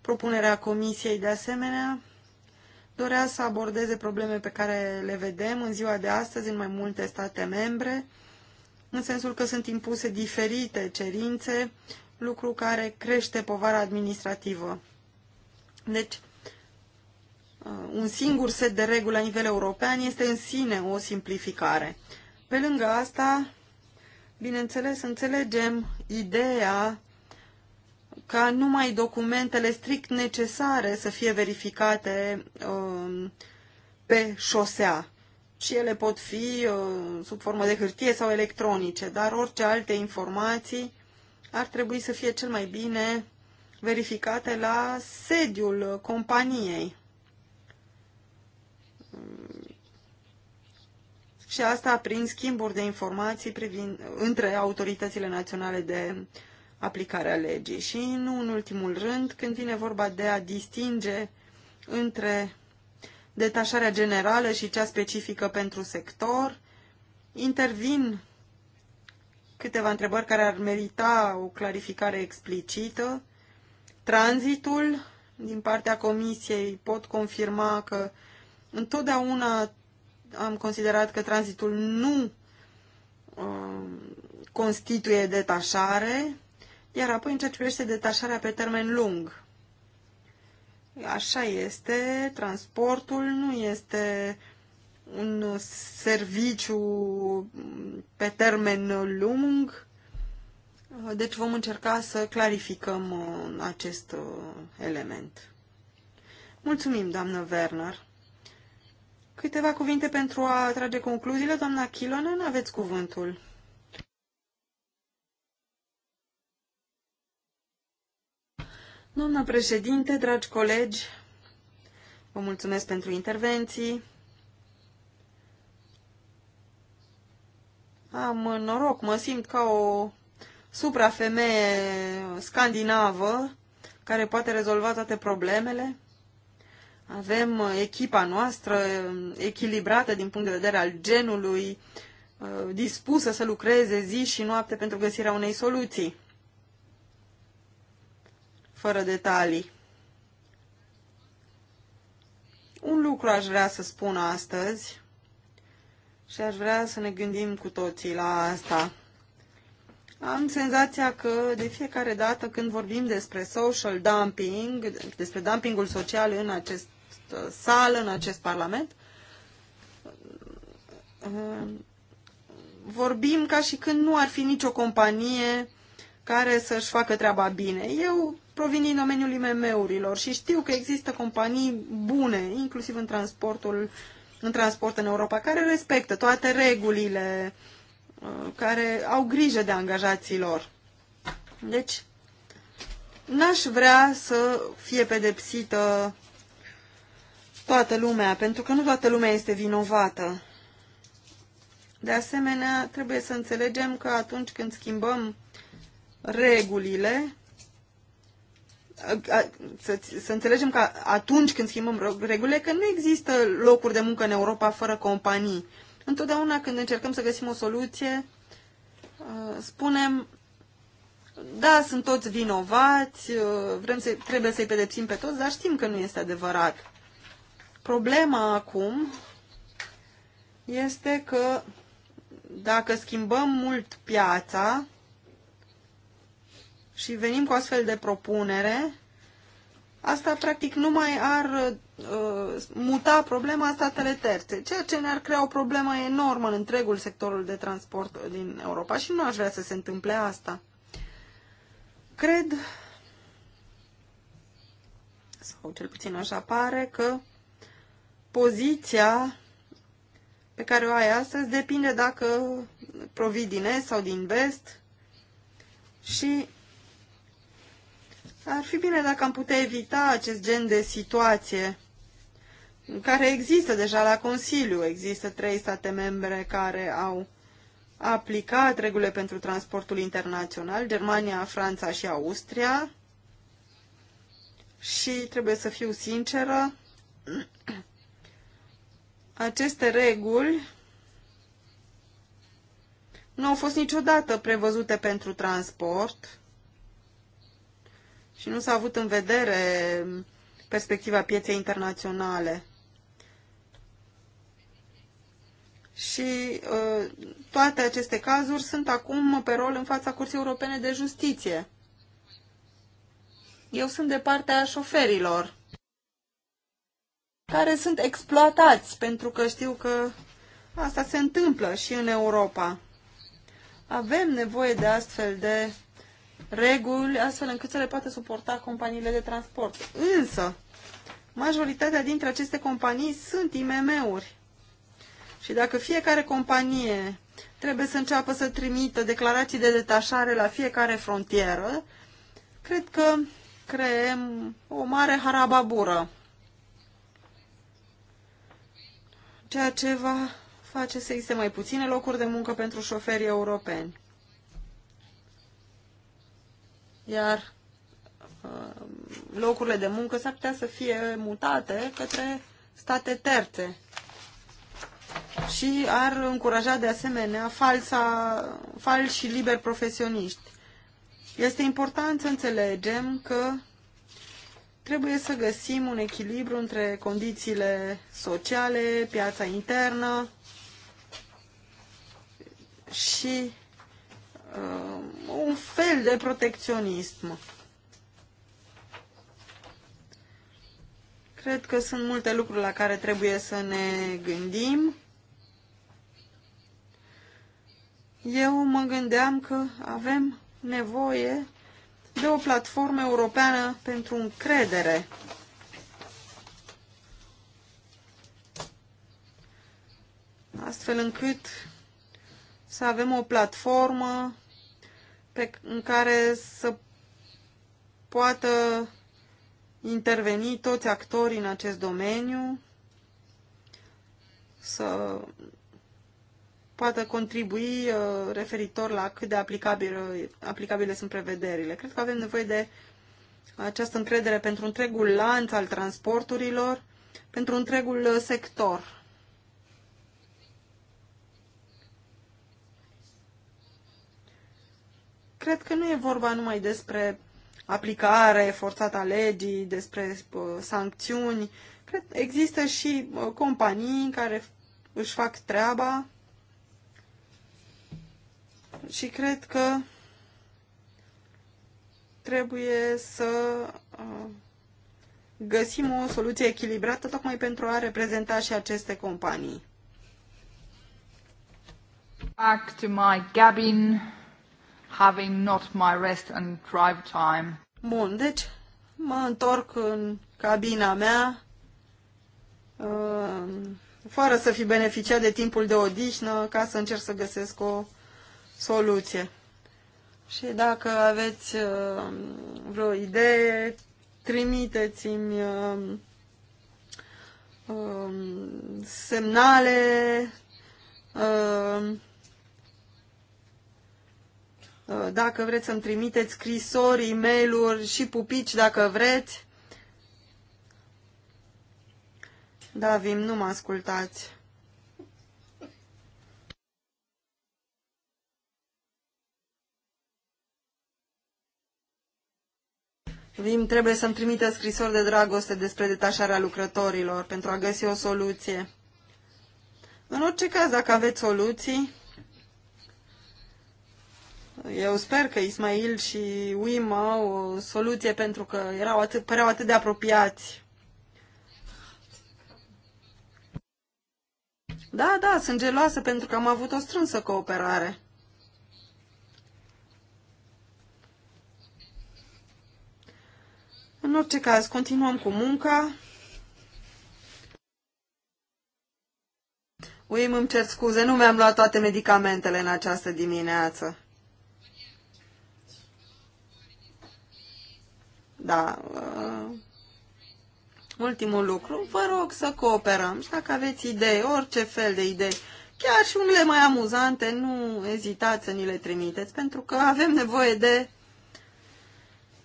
Propunerea Comisiei, de asemenea, dorea să abordeze probleme pe care le vedem în ziua de astăzi în mai multe state membre, în sensul că sunt impuse diferite cerințe, lucru care crește povara administrativă. Deci, uh, un singur set de reguli la nivel european este în sine o simplificare. Pe lângă asta, bineînțeles, înțelegem ideea ca numai documentele strict necesare să fie verificate um, pe șosea și ele pot fi uh, sub formă de hârtie sau electronice, dar orice alte informații ar trebui să fie cel mai bine verificate la sediul companiei. Și asta prin schimburi de informații privind, între autoritățile naționale de aplicare a legii. Și nu în ultimul rând, când vine vorba de a distinge între detașarea generală și cea specifică pentru sector. Intervin câteva întrebări care ar merita o clarificare explicită. Tranzitul din partea comisiei pot confirma că întotdeauna am considerat că tranzitul nu um, constituie detașare, iar apoi în ceea ce privește detașarea pe termen lung. Așa este, transportul nu este un serviciu pe termen lung, deci vom încerca să clarificăm uh, acest uh, element. Mulțumim, doamnă Werner. Câteva cuvinte pentru a trage concluziile, doamna Chilonen, aveți cuvântul. Doamnă președinte, dragi colegi, vă mulțumesc pentru intervenții. Am noroc, mă simt ca o suprafemeie scandinavă care poate rezolva toate problemele. Avem echipa noastră echilibrată din punct de vedere al genului, dispusă să lucreze zi și noapte pentru găsirea unei soluții fără detalii. Un lucru aș vrea să spun astăzi și aș vrea să ne gândim cu toții la asta. Am senzația că de fiecare dată când vorbim despre social dumping, despre dumpingul social în acest uh, sală, în acest parlament, uh, vorbim ca și când nu ar fi nicio companie care să-și facă treaba bine. Eu provin din domeniul IMM-urilor și știu că există companii bune, inclusiv în transportul în transport în Europa, care respectă toate regulile, uh, care au grijă de angajații lor. Deci, n-aș vrea să fie pedepsită toată lumea, pentru că nu toată lumea este vinovată. De asemenea, trebuie să înțelegem că atunci când schimbăm regulile, să, să înțelegem că atunci când schimbăm regulile, că nu există locuri de muncă în Europa fără companii. Întotdeauna când încercăm să găsim o soluție, spunem, da, sunt toți vinovați, vrem să, trebuie să-i pedepsim pe toți, dar știm că nu este adevărat. Problema acum este că dacă schimbăm mult piața, și venim cu astfel de propunere, asta practic nu mai ar uh, muta problema statele terțe, ceea ce ne-ar crea o problemă enormă în întregul sectorul de transport din Europa și nu aș vrea să se întâmple asta. Cred, sau cel puțin așa pare, că poziția pe care o ai astăzi depinde dacă provii din est sau din vest și ar fi bine dacă am putea evita acest gen de situație care există deja la Consiliu. Există trei state membre care au aplicat regulile pentru transportul internațional, Germania, Franța și Austria. Și trebuie să fiu sinceră, aceste reguli nu au fost niciodată prevăzute pentru transport și nu s-a avut în vedere perspectiva pieței internaționale. Și uh, toate aceste cazuri sunt acum pe rol în fața Curții Europene de Justiție. Eu sunt de partea șoferilor care sunt exploatați pentru că știu că asta se întâmplă și în Europa. Avem nevoie de astfel de reguli astfel încât să le poată suporta companiile de transport. Însă, majoritatea dintre aceste companii sunt IMM-uri. Și dacă fiecare companie trebuie să înceapă să trimită declarații de detașare la fiecare frontieră, cred că creăm o mare harababură. Ceea ce va face să existe mai puține locuri de muncă pentru șoferii europeni iar um, locurile de muncă s-ar putea să fie mutate către state terțe și ar încuraja de asemenea falsa, falsi și liberi profesioniști. Este important să înțelegem că trebuie să găsim un echilibru între condițiile sociale, piața internă și Uh, un fel de protecționism. Cred că sunt multe lucruri la care trebuie să ne gândim. Eu mă gândeam că avem nevoie de o platformă europeană pentru încredere. Astfel încât să avem o platformă pe, în care să poată interveni toți actorii în acest domeniu, să poată contribui uh, referitor la cât de aplicabile, aplicabile sunt prevederile. Cred că avem nevoie de această încredere pentru întregul lanț al transporturilor, pentru întregul uh, sector. cred că nu e vorba numai despre aplicare forțată a legii, despre uh, sancțiuni. Cred, există și uh, companii care își fac treaba și cred că trebuie să uh, găsim o soluție echilibrată tocmai pentru a reprezenta și aceste companii. Back to my cabin having not my rest and drive time. Bun, deci mă întorc în cabina mea uh, fără să fi beneficiat de timpul de odihnă ca să încerc să găsesc o soluție. Și dacă aveți uh, vreo idee, trimiteți-mi uh, um, semnale Uh, dacă vreți să-mi trimiteți scrisori, e și pupici, dacă vreți. Da, Vim, nu mă ascultați. Vim, trebuie să-mi trimite scrisori de dragoste despre detașarea lucrătorilor pentru a găsi o soluție. În orice caz, dacă aveți soluții, eu sper că Ismail și Wim au o soluție pentru că erau atât, păreau atât de apropiați. Da, da, sunt geloasă pentru că am avut o strânsă cooperare. În orice caz, continuăm cu munca. Uim, îmi cer scuze, nu mi-am luat toate medicamentele în această dimineață. Da. Uh, ultimul lucru, vă rog să cooperăm și dacă aveți idei, orice fel de idei, chiar și unele mai amuzante, nu ezitați să ni le trimiteți, pentru că avem nevoie de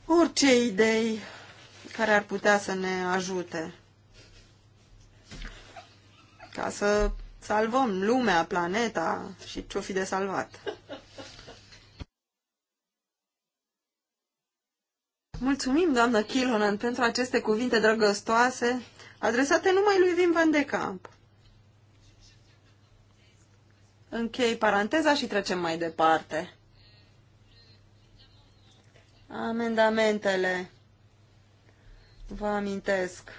orice idei care ar putea să ne ajute ca să salvăm lumea, planeta și ce-o fi de salvat. Mulțumim, doamnă Kilonen, pentru aceste cuvinte drăgăstoase adresate numai lui Vin Van de Camp. Închei paranteza și trecem mai departe. Amendamentele. Vă amintesc.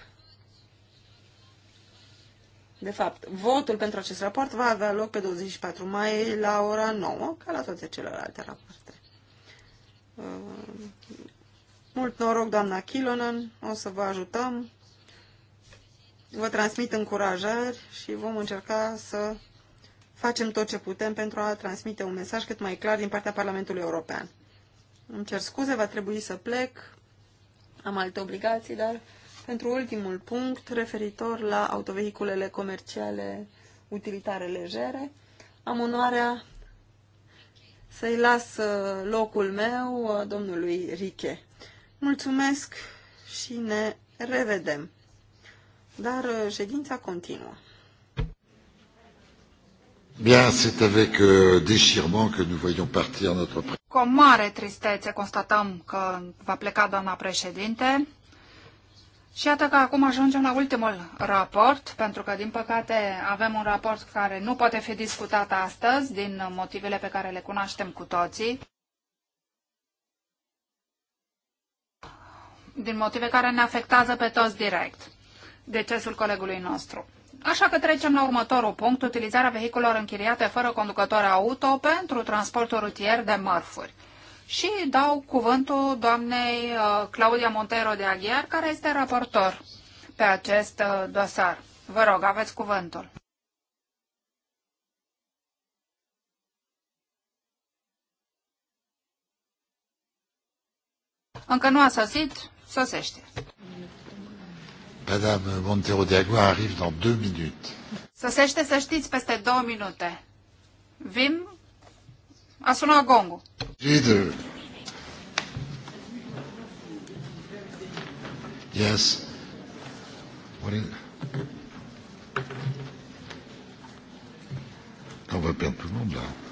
De fapt, votul pentru acest raport va avea loc pe 24 mai la ora 9, ca la toate celelalte rapoarte. Mult noroc, doamna Kilonen, o să vă ajutăm. Vă transmit încurajări și vom încerca să facem tot ce putem pentru a transmite un mesaj cât mai clar din partea Parlamentului European. Îmi cer scuze, va trebui să plec, am alte obligații, dar pentru ultimul punct, referitor la autovehiculele comerciale utilitare legere, am onoarea să-i las uh, locul meu uh, domnului Riche. Mulțumesc și ne revedem. Dar uh, ședința continuă. Bien, c'est avec euh, déchirement que nous voyons partir notre Cu o mare tristețe constatăm că va pleca doamna președinte. Și iată că acum ajungem la ultimul raport, pentru că, din păcate, avem un raport care nu poate fi discutat astăzi, din motivele pe care le cunoaștem cu toții. din motive care ne afectează pe toți direct, decesul colegului nostru. Așa că trecem la următorul punct, utilizarea vehiculelor închiriate fără conducător auto pentru transportul rutier de mărfuri. Și dau cuvântul doamnei uh, Claudia Montero de Aghiar, care este raportor pe acest uh, dosar. Vă rog, aveți cuvântul. Încă nu a sosit? sosește. Madame Montero de Agua arrive dans deux minutes. Sosește să știți peste două minute. Vim a sunat gongul. Either. Yes. What is... On va perdre tout le monde là.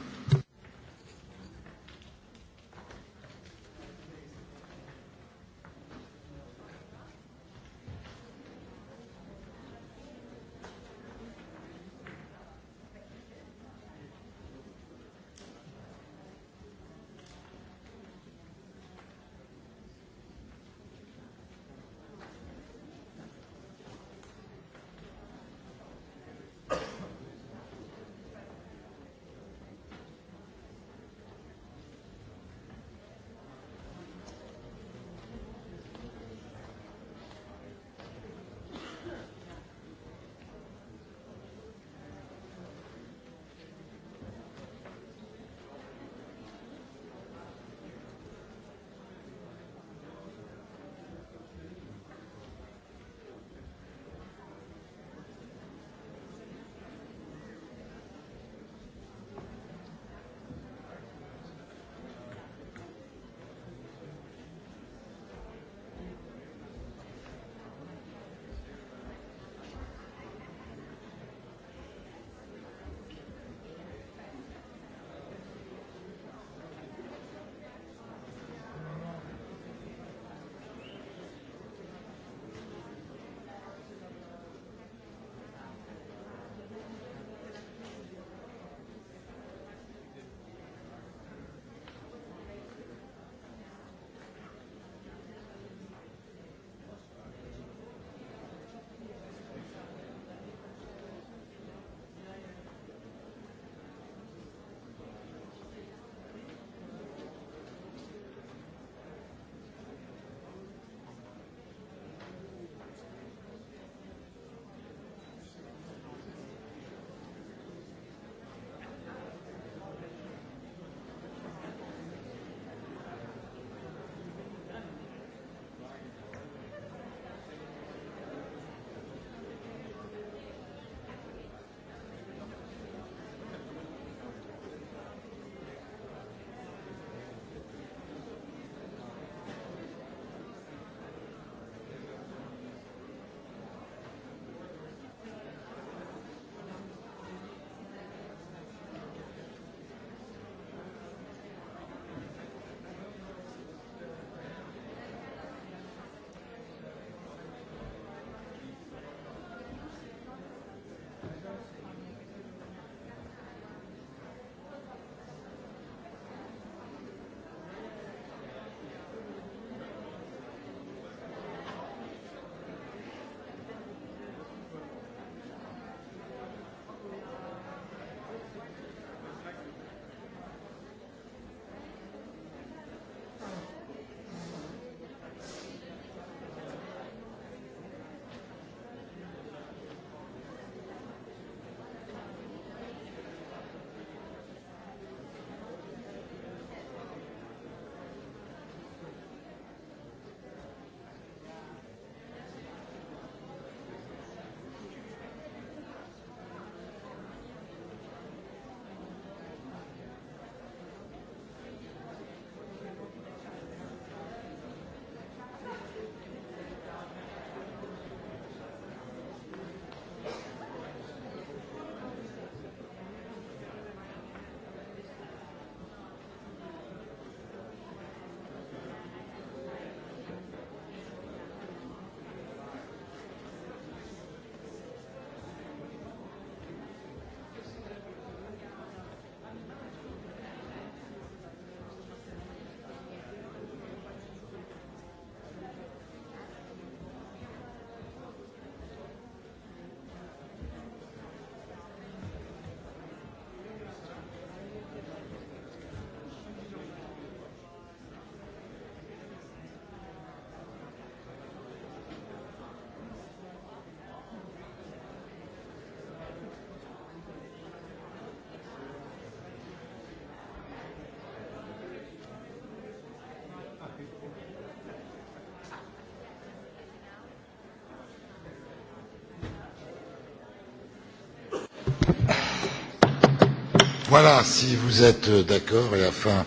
Voilà, si vous êtes euh, d'accord et afin...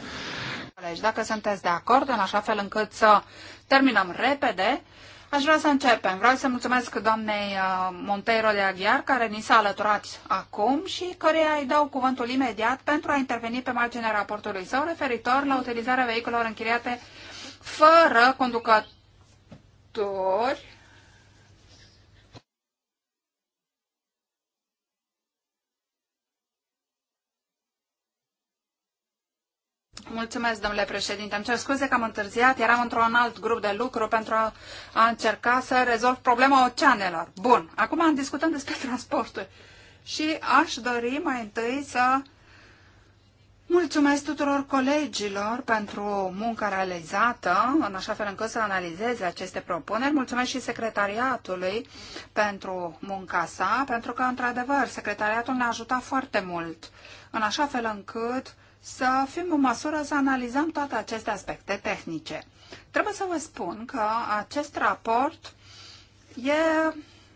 Deci, dacă sunteți de acord, în așa fel încât să terminăm repede, aș vrea să începem. Vreau să mulțumesc doamnei uh, Monteiro de Aghiar, care ni s-a alăturat acum și căreia îi dau cuvântul imediat pentru a interveni pe marginea raportului său referitor la utilizarea vehiculelor închiriate fără conducător Mulțumesc, domnule președinte. Îmi cer scuze că am întârziat. Eram într-un alt grup de lucru pentru a încerca să rezolv problema oceanelor. Bun, acum discutăm despre [laughs] transporturi. Și aș dori mai întâi să mulțumesc tuturor colegilor pentru munca realizată, în așa fel încât să analizeze aceste propuneri. Mulțumesc și secretariatului pentru munca sa, pentru că, într-adevăr, secretariatul ne-a ajutat foarte mult, în așa fel încât uh, să fim în măsură să analizăm toate aceste aspecte tehnice. Trebuie să vă spun că acest raport e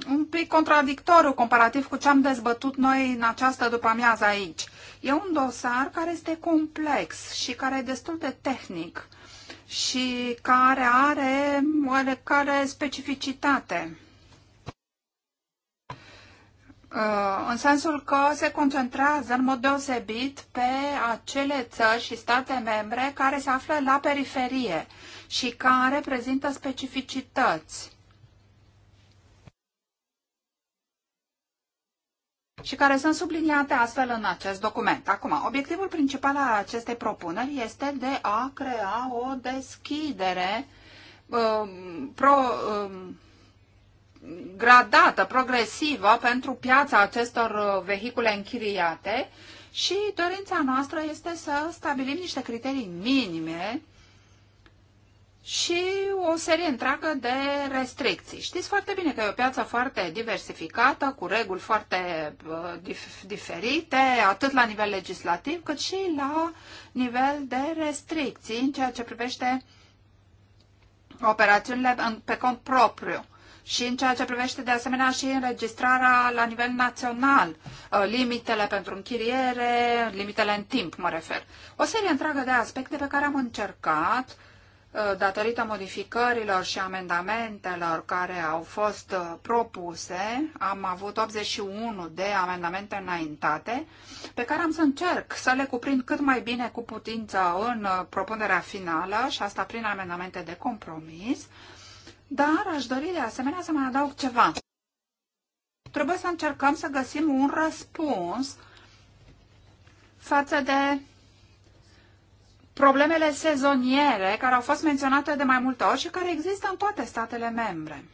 un pic contradictoriu comparativ cu ce am dezbătut noi în această după-amiază aici. E un dosar care este complex și care e destul de tehnic și care are oarecare specificitate. Uh, în sensul că se concentrează în mod deosebit pe acele țări și state membre care se află la periferie și care prezintă specificități și care sunt subliniate astfel în acest document. Acum, obiectivul principal al acestei propuneri este de a crea o deschidere um, pro, um, gradată, progresivă pentru piața acestor uh, vehicule închiriate și dorința noastră este să stabilim niște criterii minime și o serie întreagă de restricții. Știți foarte bine că e o piață foarte diversificată, cu reguli foarte uh, dif- diferite, atât la nivel legislativ, cât și la nivel de restricții în ceea ce privește operațiunile pe cont propriu și în ceea ce privește de asemenea și înregistrarea la nivel național, uh, limitele pentru închiriere, limitele în timp, mă refer. O serie întreagă de aspecte pe care am încercat, uh, datorită modificărilor și amendamentelor care au fost uh, propuse, am avut 81 de amendamente înaintate, pe care am să încerc să le cuprind cât mai bine cu putință în propunerea finală și asta prin amendamente de compromis, dar aș dori de asemenea să mai adaug ceva. Trebuie să încercăm să găsim un răspuns față de problemele sezoniere care au fost menționate de mai multe ori și care există în toate statele membre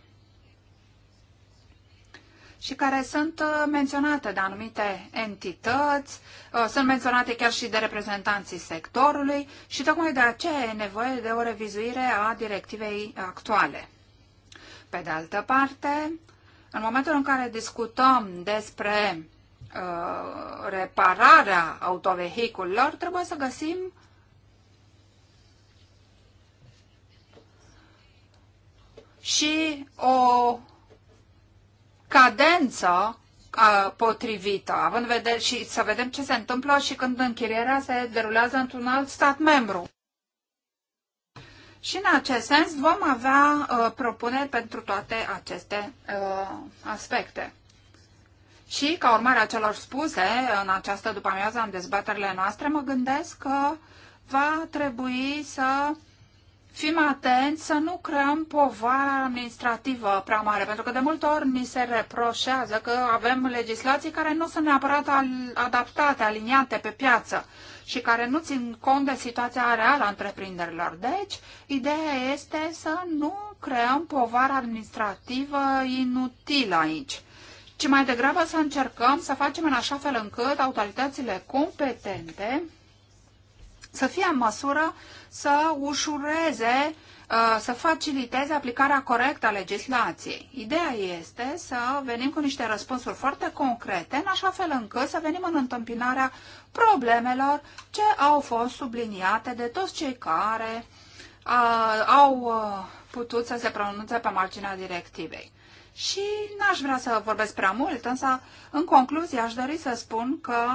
și care sunt uh, menționate de anumite entități, uh, sunt menționate chiar și de reprezentanții sectorului și tocmai de aceea e nevoie de o revizuire a directivei actuale. Pe de altă parte, în momentul în care discutăm despre uh, repararea autovehiculelor, trebuie să găsim și o cadență uh, potrivită, având vedere și să vedem ce se întâmplă și când închirierea se derulează într-un alt stat membru. Și în acest sens vom avea uh, propuneri pentru toate aceste uh, aspecte. Și ca urmare a celor spuse în această după-amiază în dezbaterile noastre, mă gândesc că va trebui să fim atenți să nu creăm povara administrativă prea mare, pentru că de multe ori ni se reproșează că avem legislații care nu sunt neapărat al- adaptate, aliniate pe piață și care nu țin cont de situația reală a întreprinderilor. Deci, ideea este să nu creăm povară administrativă inutilă aici, ci mai degrabă să încercăm să facem în așa fel încât autoritățile competente să fie în măsură să ușureze uh, să faciliteze aplicarea corectă a legislației. Ideea este să venim cu niște răspunsuri foarte concrete, în așa fel încât să venim în întâmpinarea problemelor ce au fost subliniate de toți cei care a, au putut să se pronunțe pe marginea directivei. Și n-aș vrea să vorbesc prea mult, însă, în concluzie, aș dori să spun că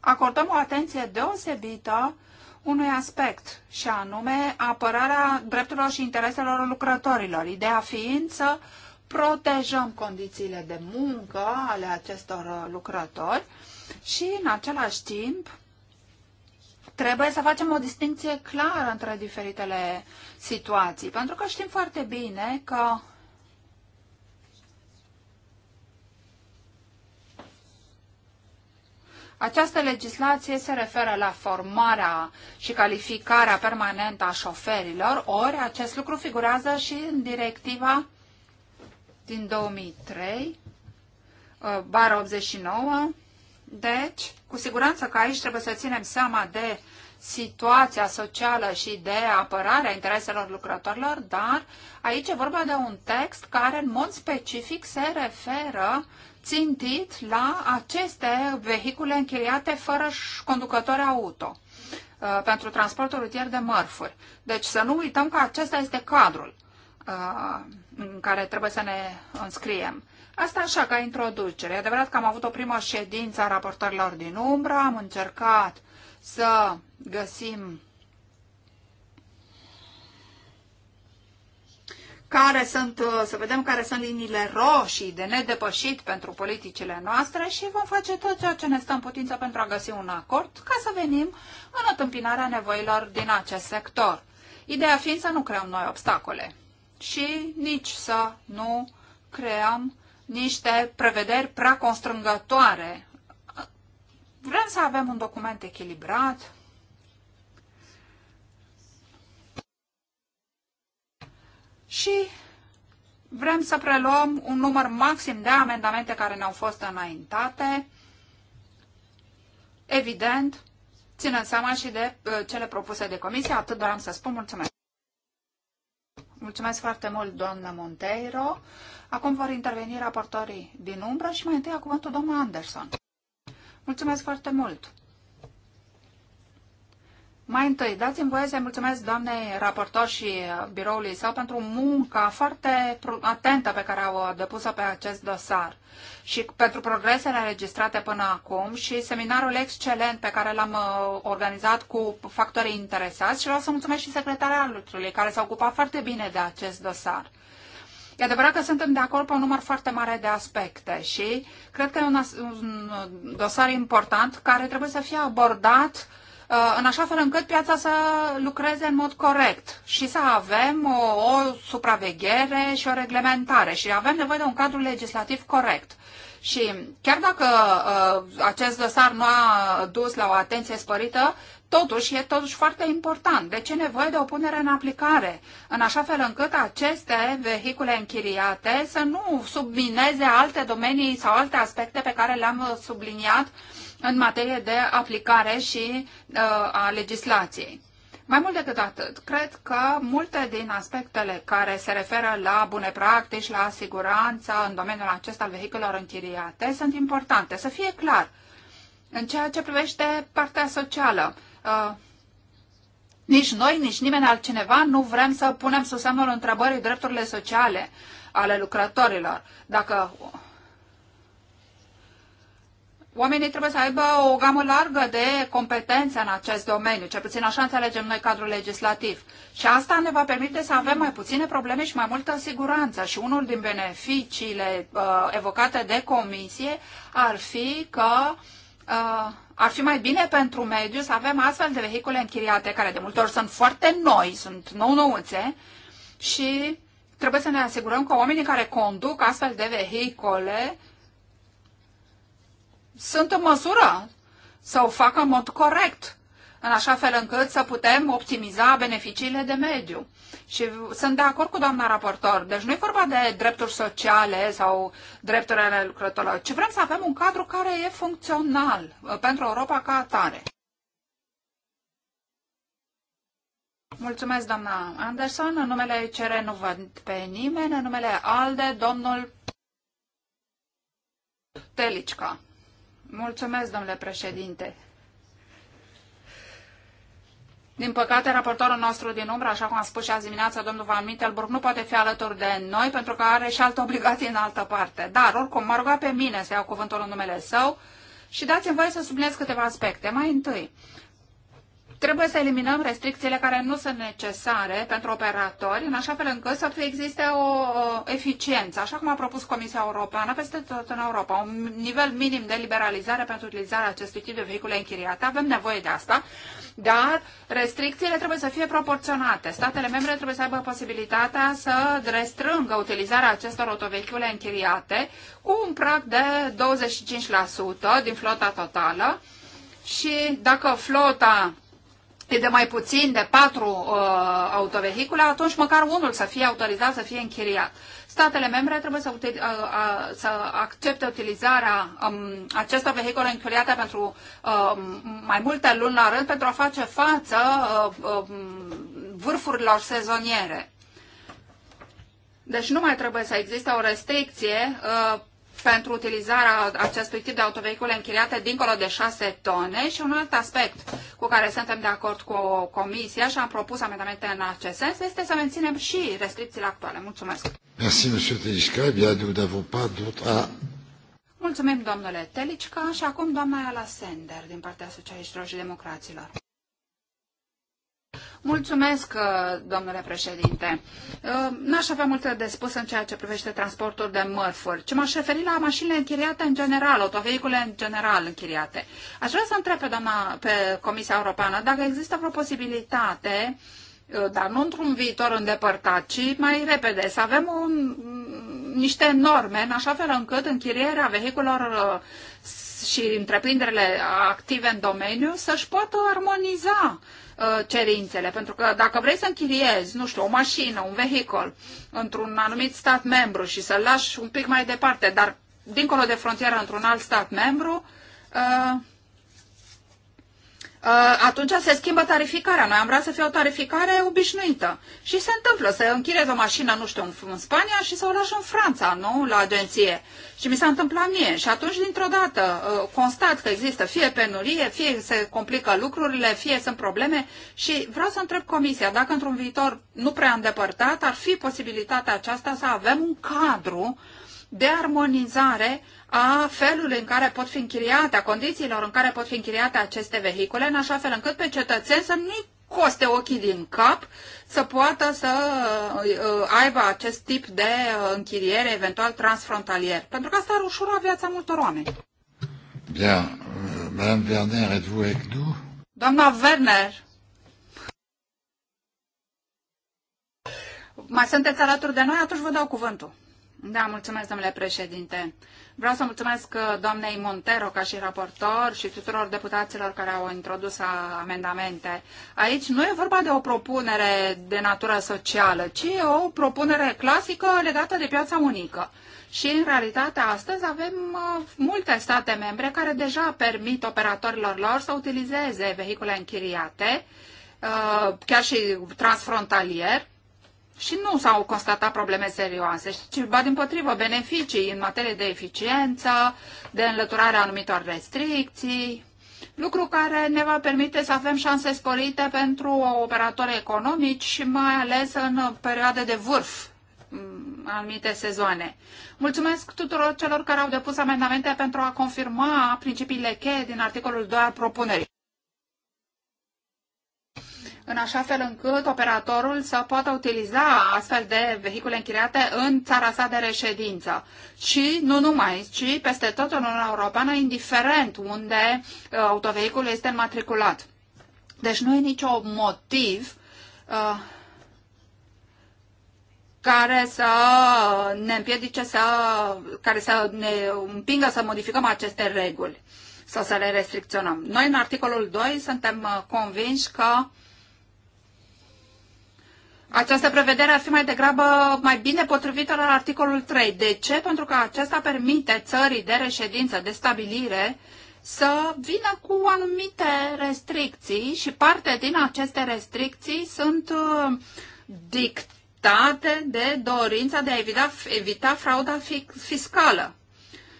acordăm o atenție deosebită unui aspect, și anume apărarea drepturilor și intereselor lucrătorilor, ideea fiind să protejăm condițiile de muncă ale acestor lucrători și în același timp, trebuie să facem o distinție clară între diferitele situații, pentru că știm foarte bine că Această legislație se referă la formarea și calificarea permanentă a șoferilor, ori acest lucru figurează și în directiva din 2003, uh, bar 89, deci, cu siguranță că aici trebuie să ținem seama de situația socială și de apărarea intereselor lucrătorilor, dar aici e vorba de un text care în mod specific se referă țintit la aceste vehicule închiriate fără conducători auto uh, pentru transportul rutier de mărfuri. Deci să nu uităm că acesta este cadrul uh, în care trebuie să ne înscriem. Asta așa, ca introducere. E adevărat că am avut o primă ședință a raportărilor din umbră, am încercat să găsim care sunt, să vedem care sunt liniile roșii de nedepășit pentru politicile noastre și vom face tot ceea ce ne stă în putință pentru a găsi un acord ca să venim în întâmpinarea nevoilor din acest sector. Ideea fiind să nu creăm noi obstacole și nici să nu creăm niște prevederi prea constrângătoare. Vrem să avem un document echilibrat, și vrem să preluăm un număr maxim de amendamente care ne-au fost înaintate. Evident, ținând seama și de uh, cele propuse de comisie. Atât doream să spun. Mulțumesc! Mulțumesc foarte mult, doamna Monteiro. Acum vor interveni raportorii din umbră și mai întâi a cuvântul doamna Anderson. Mulțumesc foarte mult! Mai întâi, dați-mi voie să-i mulțumesc doamnei raportor și uh, biroului său pentru munca foarte atentă pe care au uh, depus-o pe acest dosar și pentru progresele înregistrate până acum și seminarul excelent pe care l-am uh, organizat cu factorii interesați și vreau să mulțumesc și secretariatului care s-a ocupat foarte bine de acest dosar. E adevărat că suntem de acord pe un număr foarte mare de aspecte și cred că e un, un dosar important care trebuie să fie abordat uh, Uh, în așa fel încât piața să lucreze în mod corect și să avem o, o supraveghere și o reglementare și avem nevoie de un cadru legislativ corect. Și chiar dacă uh, acest dosar nu a dus la o atenție spărită, totuși e totuși foarte important. De deci ce nevoie de o punere în aplicare, în așa fel încât aceste vehicule închiriate să nu submineze alte domenii sau alte aspecte pe care le-am subliniat uh, în materie de aplicare și uh, a legislației. Mai mult decât atât, cred că multe din aspectele care se referă la bune practici, la siguranța în domeniul acesta al vehiculelor închiriate sunt importante. Să fie clar, în ceea ce privește partea socială, uh, nici noi, nici nimeni altcineva nu vrem să punem sub semnul întrebării drepturile sociale ale lucrătorilor. Dacă Oamenii trebuie să aibă o gamă largă de competențe în acest domeniu, cel puțin așa înțelegem noi cadrul legislativ. Și asta ne va permite să avem mai puține probleme și mai multă siguranță. Și unul din beneficiile uh, evocate de comisie ar fi că uh, ar fi mai bine pentru mediu să avem astfel de vehicule închiriate, care de multe ori sunt foarte noi, sunt nou-nouțe și trebuie să ne asigurăm că oamenii care conduc astfel de vehicole sunt în măsură să o facă în mod corect, în așa fel încât să putem optimiza beneficiile de mediu. Și sunt de acord cu doamna raportor. Deci nu e vorba de drepturi sociale sau drepturi ale lucrătorilor, ci vrem să avem un cadru care e funcțional uh, pentru Europa ca atare. Mulțumesc, doamna Anderson. În numele CR nu văd pe nimeni. În numele ALDE, domnul Telicca. Mulțumesc, domnule președinte. Din păcate, raportorul nostru din umbră, așa cum a spus și azi dimineața domnul Van Mittelburg, nu poate fi alături de noi pentru că are și alte obligații în altă parte. Dar, oricum, m-a rugat pe mine să iau cuvântul în numele său și dați-mi voie să subliniez câteva aspecte. Mai întâi, Trebuie să eliminăm restricțiile care nu sunt necesare pentru operatori, în așa fel încât să existe o eficiență, așa cum a propus Comisia Europeană peste tot în Europa, un nivel minim de liberalizare pentru utilizarea acestui tip de vehicule închiriate. Avem nevoie de asta, dar restricțiile trebuie să fie proporționate. Statele membre trebuie să aibă posibilitatea să restrângă utilizarea acestor autovehicule închiriate cu un prag de 25% din flota totală și dacă flota e de mai puțin de patru uh, autovehicule, atunci măcar unul să fie autorizat să fie închiriat. Statele membre trebuie să, uh, uh, să accepte utilizarea um, acestor vehicule închiriate pentru uh, mai multe luni la rând pentru a face față uh, uh, vârfurilor sezoniere. Deci nu mai trebuie să existe o restricție uh, pentru utilizarea acestui tip de autovehicule închiriate dincolo de 6 tone și un alt aspect cu care suntem de acord cu Comisia și am propus amendamente în acest sens este să menținem și restricțiile actuale. Mulțumesc! Merci, monsieur eh Bien, nous n'avons pas d'autres Mulțumim, domnule Telicca, și acum doamna Ala Sender, din partea Socialiștilor și Democraților. Mulțumesc, uh, domnule președinte. Uh, n-aș avea multe de spus în ceea ce privește transportul de mărfuri, ci m-aș referi la mașinile închiriate în general, autovehicule în general închiriate. Aș vrea să întreb pe, doamna, pe Comisia Europeană dacă există vreo posibilitate uh, dar nu într-un viitor îndepărtat, ci mai repede, să avem un, niște norme în așa fel încât închirierea vehiculor și întreprinderile active în domeniu să-și poată armoniza Uh, cerințele. Pentru că dacă vrei să închiriezi, nu știu, o mașină, un vehicul într-un anumit stat membru și să-l lași un pic mai departe, dar dincolo de frontieră într-un alt stat membru, uh, Uh, atunci se schimbă tarificarea. Noi am vrea să fie o tarificare obișnuită. Și se întâmplă să închirez o mașină, nu știu, în Spania și să o lași în Franța, nu? La agenție. Și mi s-a întâmplat mie. Și atunci, dintr-o dată, uh, constat că există fie penurie, fie se complică lucrurile, fie sunt probleme. Și vreau să întreb Comisia, dacă într-un viitor nu prea îndepărtat, ar fi posibilitatea aceasta să avem un cadru de armonizare a felului în care pot fi închiriate, a condițiilor în care pot fi închiriate aceste vehicule, în așa fel încât pe cetățeni să nu coste ochii din cap să poată să uh, uh, aibă acest tip de uh, închiriere, eventual transfrontalier. Pentru că asta ar ușura viața multor oameni. Bien, euh, Madame Werner, êtes-vous avec nous? Doamna Werner, mai sunteți alături de noi? Atunci vă dau cuvântul. Da, mulțumesc, domnule președinte. Vreau să mulțumesc uh, doamnei Montero ca și raportor și tuturor deputaților care au introdus amendamente. Aici nu e vorba de o propunere de natură socială, ci e o propunere clasică legată de piața unică. Și în realitate astăzi avem uh, multe state membre care deja permit operatorilor lor să utilizeze vehicule închiriate, uh, chiar și transfrontalier, și nu s-au constatat probleme serioase, ci ba din potrivă beneficii în materie de eficiență, de înlăturarea anumitor restricții, lucru care ne va permite să avem șanse sporite pentru operatori economici și mai ales în perioade de vârf mm, anumite sezoane. Mulțumesc tuturor celor care au depus amendamente pentru a confirma principiile cheie din articolul 2 al propunerii în așa fel încât operatorul să poată utiliza astfel de vehicule închiriate în țara sa de reședință. Și nu numai, ci peste tot în Uniunea Europeană, indiferent unde uh, autovehiculul este înmatriculat. Deci nu e nicio motiv uh, care să ne împiedice să, care să ne împingă să modificăm aceste reguli sau să le restricționăm. Noi în articolul 2 suntem uh, convinși că această prevedere ar fi mai degrabă mai bine potrivită la articolul 3. De ce? Pentru că acesta permite țării de reședință, de stabilire, să vină cu anumite restricții și parte din aceste restricții sunt uh, dictate de dorința de a evita, evita frauda fiscală.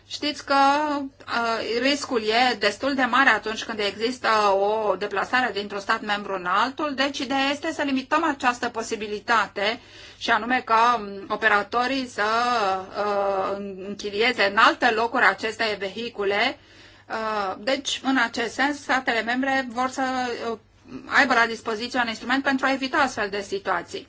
Știți că uh, riscul e destul de mare atunci când există o deplasare dintr-un stat membru în altul, deci ideea este să limităm această posibilitate și anume ca operatorii să uh, închirieze în alte locuri aceste vehicule. Uh, deci, în acest sens, statele membre vor să aibă la dispoziție un instrument pentru a evita astfel de situații.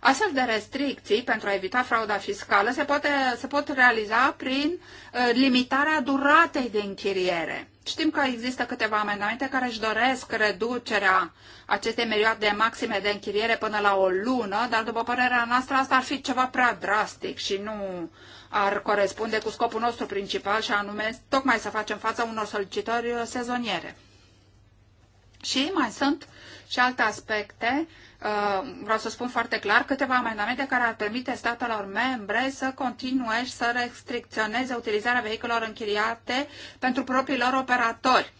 Astfel de restricții pentru a evita frauda fiscală se, poate, se pot realiza prin uh, limitarea duratei de închiriere. Știm că există câteva amendamente care își doresc reducerea acestei perioade maxime de închiriere până la o lună, dar după părerea noastră asta ar fi ceva prea drastic și nu ar corespunde cu scopul nostru principal și anume tocmai să facem fața unor solicitări sezoniere. Și mai sunt și alte aspecte Uh, vreau să spun foarte clar, câteva amendamente care ar permite statelor membre să continue și să restricționeze utilizarea vehiculelor închiriate pentru proprii lor operatori.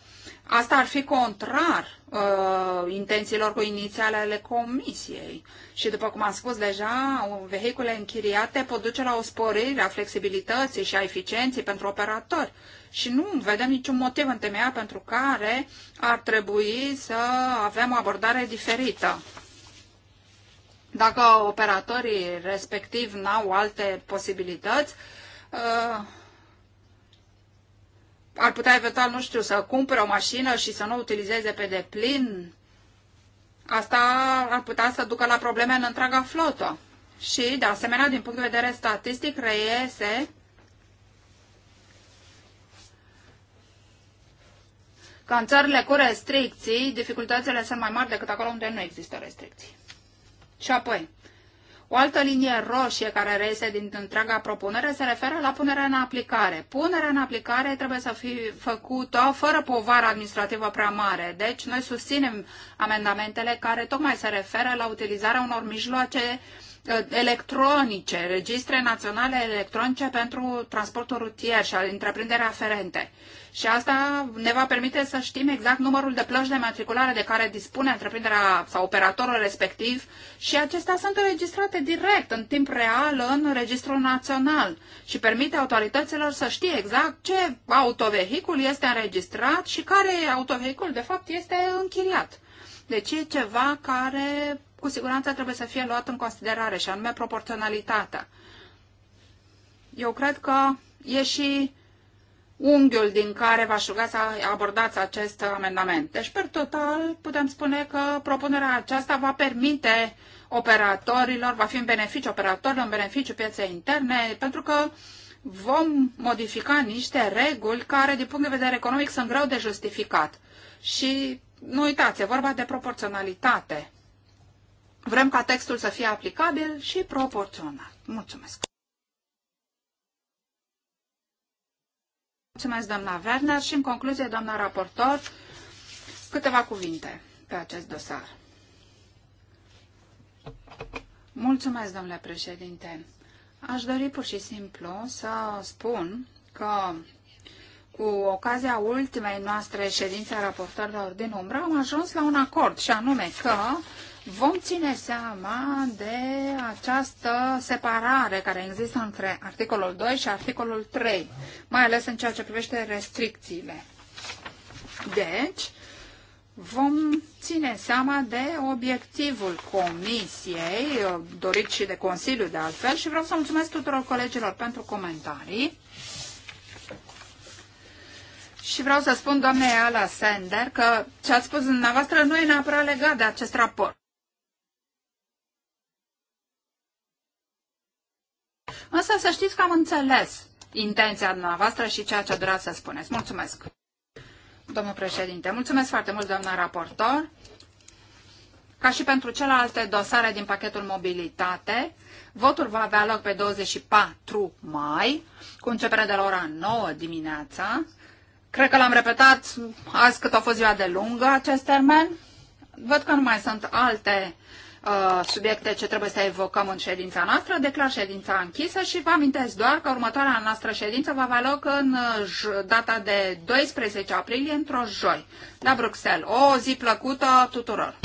Asta ar fi contrar uh, intențiilor cu inițiale ale comisiei. Și după cum am spus deja, vehicule închiriate pot duce la o sporire a flexibilității și a eficienței pentru operatori. Și nu vedem niciun motiv întemeiat pentru care ar trebui să avem o abordare diferită. Dacă operatorii respectiv n-au alte posibilități, uh, ar putea eventual, nu știu, să cumpere o mașină și să nu o utilizeze pe deplin. Asta ar putea să ducă la probleme în întreaga flotă. Și, de asemenea, din punct de vedere statistic, reiese că în țările cu restricții, dificultățile sunt mai mari decât acolo unde nu există restricții. Și apoi, o altă linie roșie care reiese din întreaga propunere se referă la punerea în aplicare. Punerea în aplicare trebuie să fie făcută fără povară administrativă prea mare. Deci noi susținem amendamentele care tocmai se referă la utilizarea unor mijloace uh, Eh, electronice, registre naționale electronice pentru transportul rutier și al întreprindere aferente. Și asta ne va permite să știm exact numărul de plăci de matriculare de care dispune întreprinderea sau operatorul respectiv și acestea sunt înregistrate direct, în timp real, în registrul național și permite autorităților să știe exact ce autovehicul este înregistrat și care autovehicul, de fapt, este închiriat. Deci e ceva care cu siguranță trebuie să fie luat în considerare, și anume proporționalitatea. Eu cred că e și unghiul din care v-aș ruga să abordați acest amendament. Deci, per total, putem spune că propunerea aceasta va permite operatorilor, va fi în beneficiu operatorilor, în beneficiu pieței interne, pentru că vom modifica niște reguli care, din punct de vedere economic, sunt greu de justificat. Și nu uitați, e vorba de proporționalitate. Vrem ca textul să fie aplicabil și proporțional. Mulțumesc! Mulțumesc, doamna Werner, și în concluzie, doamna raportor, câteva cuvinte pe acest dosar. Mulțumesc, domnule președinte. Aș dori pur și simplu să spun că cu ocazia ultimei noastre ședințe a raportorilor din umbră am ajuns la un acord și anume că vom ține seama de această separare care există între articolul 2 și articolul 3, mai ales în ceea ce privește restricțiile. Deci, vom ține seama de obiectivul comisiei, dorit și de Consiliu de altfel, și vreau să mulțumesc tuturor colegilor pentru comentarii. Și vreau să spun, doamne Ala Sender, că ce ați spus dumneavoastră nu e neapărat legat de acest raport. Însă să știți că am înțeles intenția dumneavoastră și ceea ce doreați să spuneți. Mulțumesc! Domnul președinte, mulțumesc foarte mult, doamna raportor. Ca și pentru celelalte dosare din pachetul mobilitate, votul va avea loc pe 24 mai, cu începere de la ora 9 dimineața. Cred că l-am repetat azi cât a fost ziua de lungă acest termen. Văd că nu mai sunt alte Uh, subiecte ce trebuie să evocăm în ședința noastră, declar ședința închisă și vă amintesc doar că următoarea noastră ședință va avea loc în uh, data de 12 aprilie, într-o joi, la Bruxelles. O zi plăcută tuturor!